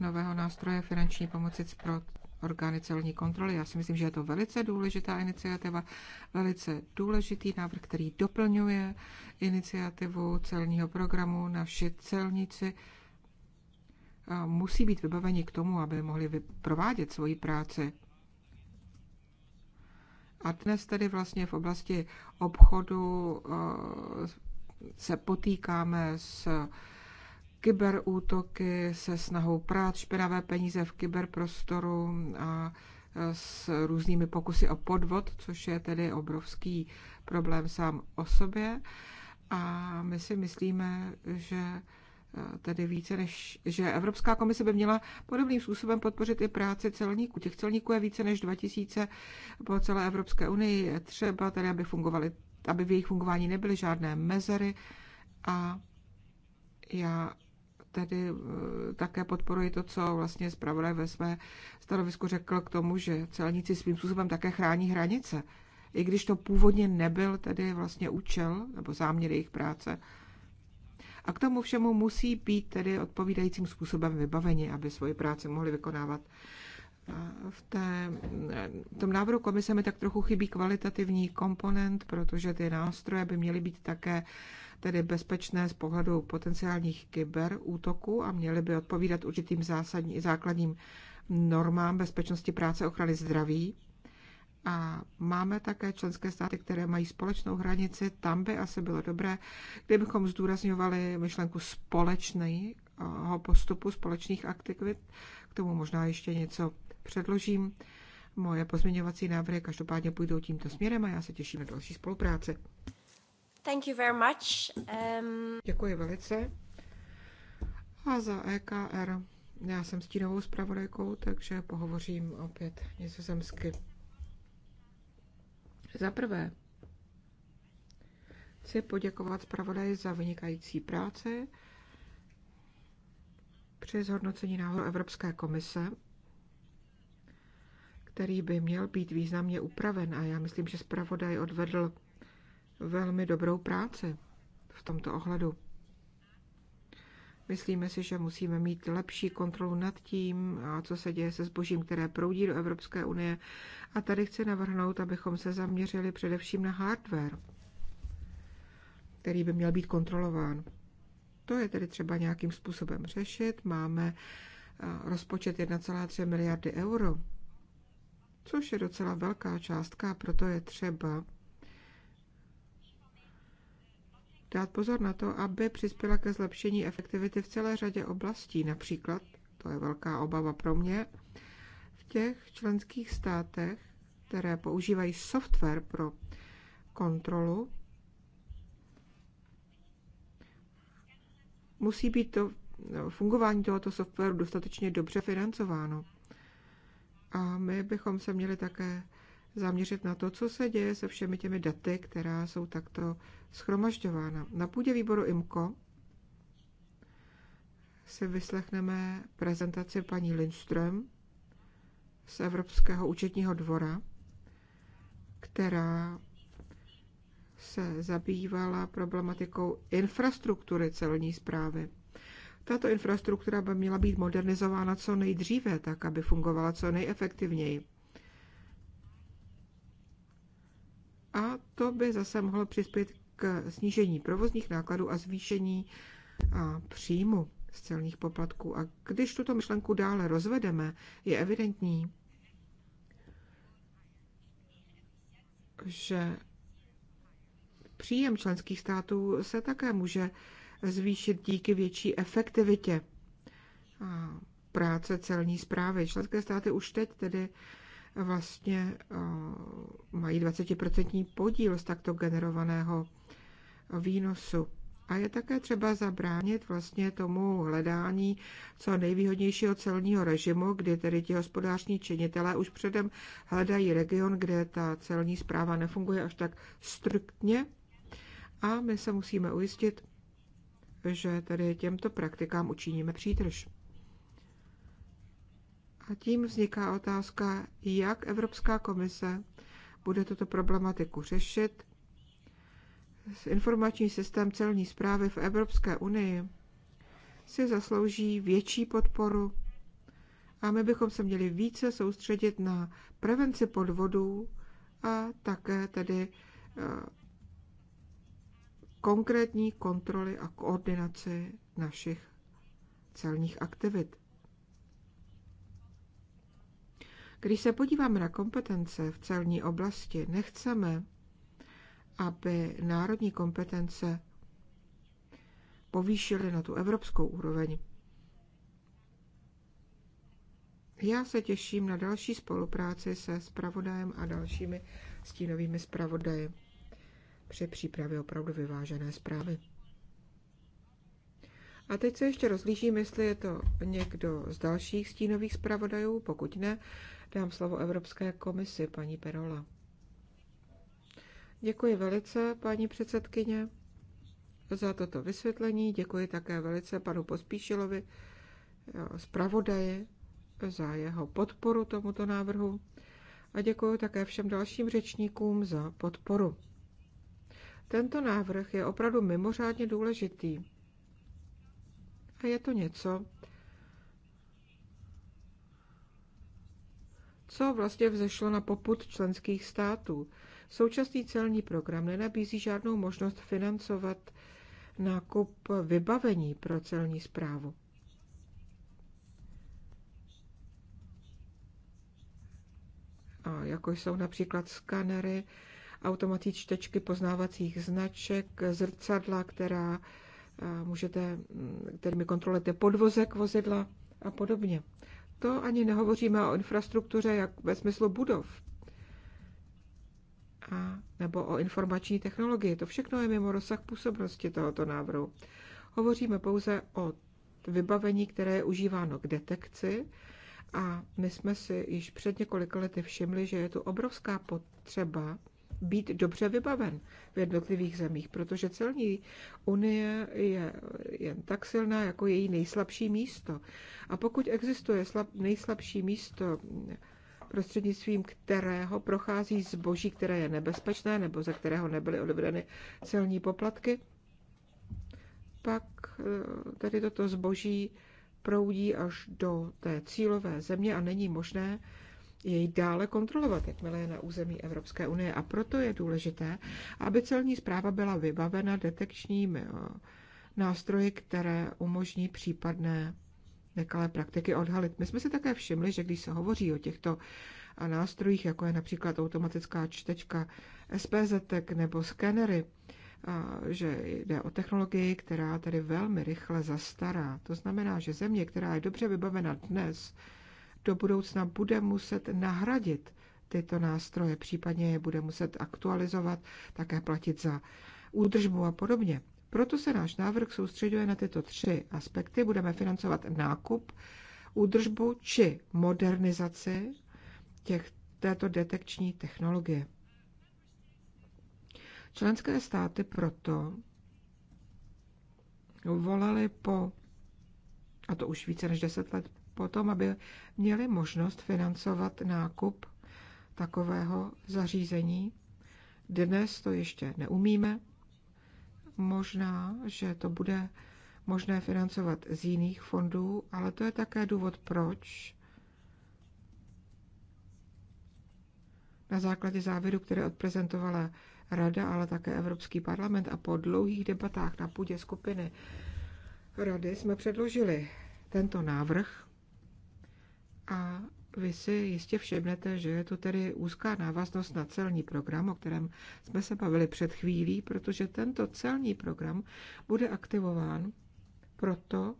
nového nástroje finanční pomoci pro orgány celní kontroly. Já si myslím, že je to velice důležitá iniciativa, velice důležitý návrh, který doplňuje iniciativu celního programu. Naši celníci eh, musí být vybaveni k tomu, aby mohli provádět svoji práci. A dnes tedy vlastně v oblasti obchodu eh, se potýkáme s kyberútoky, se snahou prát špinavé peníze v kyberprostoru a eh, s různými pokusy o podvod, což je tedy obrovský problém sám o sobě. A my si myslíme, že tedy více než, že Evropská komise by měla podobným způsobem podpořit i práci celníků. Těch celníků je více než 2000 po celé Evropské unii. Je třeba tedy, aby, fungovali, aby v jejich fungování nebyly žádné mezery a já tedy e, také podporuji to, co vlastně zpravodaj ve své stanovisku řekl k tomu, že celníci svým způsobem také chrání hranice. I když to původně nebyl tedy vlastně účel nebo záměr jejich práce, a k tomu všemu musí být tedy odpovídajícím způsobem vybaveni, aby svoji práci mohli vykonávat. V, té, v tom návrhu komise mi tak trochu chybí kvalitativní komponent, protože ty nástroje by měly být také tedy bezpečné z pohledu potenciálních kyberútoků a měly by odpovídat určitým zásadní, základním normám bezpečnosti práce ochrany zdraví a máme také členské státy, které mají společnou hranici. Tam by asi bylo dobré, kdybychom zdůrazňovali myšlenku společného postupu, společných aktivit. K tomu možná ještě něco předložím. Moje pozměňovací návrhy každopádně půjdou tímto směrem a já se těším na další spolupráci. Thank you very much. Um... Děkuji velice. A za EKR. Já jsem stínovou zpravodajkou, takže pohovořím opět nizozemsky. Za prvé, chci poděkovat zpravodaji za vynikající práci při zhodnocení návrhu Evropské komise, který by měl být významně upraven a já myslím, že zpravodaj odvedl velmi dobrou práci v tomto ohledu. Myslíme si, že musíme mít lepší kontrolu nad tím, co se děje se zbožím, které proudí do Evropské unie. A tady chci navrhnout, abychom se zaměřili především na hardware, který by měl být kontrolován. To je tedy třeba nějakým způsobem řešit. Máme eh, rozpočet 1,3 miliardy euro, což je docela velká částka, proto je třeba dát pozor na to, aby přispěla ke zlepšení efektivity v celé řadě oblastí, například, to je velká obava pro mě, v těch členských státech, které používají software pro kontrolu, musí být to no, fungování tohoto softwaru dostatečně dobře financováno. A my bychom se měli také zaměřit na to, co se děje se všemi těmi daty, která jsou takto schromažďována. Na půdě výboru IMCO si vyslechneme prezentaci paní Lindström z Evropského účetního dvora, která se zabývala problematikou infrastruktury celní zprávy. Tato infrastruktura by měla být modernizována co nejdříve, tak aby fungovala co nejefektivněji. To by zase mohlo přispět k snížení provozních nákladů a zvýšení příjmu z celních poplatků. A když tuto myšlenku dále rozvedeme, je evidentní, že příjem členských států se také může zvýšit díky větší efektivitě práce celní zprávy. Členské státy už teď tedy vlastně eh, mají 20% podíl z takto generovaného výnosu. A je také třeba zabránit vlastně tomu hledání co nejvýhodnějšího celního režimu, kdy tedy ti hospodářní činitelé už předem hledají region, kde ta celní zpráva nefunguje až tak striktně. A my se musíme ujistit, že tedy těmto praktikám učiníme přítrž. A tím vzniká otázka, jak Evropská komise bude tuto problematiku řešit. Informační systém celní zprávy v Evropské unii si zaslouží větší podporu a my bychom se měli více soustředit na prevenci podvodů a také tedy eh, konkrétní kontroly a koordinaci našich celních aktivit. Když se podíváme na kompetence v celní oblasti, nechceme, aby národní kompetence povýšily na tu evropskou úroveň. Já se těším na další spolupráci se spravodajem a dalšími stínovými spravodaji při přípravě opravdu vyvážené zprávy. A teď se ještě rozlížím, jestli je to někdo z dalších stínových zpravodajů. Pokud ne, dám slovo Evropské komisi, paní Perola. Děkuji velice, paní předsedkyně, za toto vysvětlení. Děkuji také velice panu Pospíšilovi, zpravodaji, za jeho podporu tomuto návrhu. A děkuji také všem dalším řečníkům za podporu. Tento návrh je opravdu mimořádně důležitý. A je to něco, co vlastně vzešlo na poput členských států. Současný celní program nenabízí žádnou možnost financovat nákup vybavení pro celní zprávu. A jako jsou například skanery, automatí čtečky poznávacích značek, zrcadla, která eh, můžete, mm, kterými kontrolujete podvozek vozidla a podobně. To ani nehovoříme o infrastruktuře jak ve smyslu budov a nebo o informační technologii. To všechno je mimo rozsah působnosti tohoto návrhu. Hovoříme pouze o vybavení, které je užíváno k detekci a my jsme si již před několika lety všimli, že je tu obrovská potřeba být dobře vybaven v jednotlivých zemích, protože celní unie je jen tak silná jako její nejslabší místo. A pokud existuje slab, nejslabší místo, mm, prostřednictvím kterého prochází zboží, které je nebezpečné nebo ze kterého nebyly odebrany celní poplatky, pak eh, tedy toto zboží proudí až do té cílové země a není možné jej dále kontrolovat, jakmile je na území Evropské unie. A proto je důležité, aby celní zpráva byla vybavena detekčními eh, nástroji, které umožní případné nekalé praktiky odhalit. My jsme si také všimli, že když se hovoří o těchto eh, nástrojích, jako je například automatická čtečka SPZ nebo skenery, eh, že jde o technologii, která tady velmi rychle zastará. To znamená, že země, která je dobře vybavena dnes, do budoucna bude muset nahradit tyto nástroje, případně je bude muset aktualizovat, také platit za údržbu a podobně. Proto se náš návrh soustředuje na tyto tři aspekty. Budeme financovat nákup, údržbu či modernizaci těch, této detekční technologie. Členské státy proto volaly po, a to už více než deset let, potom, aby měli možnost financovat nákup takového zařízení. Dnes to ještě neumíme. Možná, že to bude možné financovat z jiných fondů, ale to je také důvod, proč na základě závěru, které odprezentovala Rada, ale také Evropský parlament a po dlouhých debatách na půdě skupiny Rady jsme předložili tento návrh a vy si jistě všimnete, že je tu tedy úzká návaznost na celní program, o kterém jsme se bavili před chvílí, protože tento celní program bude aktivován proto,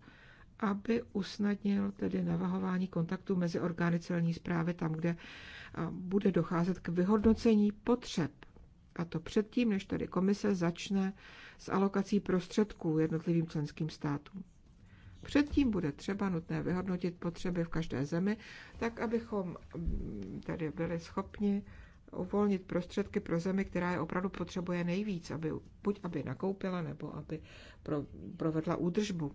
aby usnadnil tedy navahování kontaktů mezi orgány celní zprávy tam, kde bude docházet k vyhodnocení potřeb. A to předtím, než tedy komise začne s alokací prostředků jednotlivým členským státům. Předtím bude třeba nutné vyhodnotit potřeby v každé zemi, tak abychom mm, tedy byli schopni uvolnit prostředky pro zemi, která je opravdu potřebuje nejvíc, aby, buď aby nakoupila, nebo aby pro, provedla údržbu.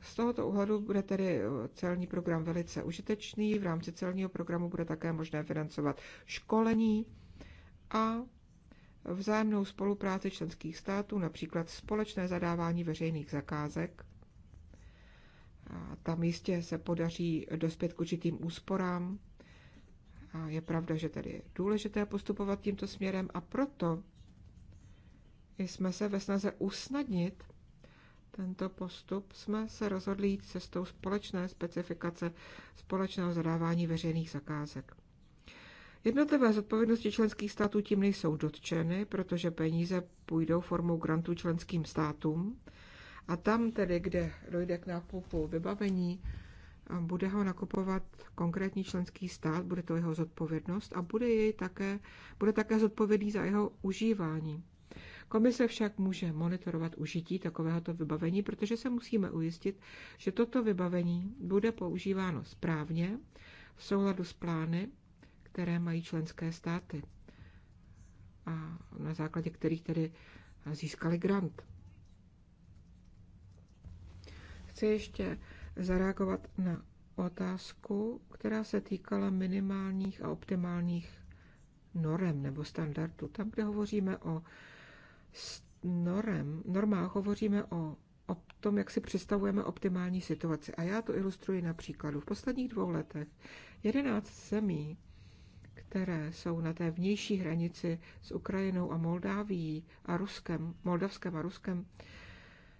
Z tohoto úhledu bude tedy eh, celní program velice užitečný. V rámci celního programu bude také možné financovat školení a vzájemnou spolupráci členských států, například společné zadávání veřejných zakázek. A tam jistě se podaří dospět k určitým úsporám. A je pravda, že tady je důležité postupovat tímto směrem a proto jsme se ve snaze usnadnit tento postup, jsme se rozhodli jít cestou společné specifikace společného zadávání veřejných zakázek. Jednotlivé zodpovědnosti členských států tím nejsou dotčeny, protože peníze půjdou formou grantů členským státům a tam tedy, kde dojde k nákupu vybavení, bude ho nakupovat konkrétní členský stát, bude to jeho zodpovědnost a bude, jej také, bude také zodpovědný za jeho užívání. Komise však může monitorovat užití takovéhoto vybavení, protože se musíme ujistit, že toto vybavení bude používáno správně, v souladu s plány které mají členské státy a na základě kterých tedy získali grant. Chci ještě zareagovat na otázku, která se týkala minimálních a optimálních norem nebo standardů. Tam, kde hovoříme o norem, normách, hovoříme o, o tom, jak si představujeme optimální situaci. A já to ilustruji na příkladu. V posledních dvou letech 11 zemí které jsou na té vnější hranici s Ukrajinou a Moldávií a Ruskem, Moldavskem a Ruskem,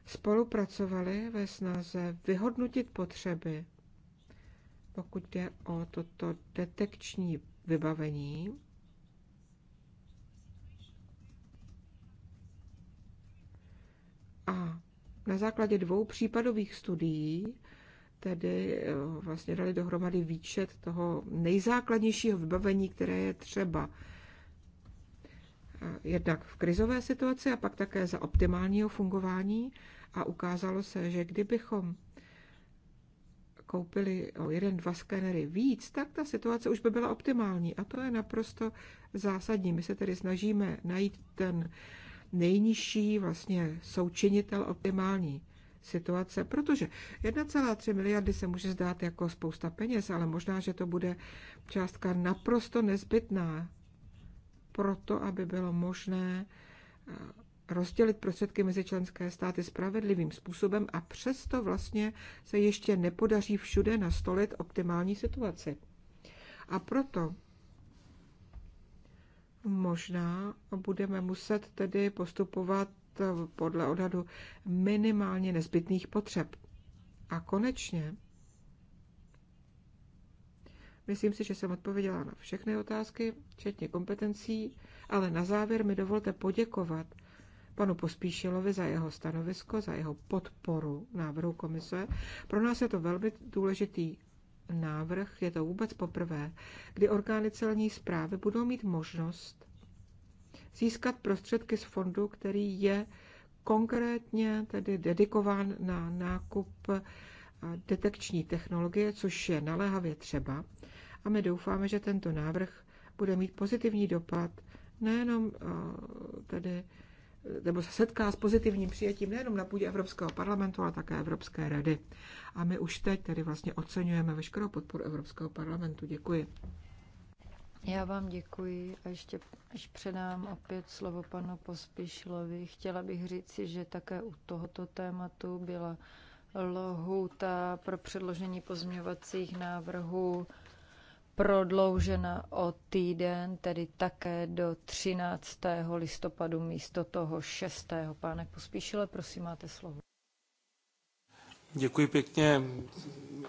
spolupracovaly ve snaze vyhodnotit potřeby, pokud jde o toto detekční vybavení. A na základě dvou případových studií tedy eh, vlastně dali dohromady výčet toho nejzákladnějšího vybavení, které je třeba eh, jednak v krizové situaci a pak také za optimálního fungování. A ukázalo se, že kdybychom koupili o jeden, dva skenery víc, tak ta situace už by byla optimální. A to je naprosto zásadní. My se tedy snažíme najít ten nejnižší vlastně součinitel optimální situace, protože 1,3 miliardy se může zdát jako spousta peněz, ale možná, že to bude částka naprosto nezbytná pro to, aby bylo možné eh, rozdělit prostředky mezi členské státy spravedlivým způsobem a přesto vlastně se ještě nepodaří všude nastolit optimální situaci. A proto možná budeme muset tedy postupovat Eh, podle odhadu minimálně nezbytných potřeb. A konečně, myslím si, že jsem odpověděla na všechny otázky, včetně kompetencí, ale na závěr mi dovolte poděkovat panu Pospíšilovi za jeho stanovisko, za jeho podporu návrhu komise. Pro nás je to velmi důležitý návrh, je to vůbec poprvé, kdy orgány celní zprávy budou mít možnost získat prostředky z fondu, který je konkrétně tedy dedikován na nákup eh, detekční technologie, což je naléhavě třeba. A my doufáme, že tento návrh bude mít pozitivní dopad nejenom eh, tedy nebo se setká s pozitivním přijetím nejenom na půdě Evropského parlamentu, ale také Evropské rady. A my už teď tedy vlastně oceňujeme veškerou podporu Evropského parlamentu. Děkuji. Já vám děkuji a ještě až předám opět slovo panu Pospišilovi. Chtěla bych říci, že také u tohoto tématu byla lohuta pro předložení pozměňovacích návrhů prodloužena o týden, tedy také do 13. listopadu místo toho 6. Pánek Pospíšile, prosím, máte slovo. Děkuji pěkně.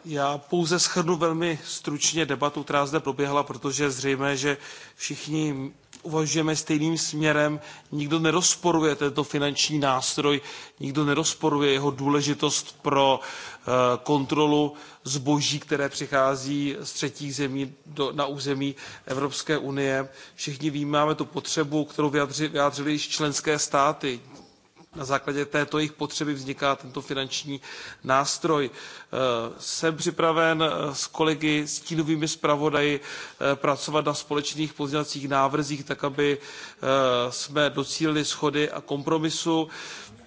Já pouze shrnu velmi stručně debatu, která zde proběhla, protože je zřejmé, že všichni uvažujeme stejným směrem. Nikdo nerozporuje tento finanční nástroj, nikdo nerozporuje jeho důležitost pro eh, kontrolu zboží, které přichází z třetích zemí do, na území Evropské unie. Všichni vnímáme tu potřebu, kterou vyjádřily již členské státy na základě této jejich potřeby vzniká tento finanční nástroj. Eh, jsem připraven eh, s kolegy stínovými zpravodaji eh, pracovat na společných pozměňovacích návrzích, tak aby jsme docílili schody a kompromisu.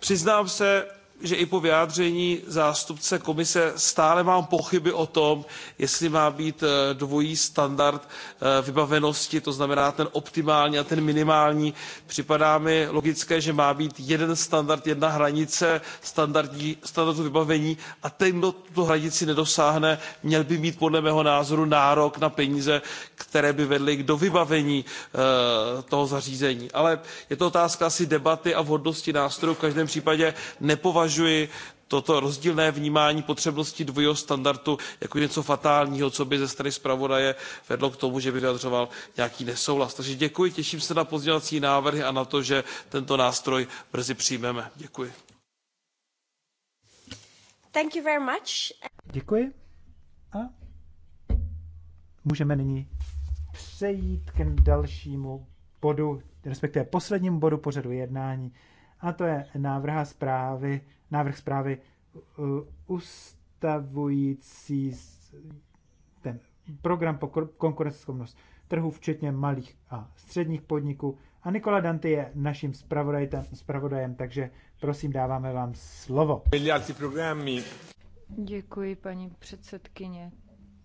Přiznám se, že i po vyjádření zástupce komise stále mám pochyby o tom jestli má být eh, dvojí standard eh, vybavenosti to znamená ten optimální a ten minimální. připadá mi logické že má být jeden standard jedna hranice standardu vybavení a ten kdo tuto hranici nedosáhne měl by mít podle mého názoru nárok na peníze které by vedly k dovybavení eh, toho zařízení. ale je to otázka asi debaty a vhodnosti nástrojů v každém případě nepovažuji považuji toto rozdílné vnímání potřebnosti dvojího standardu jako něco fatálního co by ze strany zpravodaje vedlo k tomu že by vyjadřoval nějaký nesouhlas. takže děkuji těším se na pozměňovací návrhy a na to že tento nástroj brzy přijmeme. děkuji. Thank you very much. Děkuji. A můžeme nyní přejít k dalšímu bodu, respektive poslednímu bodu pořadu jednání, a to je návrha zprávy návrh zprávy eh, ustavující ten program pro konkurenceschopnost trhu, včetně malých a středních podniků. A Nikola Danty je naším zpravodajem, takže prosím, dáváme vám slovo. Děkuji, paní předsedkyně.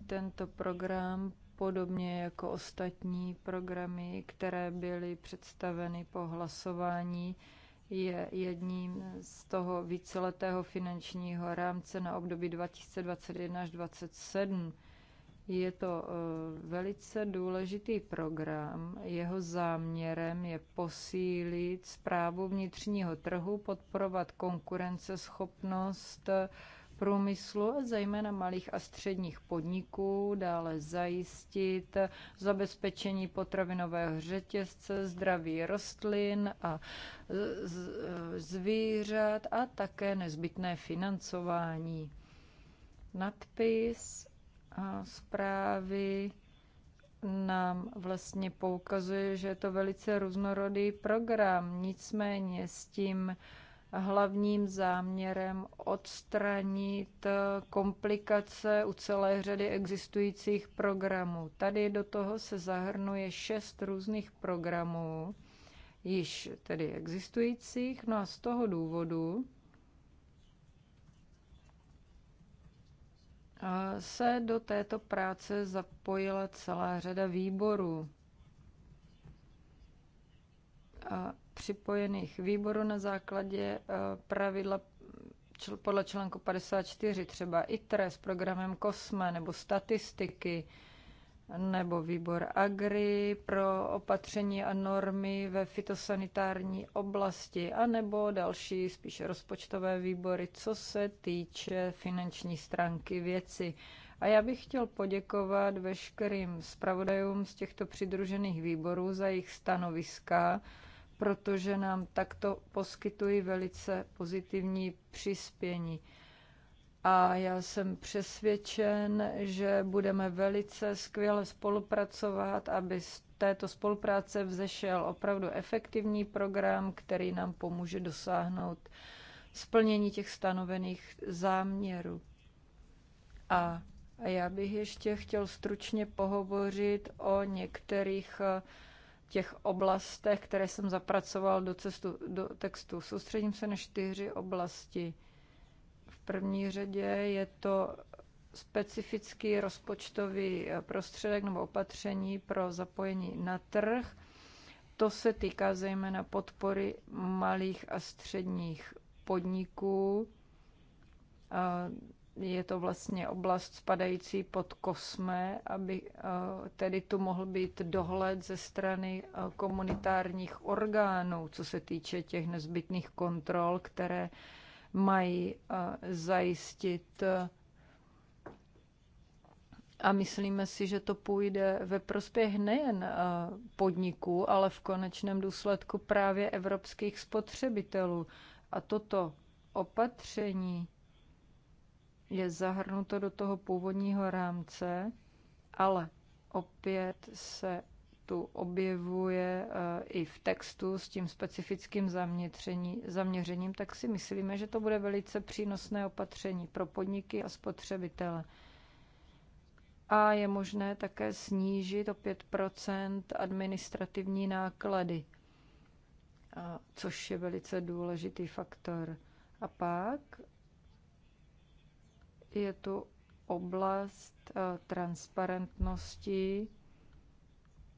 Tento program, podobně jako ostatní programy, které byly představeny po hlasování, je jedním z toho víceletého finančního rámce na období 2021 až 2027. Je to eh, velice důležitý program. Jeho záměrem je posílit zprávu vnitřního trhu, podporovat konkurenceschopnost průmyslu, zejména malých a středních podniků, dále zajistit zabezpečení potravinového řetězce, zdraví rostlin a zvířat a také nezbytné financování. Nadpis a zprávy nám vlastně poukazuje, že je to velice různorodý program, nicméně s tím hlavním záměrem odstranit komplikace u celé řady existujících programů. Tady do toho se zahrnuje šest různých programů, již tedy existujících, no a z toho důvodu se do této práce zapojila celá řada výborů připojených výborů na základě eh, pravidla podle článku 54, třeba ITRE s programem COSME nebo statistiky, nebo výbor AGRI pro opatření a normy ve fitosanitární oblasti, anebo další spíše rozpočtové výbory, co se týče finanční stránky věci. A já bych chtěl poděkovat veškerým zpravodajům z těchto přidružených výborů za jejich stanoviska, protože nám takto poskytují velice pozitivní přispění. A já jsem přesvědčen, že budeme velice skvěle spolupracovat, aby z této spolupráce vzešel opravdu efektivní program, který nám pomůže dosáhnout splnění těch stanovených záměrů. A já bych ještě chtěl stručně pohovořit o některých uh, těch oblastech, které jsem zapracoval do, cestu, do textu. Soustředím se na čtyři oblasti. V první řadě je to specifický rozpočtový eh, prostředek nebo opatření pro zapojení na trh. To se týká zejména podpory malých a středních podniků eh, je to vlastně oblast spadající pod kosme, aby eh, tedy tu mohl být dohled ze strany eh, komunitárních orgánů, co se týče těch nezbytných kontrol, které mají eh, zajistit. A myslíme si, že to půjde ve prospěch nejen podniků, ale v konečném důsledku právě evropských spotřebitelů. A toto opatření je zahrnuto do toho původního rámce, ale opět se tu objevuje eh, i v textu s tím specifickým zaměřením, tak si myslíme, že to bude velice přínosné opatření pro podniky a spotřebitele. A je možné také snížit o 5 administrativní náklady, což je velice důležitý faktor. A pak je tu oblast eh, transparentnosti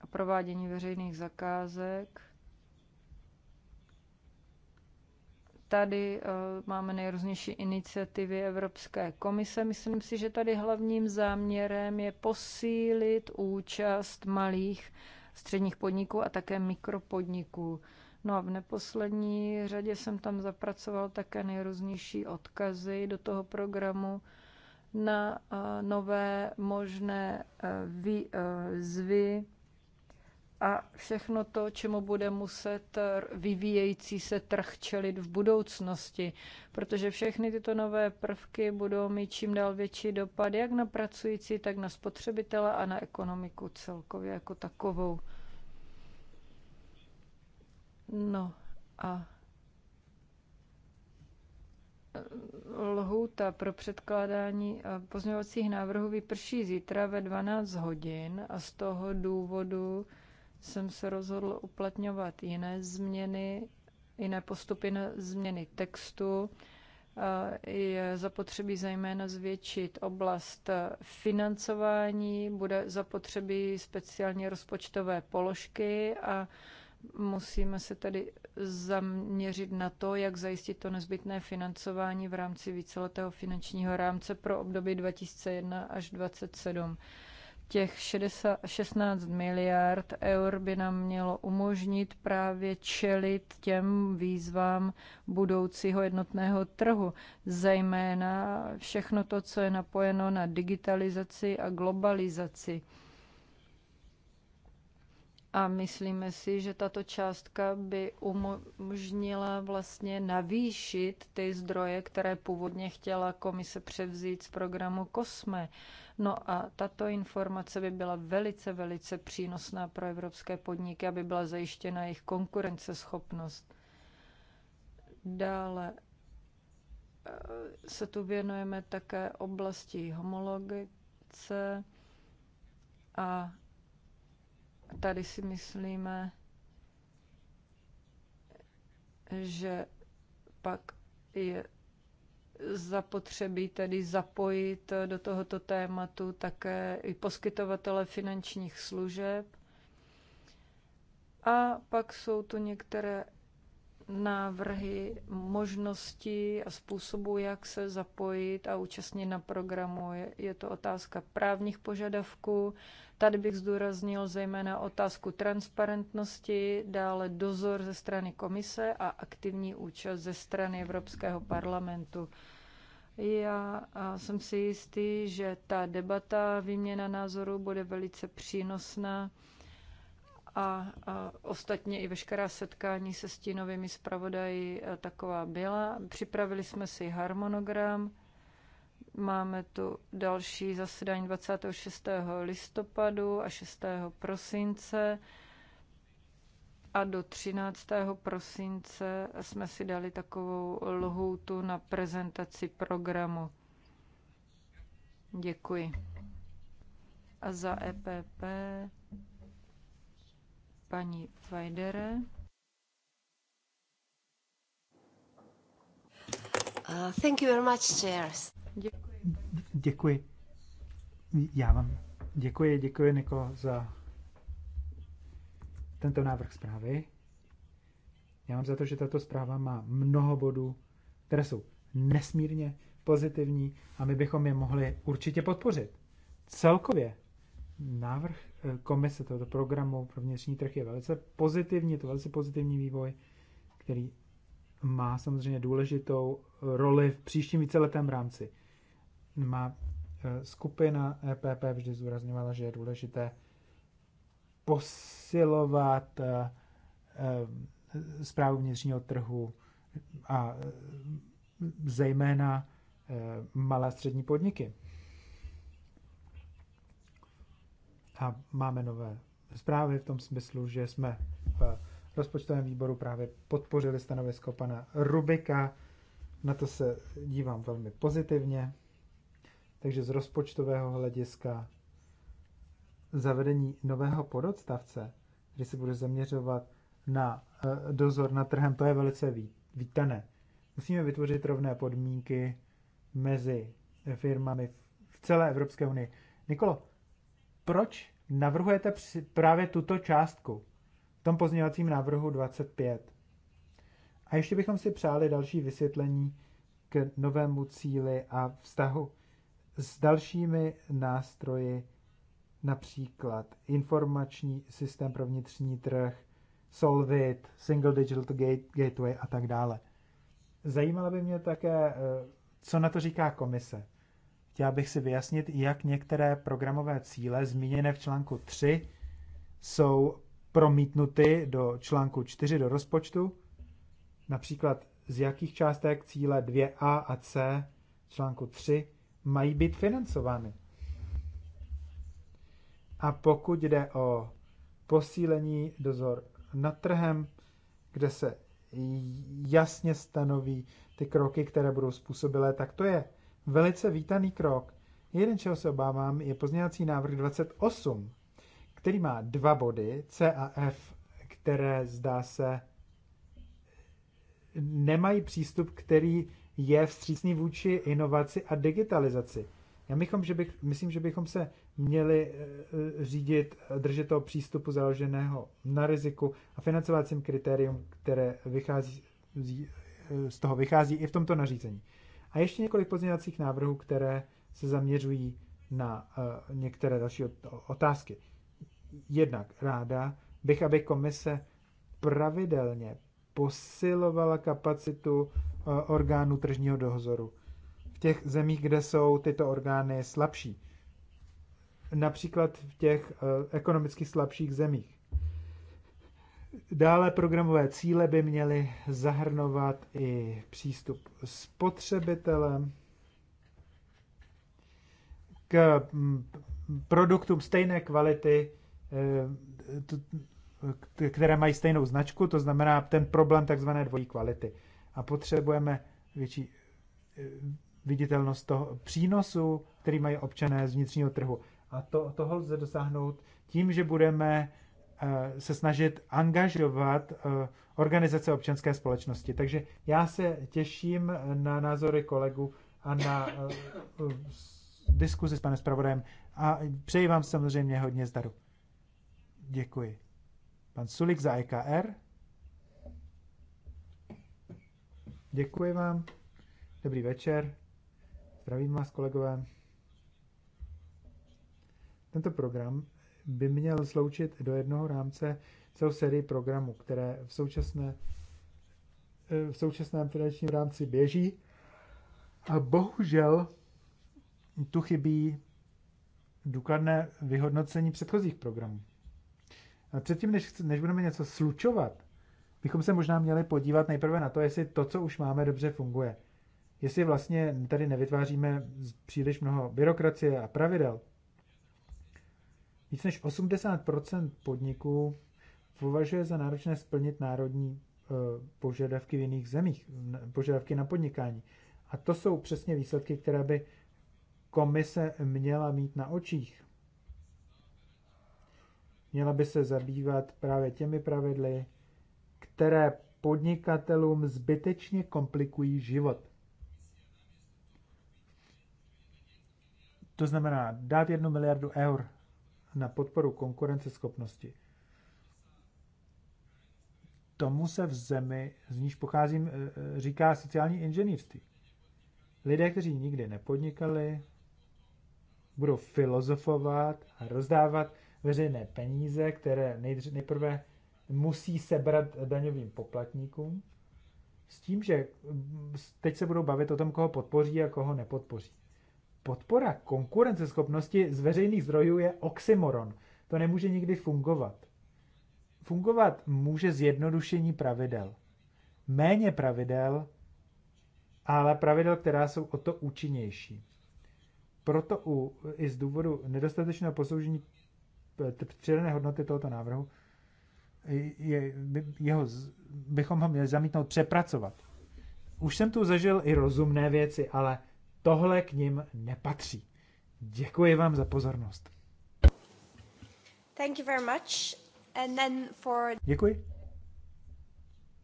a provádění veřejných zakázek. Tady eh, máme nejrůznější iniciativy Evropské komise. Myslím si, že tady hlavním záměrem je posílit účast malých středních podniků a také mikropodniků. No a v neposlední řadě jsem tam zapracoval také nejrůznější odkazy do toho programu, na eh, nové možné eh, eh, zvy a všechno to, čemu bude muset vyvíjející se trh čelit v budoucnosti, protože všechny tyto nové prvky budou mít čím dál větší dopad jak na pracující, tak na spotřebitele a na ekonomiku celkově jako takovou. No a lhůta pro předkládání pozměňovacích návrhů vyprší zítra ve 12 hodin a z toho důvodu jsem se rozhodl uplatňovat jiné změny, jiné postupy na změny textu. Je zapotřebí zejména zvětšit oblast financování, bude zapotřebí speciálně rozpočtové položky a musíme se tedy zaměřit na to, jak zajistit to nezbytné financování v rámci víceletého finančního rámce pro období 2001 až 2027. Těch 60, 16 miliard eur by nám mělo umožnit právě čelit těm výzvám budoucího jednotného trhu, zejména všechno to, co je napojeno na digitalizaci a globalizaci. A myslíme si, že tato částka by umožnila vlastně navýšit ty zdroje, které původně chtěla komise převzít z programu COSME. No a tato informace by byla velice, velice přínosná pro evropské podniky, aby byla zajištěna jejich konkurenceschopnost. Dále eh, se tu věnujeme také oblasti homologice a tady si myslíme, že pak je zapotřebí tedy zapojit do tohoto tématu také i poskytovatele finančních služeb. A pak jsou tu některé návrhy možností a způsobu, jak se zapojit a účastnit na programu. Je, je to otázka právních požadavků. Tady bych zdůraznil zejména otázku transparentnosti, dále dozor ze strany komise a aktivní účast ze strany Evropského parlamentu. Já jsem si jistý, že ta debata, výměna názorů bude velice přínosná a, a ostatně i veškerá setkání se stínovými zpravodají e, taková byla. Připravili jsme si harmonogram, máme tu další zasedání 26. listopadu a 6. prosince a do 13. prosince jsme si dali takovou lhůtu na prezentaci programu. Děkuji. A za EPP paní Vajdere. Uh, thank you very much, chairs. Děkuji. děkuji. Já vám děkuji, děkuji Niko za tento návrh zprávy. Já mám za to, že tato zpráva má mnoho bodů, které jsou nesmírně pozitivní a my bychom je mohli určitě podpořit. Celkově návrh eh, komise tohoto programu pro vnitřní trh je velice pozitivní, je to velice pozitivní vývoj, který má samozřejmě důležitou roli v příštím víceletém rámci. Má eh, skupina EPP vždy zúrazňovala, že je důležité posilovat zprávu eh, vnitřního trhu a zejména malé a střední podniky. A máme nové zprávy v tom smyslu, že jsme v rozpočtovém výboru právě podpořili stanovisko pana Rubika. Na to se dívám velmi pozitivně. Takže z rozpočtového hlediska zavedení nového pododstavce, kdy se bude zaměřovat na eh, dozor nad trhem, to je velice vítané. Musíme vytvořit rovné podmínky mezi firmami v celé Evropské unii. Nikolo, proč navrhujete právě tuto částku v tom pozměňovacím návrhu 25? A ještě bychom si přáli další vysvětlení k novému cíli a vztahu s dalšími nástroji, například informační systém pro vnitřní trh, Solvit, Single Digital Gateway a tak dále. Zajímalo by mě také, eh, co na to říká komise. Chtěla bych si vyjasnit, jak některé programové cíle zmíněné v článku 3 jsou promítnuty do článku 4 do rozpočtu, například z jakých částek cíle 2a a c článku 3 mají být financovány. A pokud jde o posílení dozor nad trhem, kde se jasně stanoví ty kroky, které budou způsobilé, tak to je Velice vítaný krok. Jeden, čeho se obávám, je pozměňovací návrh 28, který má dva body, C a F, které zdá se nemají přístup, který je vstřícný vůči inovaci a digitalizaci. Já bychom, že bych, myslím, že bychom se měli eh, eh, řídit, držet toho přístupu založeného na riziku a financovacím kritérium, které vychází, z eh, toho vychází i v tomto nařízení. A ještě několik pozměňovacích návrhů, které se zaměřují na uh, některé další otázky. Jednak ráda bych, aby komise pravidelně posilovala kapacitu uh, orgánů tržního dohozoru v těch zemích, kde jsou tyto orgány slabší. Například v těch uh, ekonomicky slabších zemích. Dále programové cíle by měly zahrnovat i přístup spotřebitelem k mm, produktům stejné kvality, eh, které mají stejnou značku, to znamená ten problém takzvané dvojí kvality. A potřebujeme větší eh, viditelnost toho přínosu, který mají občané z vnitřního trhu. A to, toho lze dosáhnout tím, že budeme Eh, se snažit angažovat eh, organizace občanské společnosti. Takže já se těším eh, na názory kolegů a na diskuzi s panem zpravodajem a přeji vám samozřejmě hodně zdaru. Děkuji. Pan Sulik za EKR. Děkuji vám. Dobrý večer. Zdravím vás, kolegové. Tento program by měl sloučit do jednoho rámce celou sérii programů, které v, současné, eh, v současném finančním rámci běží. A bohužel tu chybí důkladné vyhodnocení předchozích programů. A předtím, než, než budeme něco slučovat, bychom se možná měli podívat nejprve na to, jestli to, co už máme, dobře funguje. Jestli vlastně tady nevytváříme příliš mnoho byrokracie a pravidel, Víc než 80 podniků považuje za náročné splnit národní eh, požadavky v jiných zemích, požadavky na podnikání. A to jsou přesně výsledky, které by komise měla mít na očích. Měla by se zabývat právě těmi pravidly, které podnikatelům zbytečně komplikují život. To znamená dát jednu miliardu eur na podporu konkurenceschopnosti. Tomu se v zemi, z níž pocházím, e, e, říká sociální inženýrství. Lidé, kteří nikdy nepodnikali, budou filozofovat a rozdávat veřejné peníze, které nejprve musí sebrat daňovým poplatníkům, s tím, že teď se budou bavit o tom, koho podpoří a koho nepodpoří podpora konkurenceschopnosti z veřejných zdrojů je oxymoron. To nemůže nikdy fungovat. Fungovat může zjednodušení pravidel. Méně pravidel, ale pravidel, která jsou o to účinnější. Proto u, i z důvodu nedostatečného posoužení přidané hodnoty tohoto návrhu je, jeho, bychom ho měli zamítnout přepracovat. Už jsem tu zažil i rozumné věci, ale tohle k nim nepatří. Děkuji vám za pozornost. Thank you very much. And then for... Děkuji.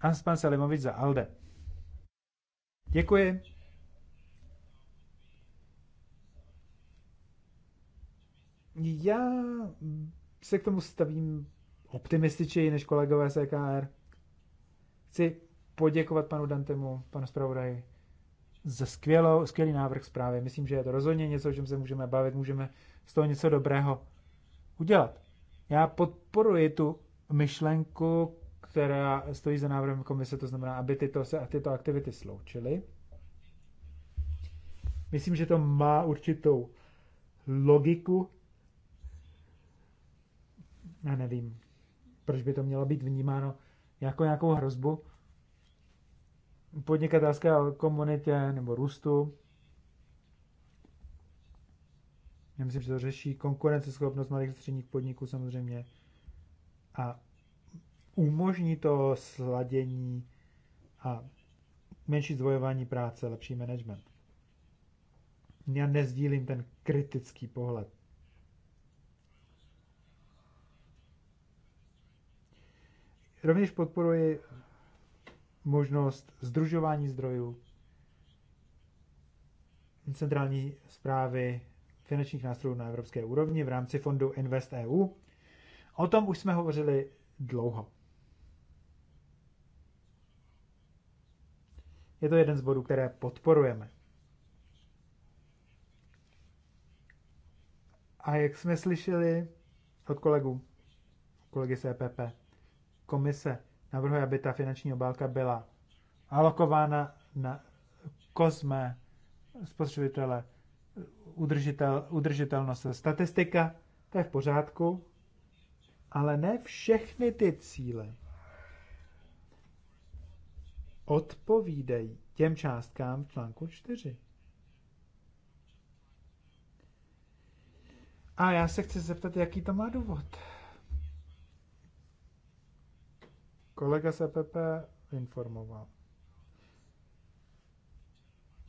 Hans-Pan Salimovic za ALDE. Děkuji. Já se k tomu stavím optimističeji než kolegové z EKR. Chci poděkovat panu Dantemu, panu zpravodaji za skvělou, skvělý návrh zprávy. Myslím, že je to rozhodně něco, o čem se můžeme bavit, můžeme z toho něco dobrého udělat. Já podporuji tu myšlenku, která stojí za návrhem komise, to znamená, aby tyto, se, tyto aktivity sloučily. Myslím, že to má určitou logiku. Já nevím, proč by to mělo být vnímáno jako nějakou hrozbu podnikatelské komunitě nebo růstu. Já myslím, že to řeší konkurenceschopnost malých středních podniků samozřejmě a umožní to sladění a menší zdvojování práce, lepší management. Já nezdílím ten kritický pohled. Rovněž podporuji možnost združování zdrojů, centrální zprávy finančních nástrojů na evropské úrovni v rámci fondu Invest EU. O tom už jsme hovořili dlouho. Je to jeden z bodů, které podporujeme. A jak jsme slyšeli od kolegů, kolegy z EPP, komise navrhuje, aby ta finanční obálka byla alokována na kozme spotřebitele udržitel, udržitelnost statistika, to je v pořádku, ale ne všechny ty cíle odpovídají těm částkám v článku 4. A já se chci zeptat, jaký to má důvod. Kolega se Pepe informoval,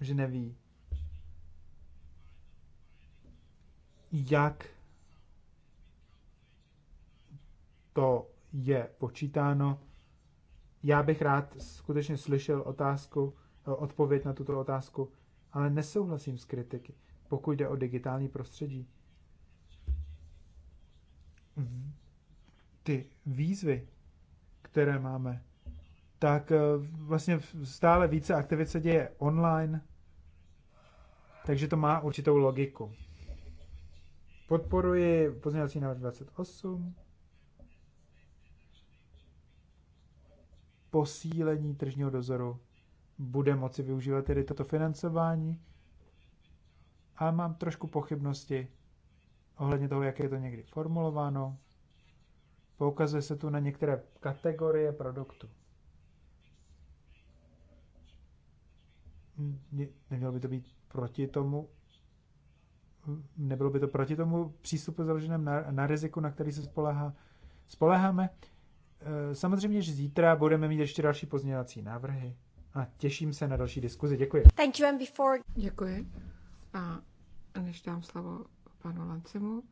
že neví, jak to je počítáno. Já bych rád skutečně slyšel otázku, eh, odpověď na tuto otázku, ale nesouhlasím s kritiky, pokud jde o digitální prostředí. Mhm. Ty výzvy které máme, tak eh, vlastně stále více aktivit se děje online, takže to má určitou logiku. Podporuji pozměňovací návrh 28. Posílení tržního dozoru bude moci využívat tedy toto financování, ale mám trošku pochybnosti ohledně toho, jak je to někdy formulováno. Poukazuje se tu na některé kategorie produktů. Nemělo by to být proti tomu, nebylo by to proti tomu přístupu založeném na, na riziku, na který se spolehá, spoleháme. Eh, samozřejmě, že zítra budeme mít ještě další pozměňovací návrhy a těším se na další diskuzi. Děkuji. Thank you and before... Děkuji. A než dám slovo panu Lancemu.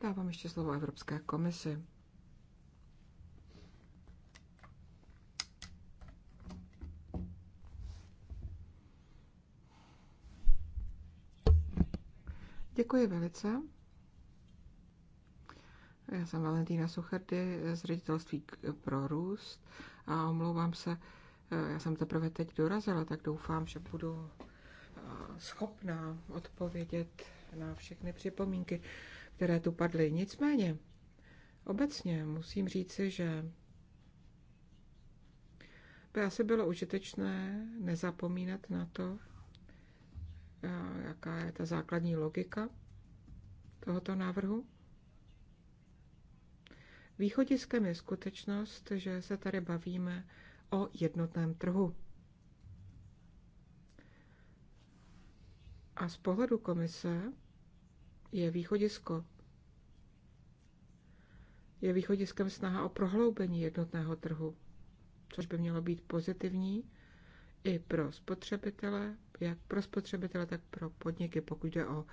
dávám ještě slovo Evropské komisi. Děkuji velice. Já jsem Valentína Suchardy z ředitelství pro růst a omlouvám se, já jsem teprve teď dorazila, tak doufám, že budu eh, schopná odpovědět na všechny připomínky, které tu padly. Nicméně, obecně musím říci, že by asi bylo užitečné nezapomínat na to, jaká je ta základní logika tohoto návrhu. Východiskem je skutečnost, že se tady bavíme o jednotném trhu. A z pohledu komise je východisko. Je východiskem snaha o prohloubení jednotného trhu, což by mělo být pozitivní i pro spotřebitele, jak pro spotřebitele, tak pro podniky, pokud jde o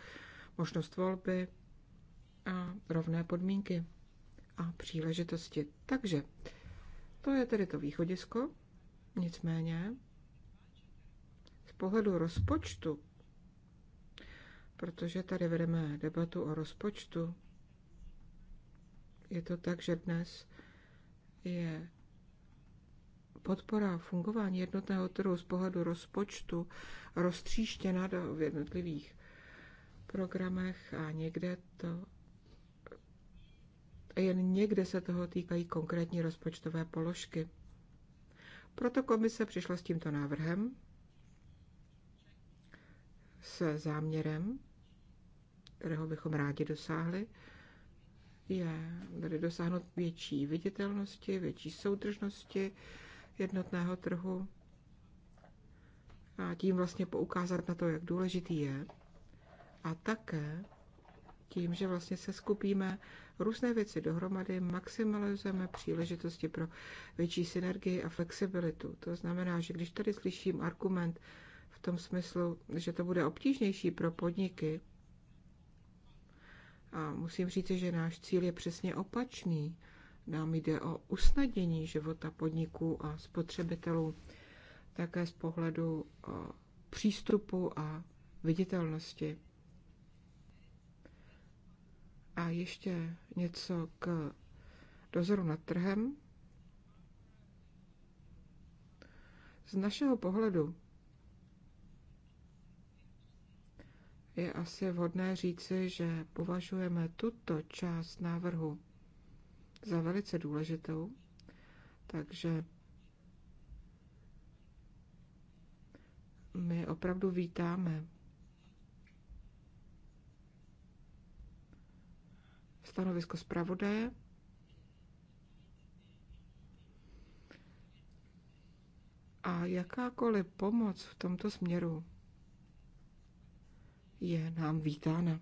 možnost volby a rovné podmínky a příležitosti. Takže to je tedy to východisko. Nicméně z pohledu rozpočtu, protože tady vedeme debatu o rozpočtu, je to tak, že dnes je podpora fungování jednotného trhu z pohledu rozpočtu roztříštěna do, v jednotlivých programech a někde to jen někde se toho týkají konkrétní rozpočtové položky. Proto komise přišla s tímto návrhem, se záměrem, kterého bychom rádi dosáhli, je tedy dosáhnout větší viditelnosti, větší soudržnosti, jednotného trhu a tím vlastně poukázat na to, jak důležitý je. A také tím, že vlastně se skupíme různé věci dohromady, maximalizujeme příležitosti pro větší synergii a flexibilitu. To znamená, že když tady slyším argument v tom smyslu, že to bude obtížnější pro podniky, a musím říct, že náš cíl je přesně opačný. Nám jde o usnadnění života podniků a spotřebitelů, také z pohledu eh, přístupu a viditelnosti. A ještě něco k dozoru nad trhem. Z našeho pohledu je asi vhodné říci, že považujeme tuto část návrhu za velice důležitou. Takže my opravdu vítáme stanovisko zpravodaje. A jakákoliv pomoc v tomto směru je nám vítána.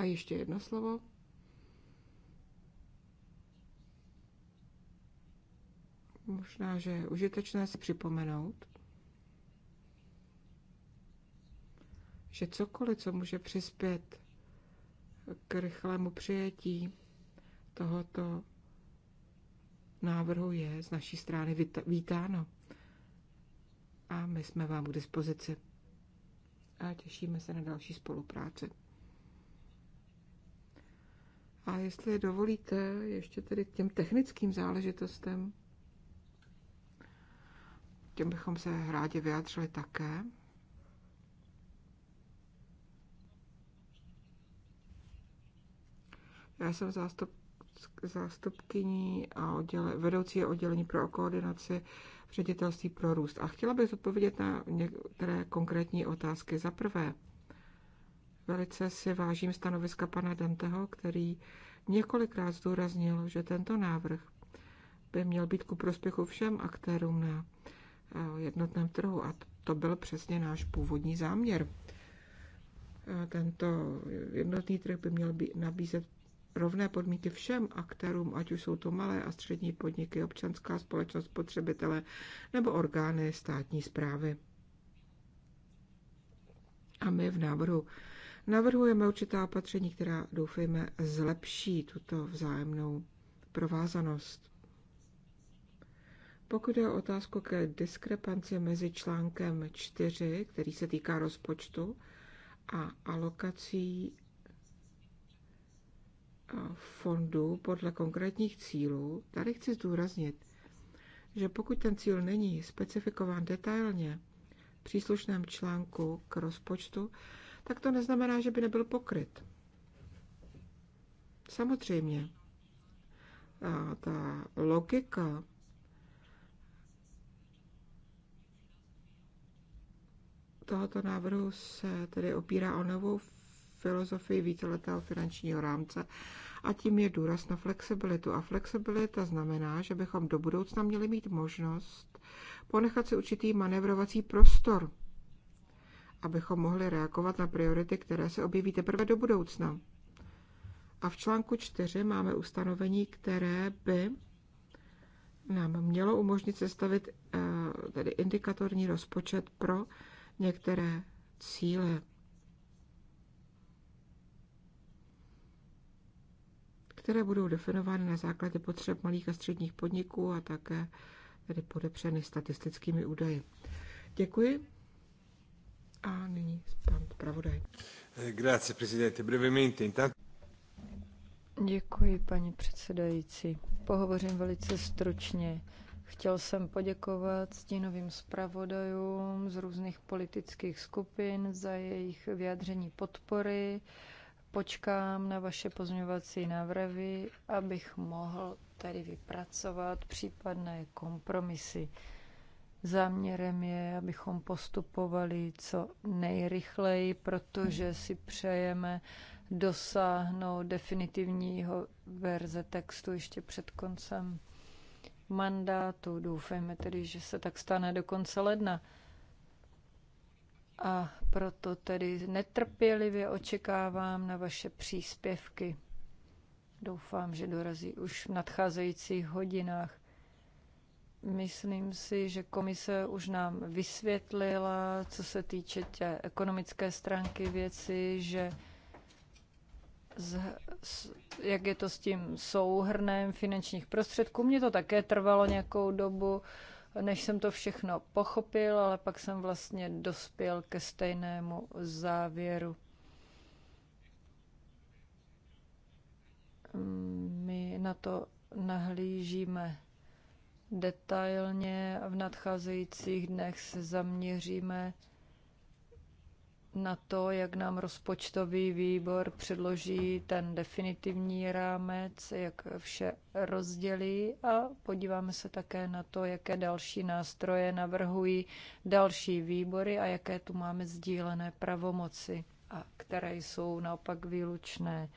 A ještě jedno slovo. Možná, že je užitečné si připomenout, že cokoliv, co může přispět k rychlému přijetí tohoto návrhu, je z naší strany vítáno. A my jsme vám k dispozici. A těšíme se na další spolupráci. A jestli je dovolíte, ještě tedy k těm technickým záležitostem, těm bychom se rádi vyjádřili také. Já jsem zástup, zástupkyní a odděle, vedoucí oddělení pro koordinaci ředitelství pro růst. A chtěla bych odpovědět na některé konkrétní otázky. Za prvé, Velice si vážím stanoviska pana Danteho, který několikrát zdůraznil, že tento návrh by měl být ku prospěchu všem aktérům na eh, jednotném trhu a to byl přesně náš původní záměr. Eh, tento jednotný trh by měl být, nabízet rovné podmínky všem aktérům, ať už jsou to malé a střední podniky, občanská společnost, spotřebitele nebo orgány státní zprávy. A my v návrhu Navrhujeme určitá opatření, která doufejme zlepší tuto vzájemnou provázanost. Pokud je otázku ke diskrepanci mezi článkem 4, který se týká rozpočtu, a alokací fondu podle konkrétních cílů, tady chci zdůraznit, že pokud ten cíl není specifikován detailně v příslušném článku k rozpočtu, tak to neznamená, že by nebyl pokryt. Samozřejmě, a ta logika tohoto návrhu se tedy opírá o novou filozofii víceletého finančního rámce a tím je důraz na flexibilitu. A flexibilita znamená, že bychom do budoucna měli mít možnost ponechat si určitý manevrovací prostor abychom mohli reagovat na priority, které se objeví teprve do budoucna. A v článku 4 máme ustanovení, které by nám mělo umožnit sestavit eh, tedy indikatorní rozpočet pro některé cíle, které budou definovány na základě potřeb malých a středních podniků a také tedy podepřeny statistickými údaji. Děkuji. A nyní pan zpravodaj. Grazie, prezidente. Brevemente, intanto... Děkuji, paní předsedající. Pohovořím velice stručně. Chtěl jsem poděkovat stínovým zpravodajům z různých politických skupin za jejich vyjádření podpory. Počkám na vaše pozměňovací návrhy, abych mohl tady vypracovat případné kompromisy. Záměrem je, abychom postupovali co nejrychleji, protože si přejeme dosáhnout definitivního verze textu ještě před koncem mandátu. Doufejme tedy, že se tak stane do konce ledna. A proto tedy netrpělivě očekávám na vaše příspěvky. Doufám, že dorazí už v nadcházejících hodinách. Myslím si, že komise už nám vysvětlila, co se týče té ekonomické stránky věci, že z, z, jak je to s tím souhrnem finančních prostředků. Mně to také trvalo nějakou dobu, než jsem to všechno pochopil, ale pak jsem vlastně dospěl ke stejnému závěru. My na to nahlížíme detailně. V nadcházejících dnech se zaměříme na to, jak nám rozpočtový výbor předloží ten definitivní rámec, jak vše rozdělí a podíváme se také na to, jaké další nástroje navrhují další výbory a jaké tu máme sdílené pravomoci a které jsou naopak výlučné.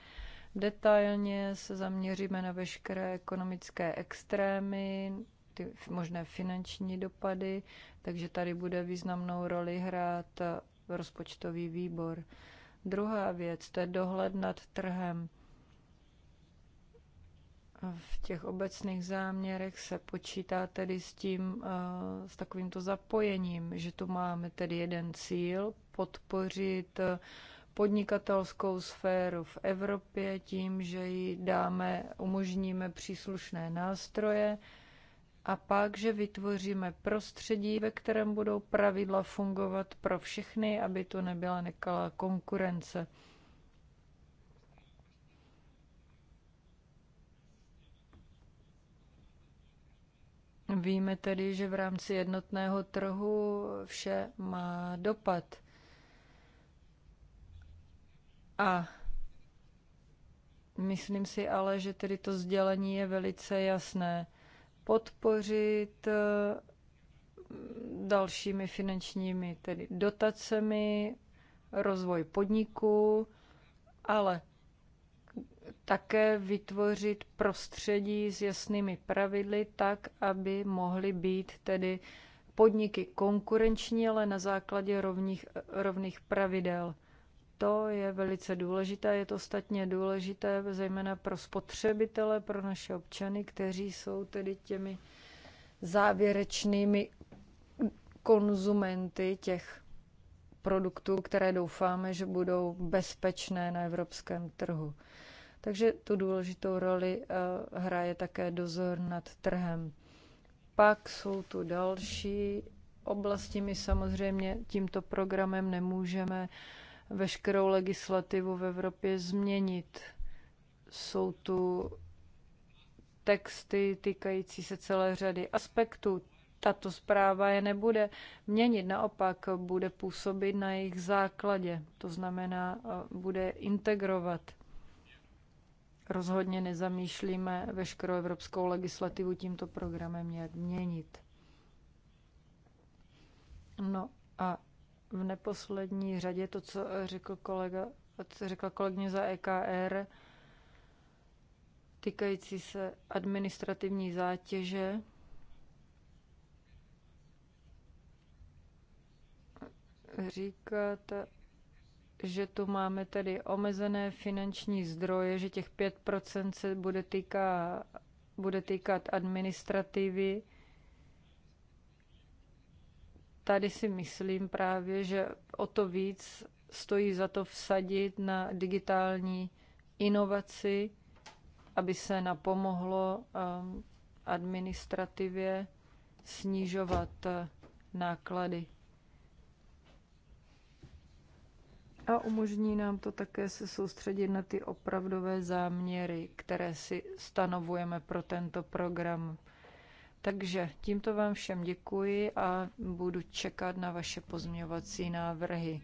Detailně se zaměříme na veškeré ekonomické extrémy, ty možné finanční dopady, takže tady bude významnou roli hrát eh, rozpočtový výbor. Druhá věc, to je dohled nad trhem. V těch obecných záměrech se počítá tedy s tím, eh, s takovýmto zapojením, že tu máme tedy jeden cíl, podpořit eh, podnikatelskou sféru v Evropě tím, že ji dáme, umožníme příslušné nástroje, a pak, že vytvoříme prostředí, ve kterém budou pravidla fungovat pro všechny, aby to nebyla nekalá konkurence. Víme tedy, že v rámci jednotného trhu vše má dopad. A myslím si ale, že tedy to sdělení je velice jasné podpořit eh, dalšími finančními tedy dotacemi, rozvoj podniků, ale také vytvořit prostředí s jasnými pravidly tak, aby mohly být tedy podniky konkurenční, ale na základě rovných, rovných pravidel to je velice důležité. Je to ostatně důležité zejména pro spotřebitele, pro naše občany, kteří jsou tedy těmi závěrečnými konzumenty těch produktů, které doufáme, že budou bezpečné na evropském trhu. Takže tu důležitou roli eh, hraje také dozor nad trhem. Pak jsou tu další oblasti. My samozřejmě tímto programem nemůžeme uh, veškerou legislativu v Evropě změnit. Jsou tu texty týkající se celé řady aspektů. Tato zpráva je nebude měnit, naopak bude působit na jejich základě, to znamená, eh, bude integrovat. Rozhodně nezamýšlíme veškerou evropskou legislativu tímto programem nějak měnit. No a v neposlední řadě to, co řekl kolega, co řekla kolegyně za EKR, týkající se administrativní zátěže. Říkáte, že tu máme tedy omezené finanční zdroje, že těch 5% se bude, týká, bude týkat administrativy tady si myslím právě, že o to víc stojí za to vsadit na digitální inovaci, aby se napomohlo um, administrativě snižovat uh, náklady. A umožní nám to také se soustředit na ty opravdové záměry, které si stanovujeme pro tento program. Takže tímto vám všem děkuji a budu čekat na vaše pozměňovací návrhy.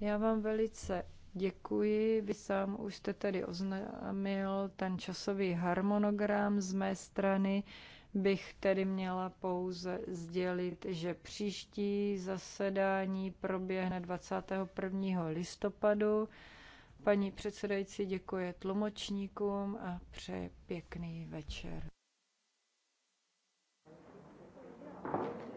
Já vám velice děkuji. Vy sám už jste tedy oznámil ten časový harmonogram z mé strany. Bych tedy měla pouze sdělit, že příští zasedání proběhne 21. listopadu. Paní předsedající děkuje tlumočníkům a přeje pěkný večer.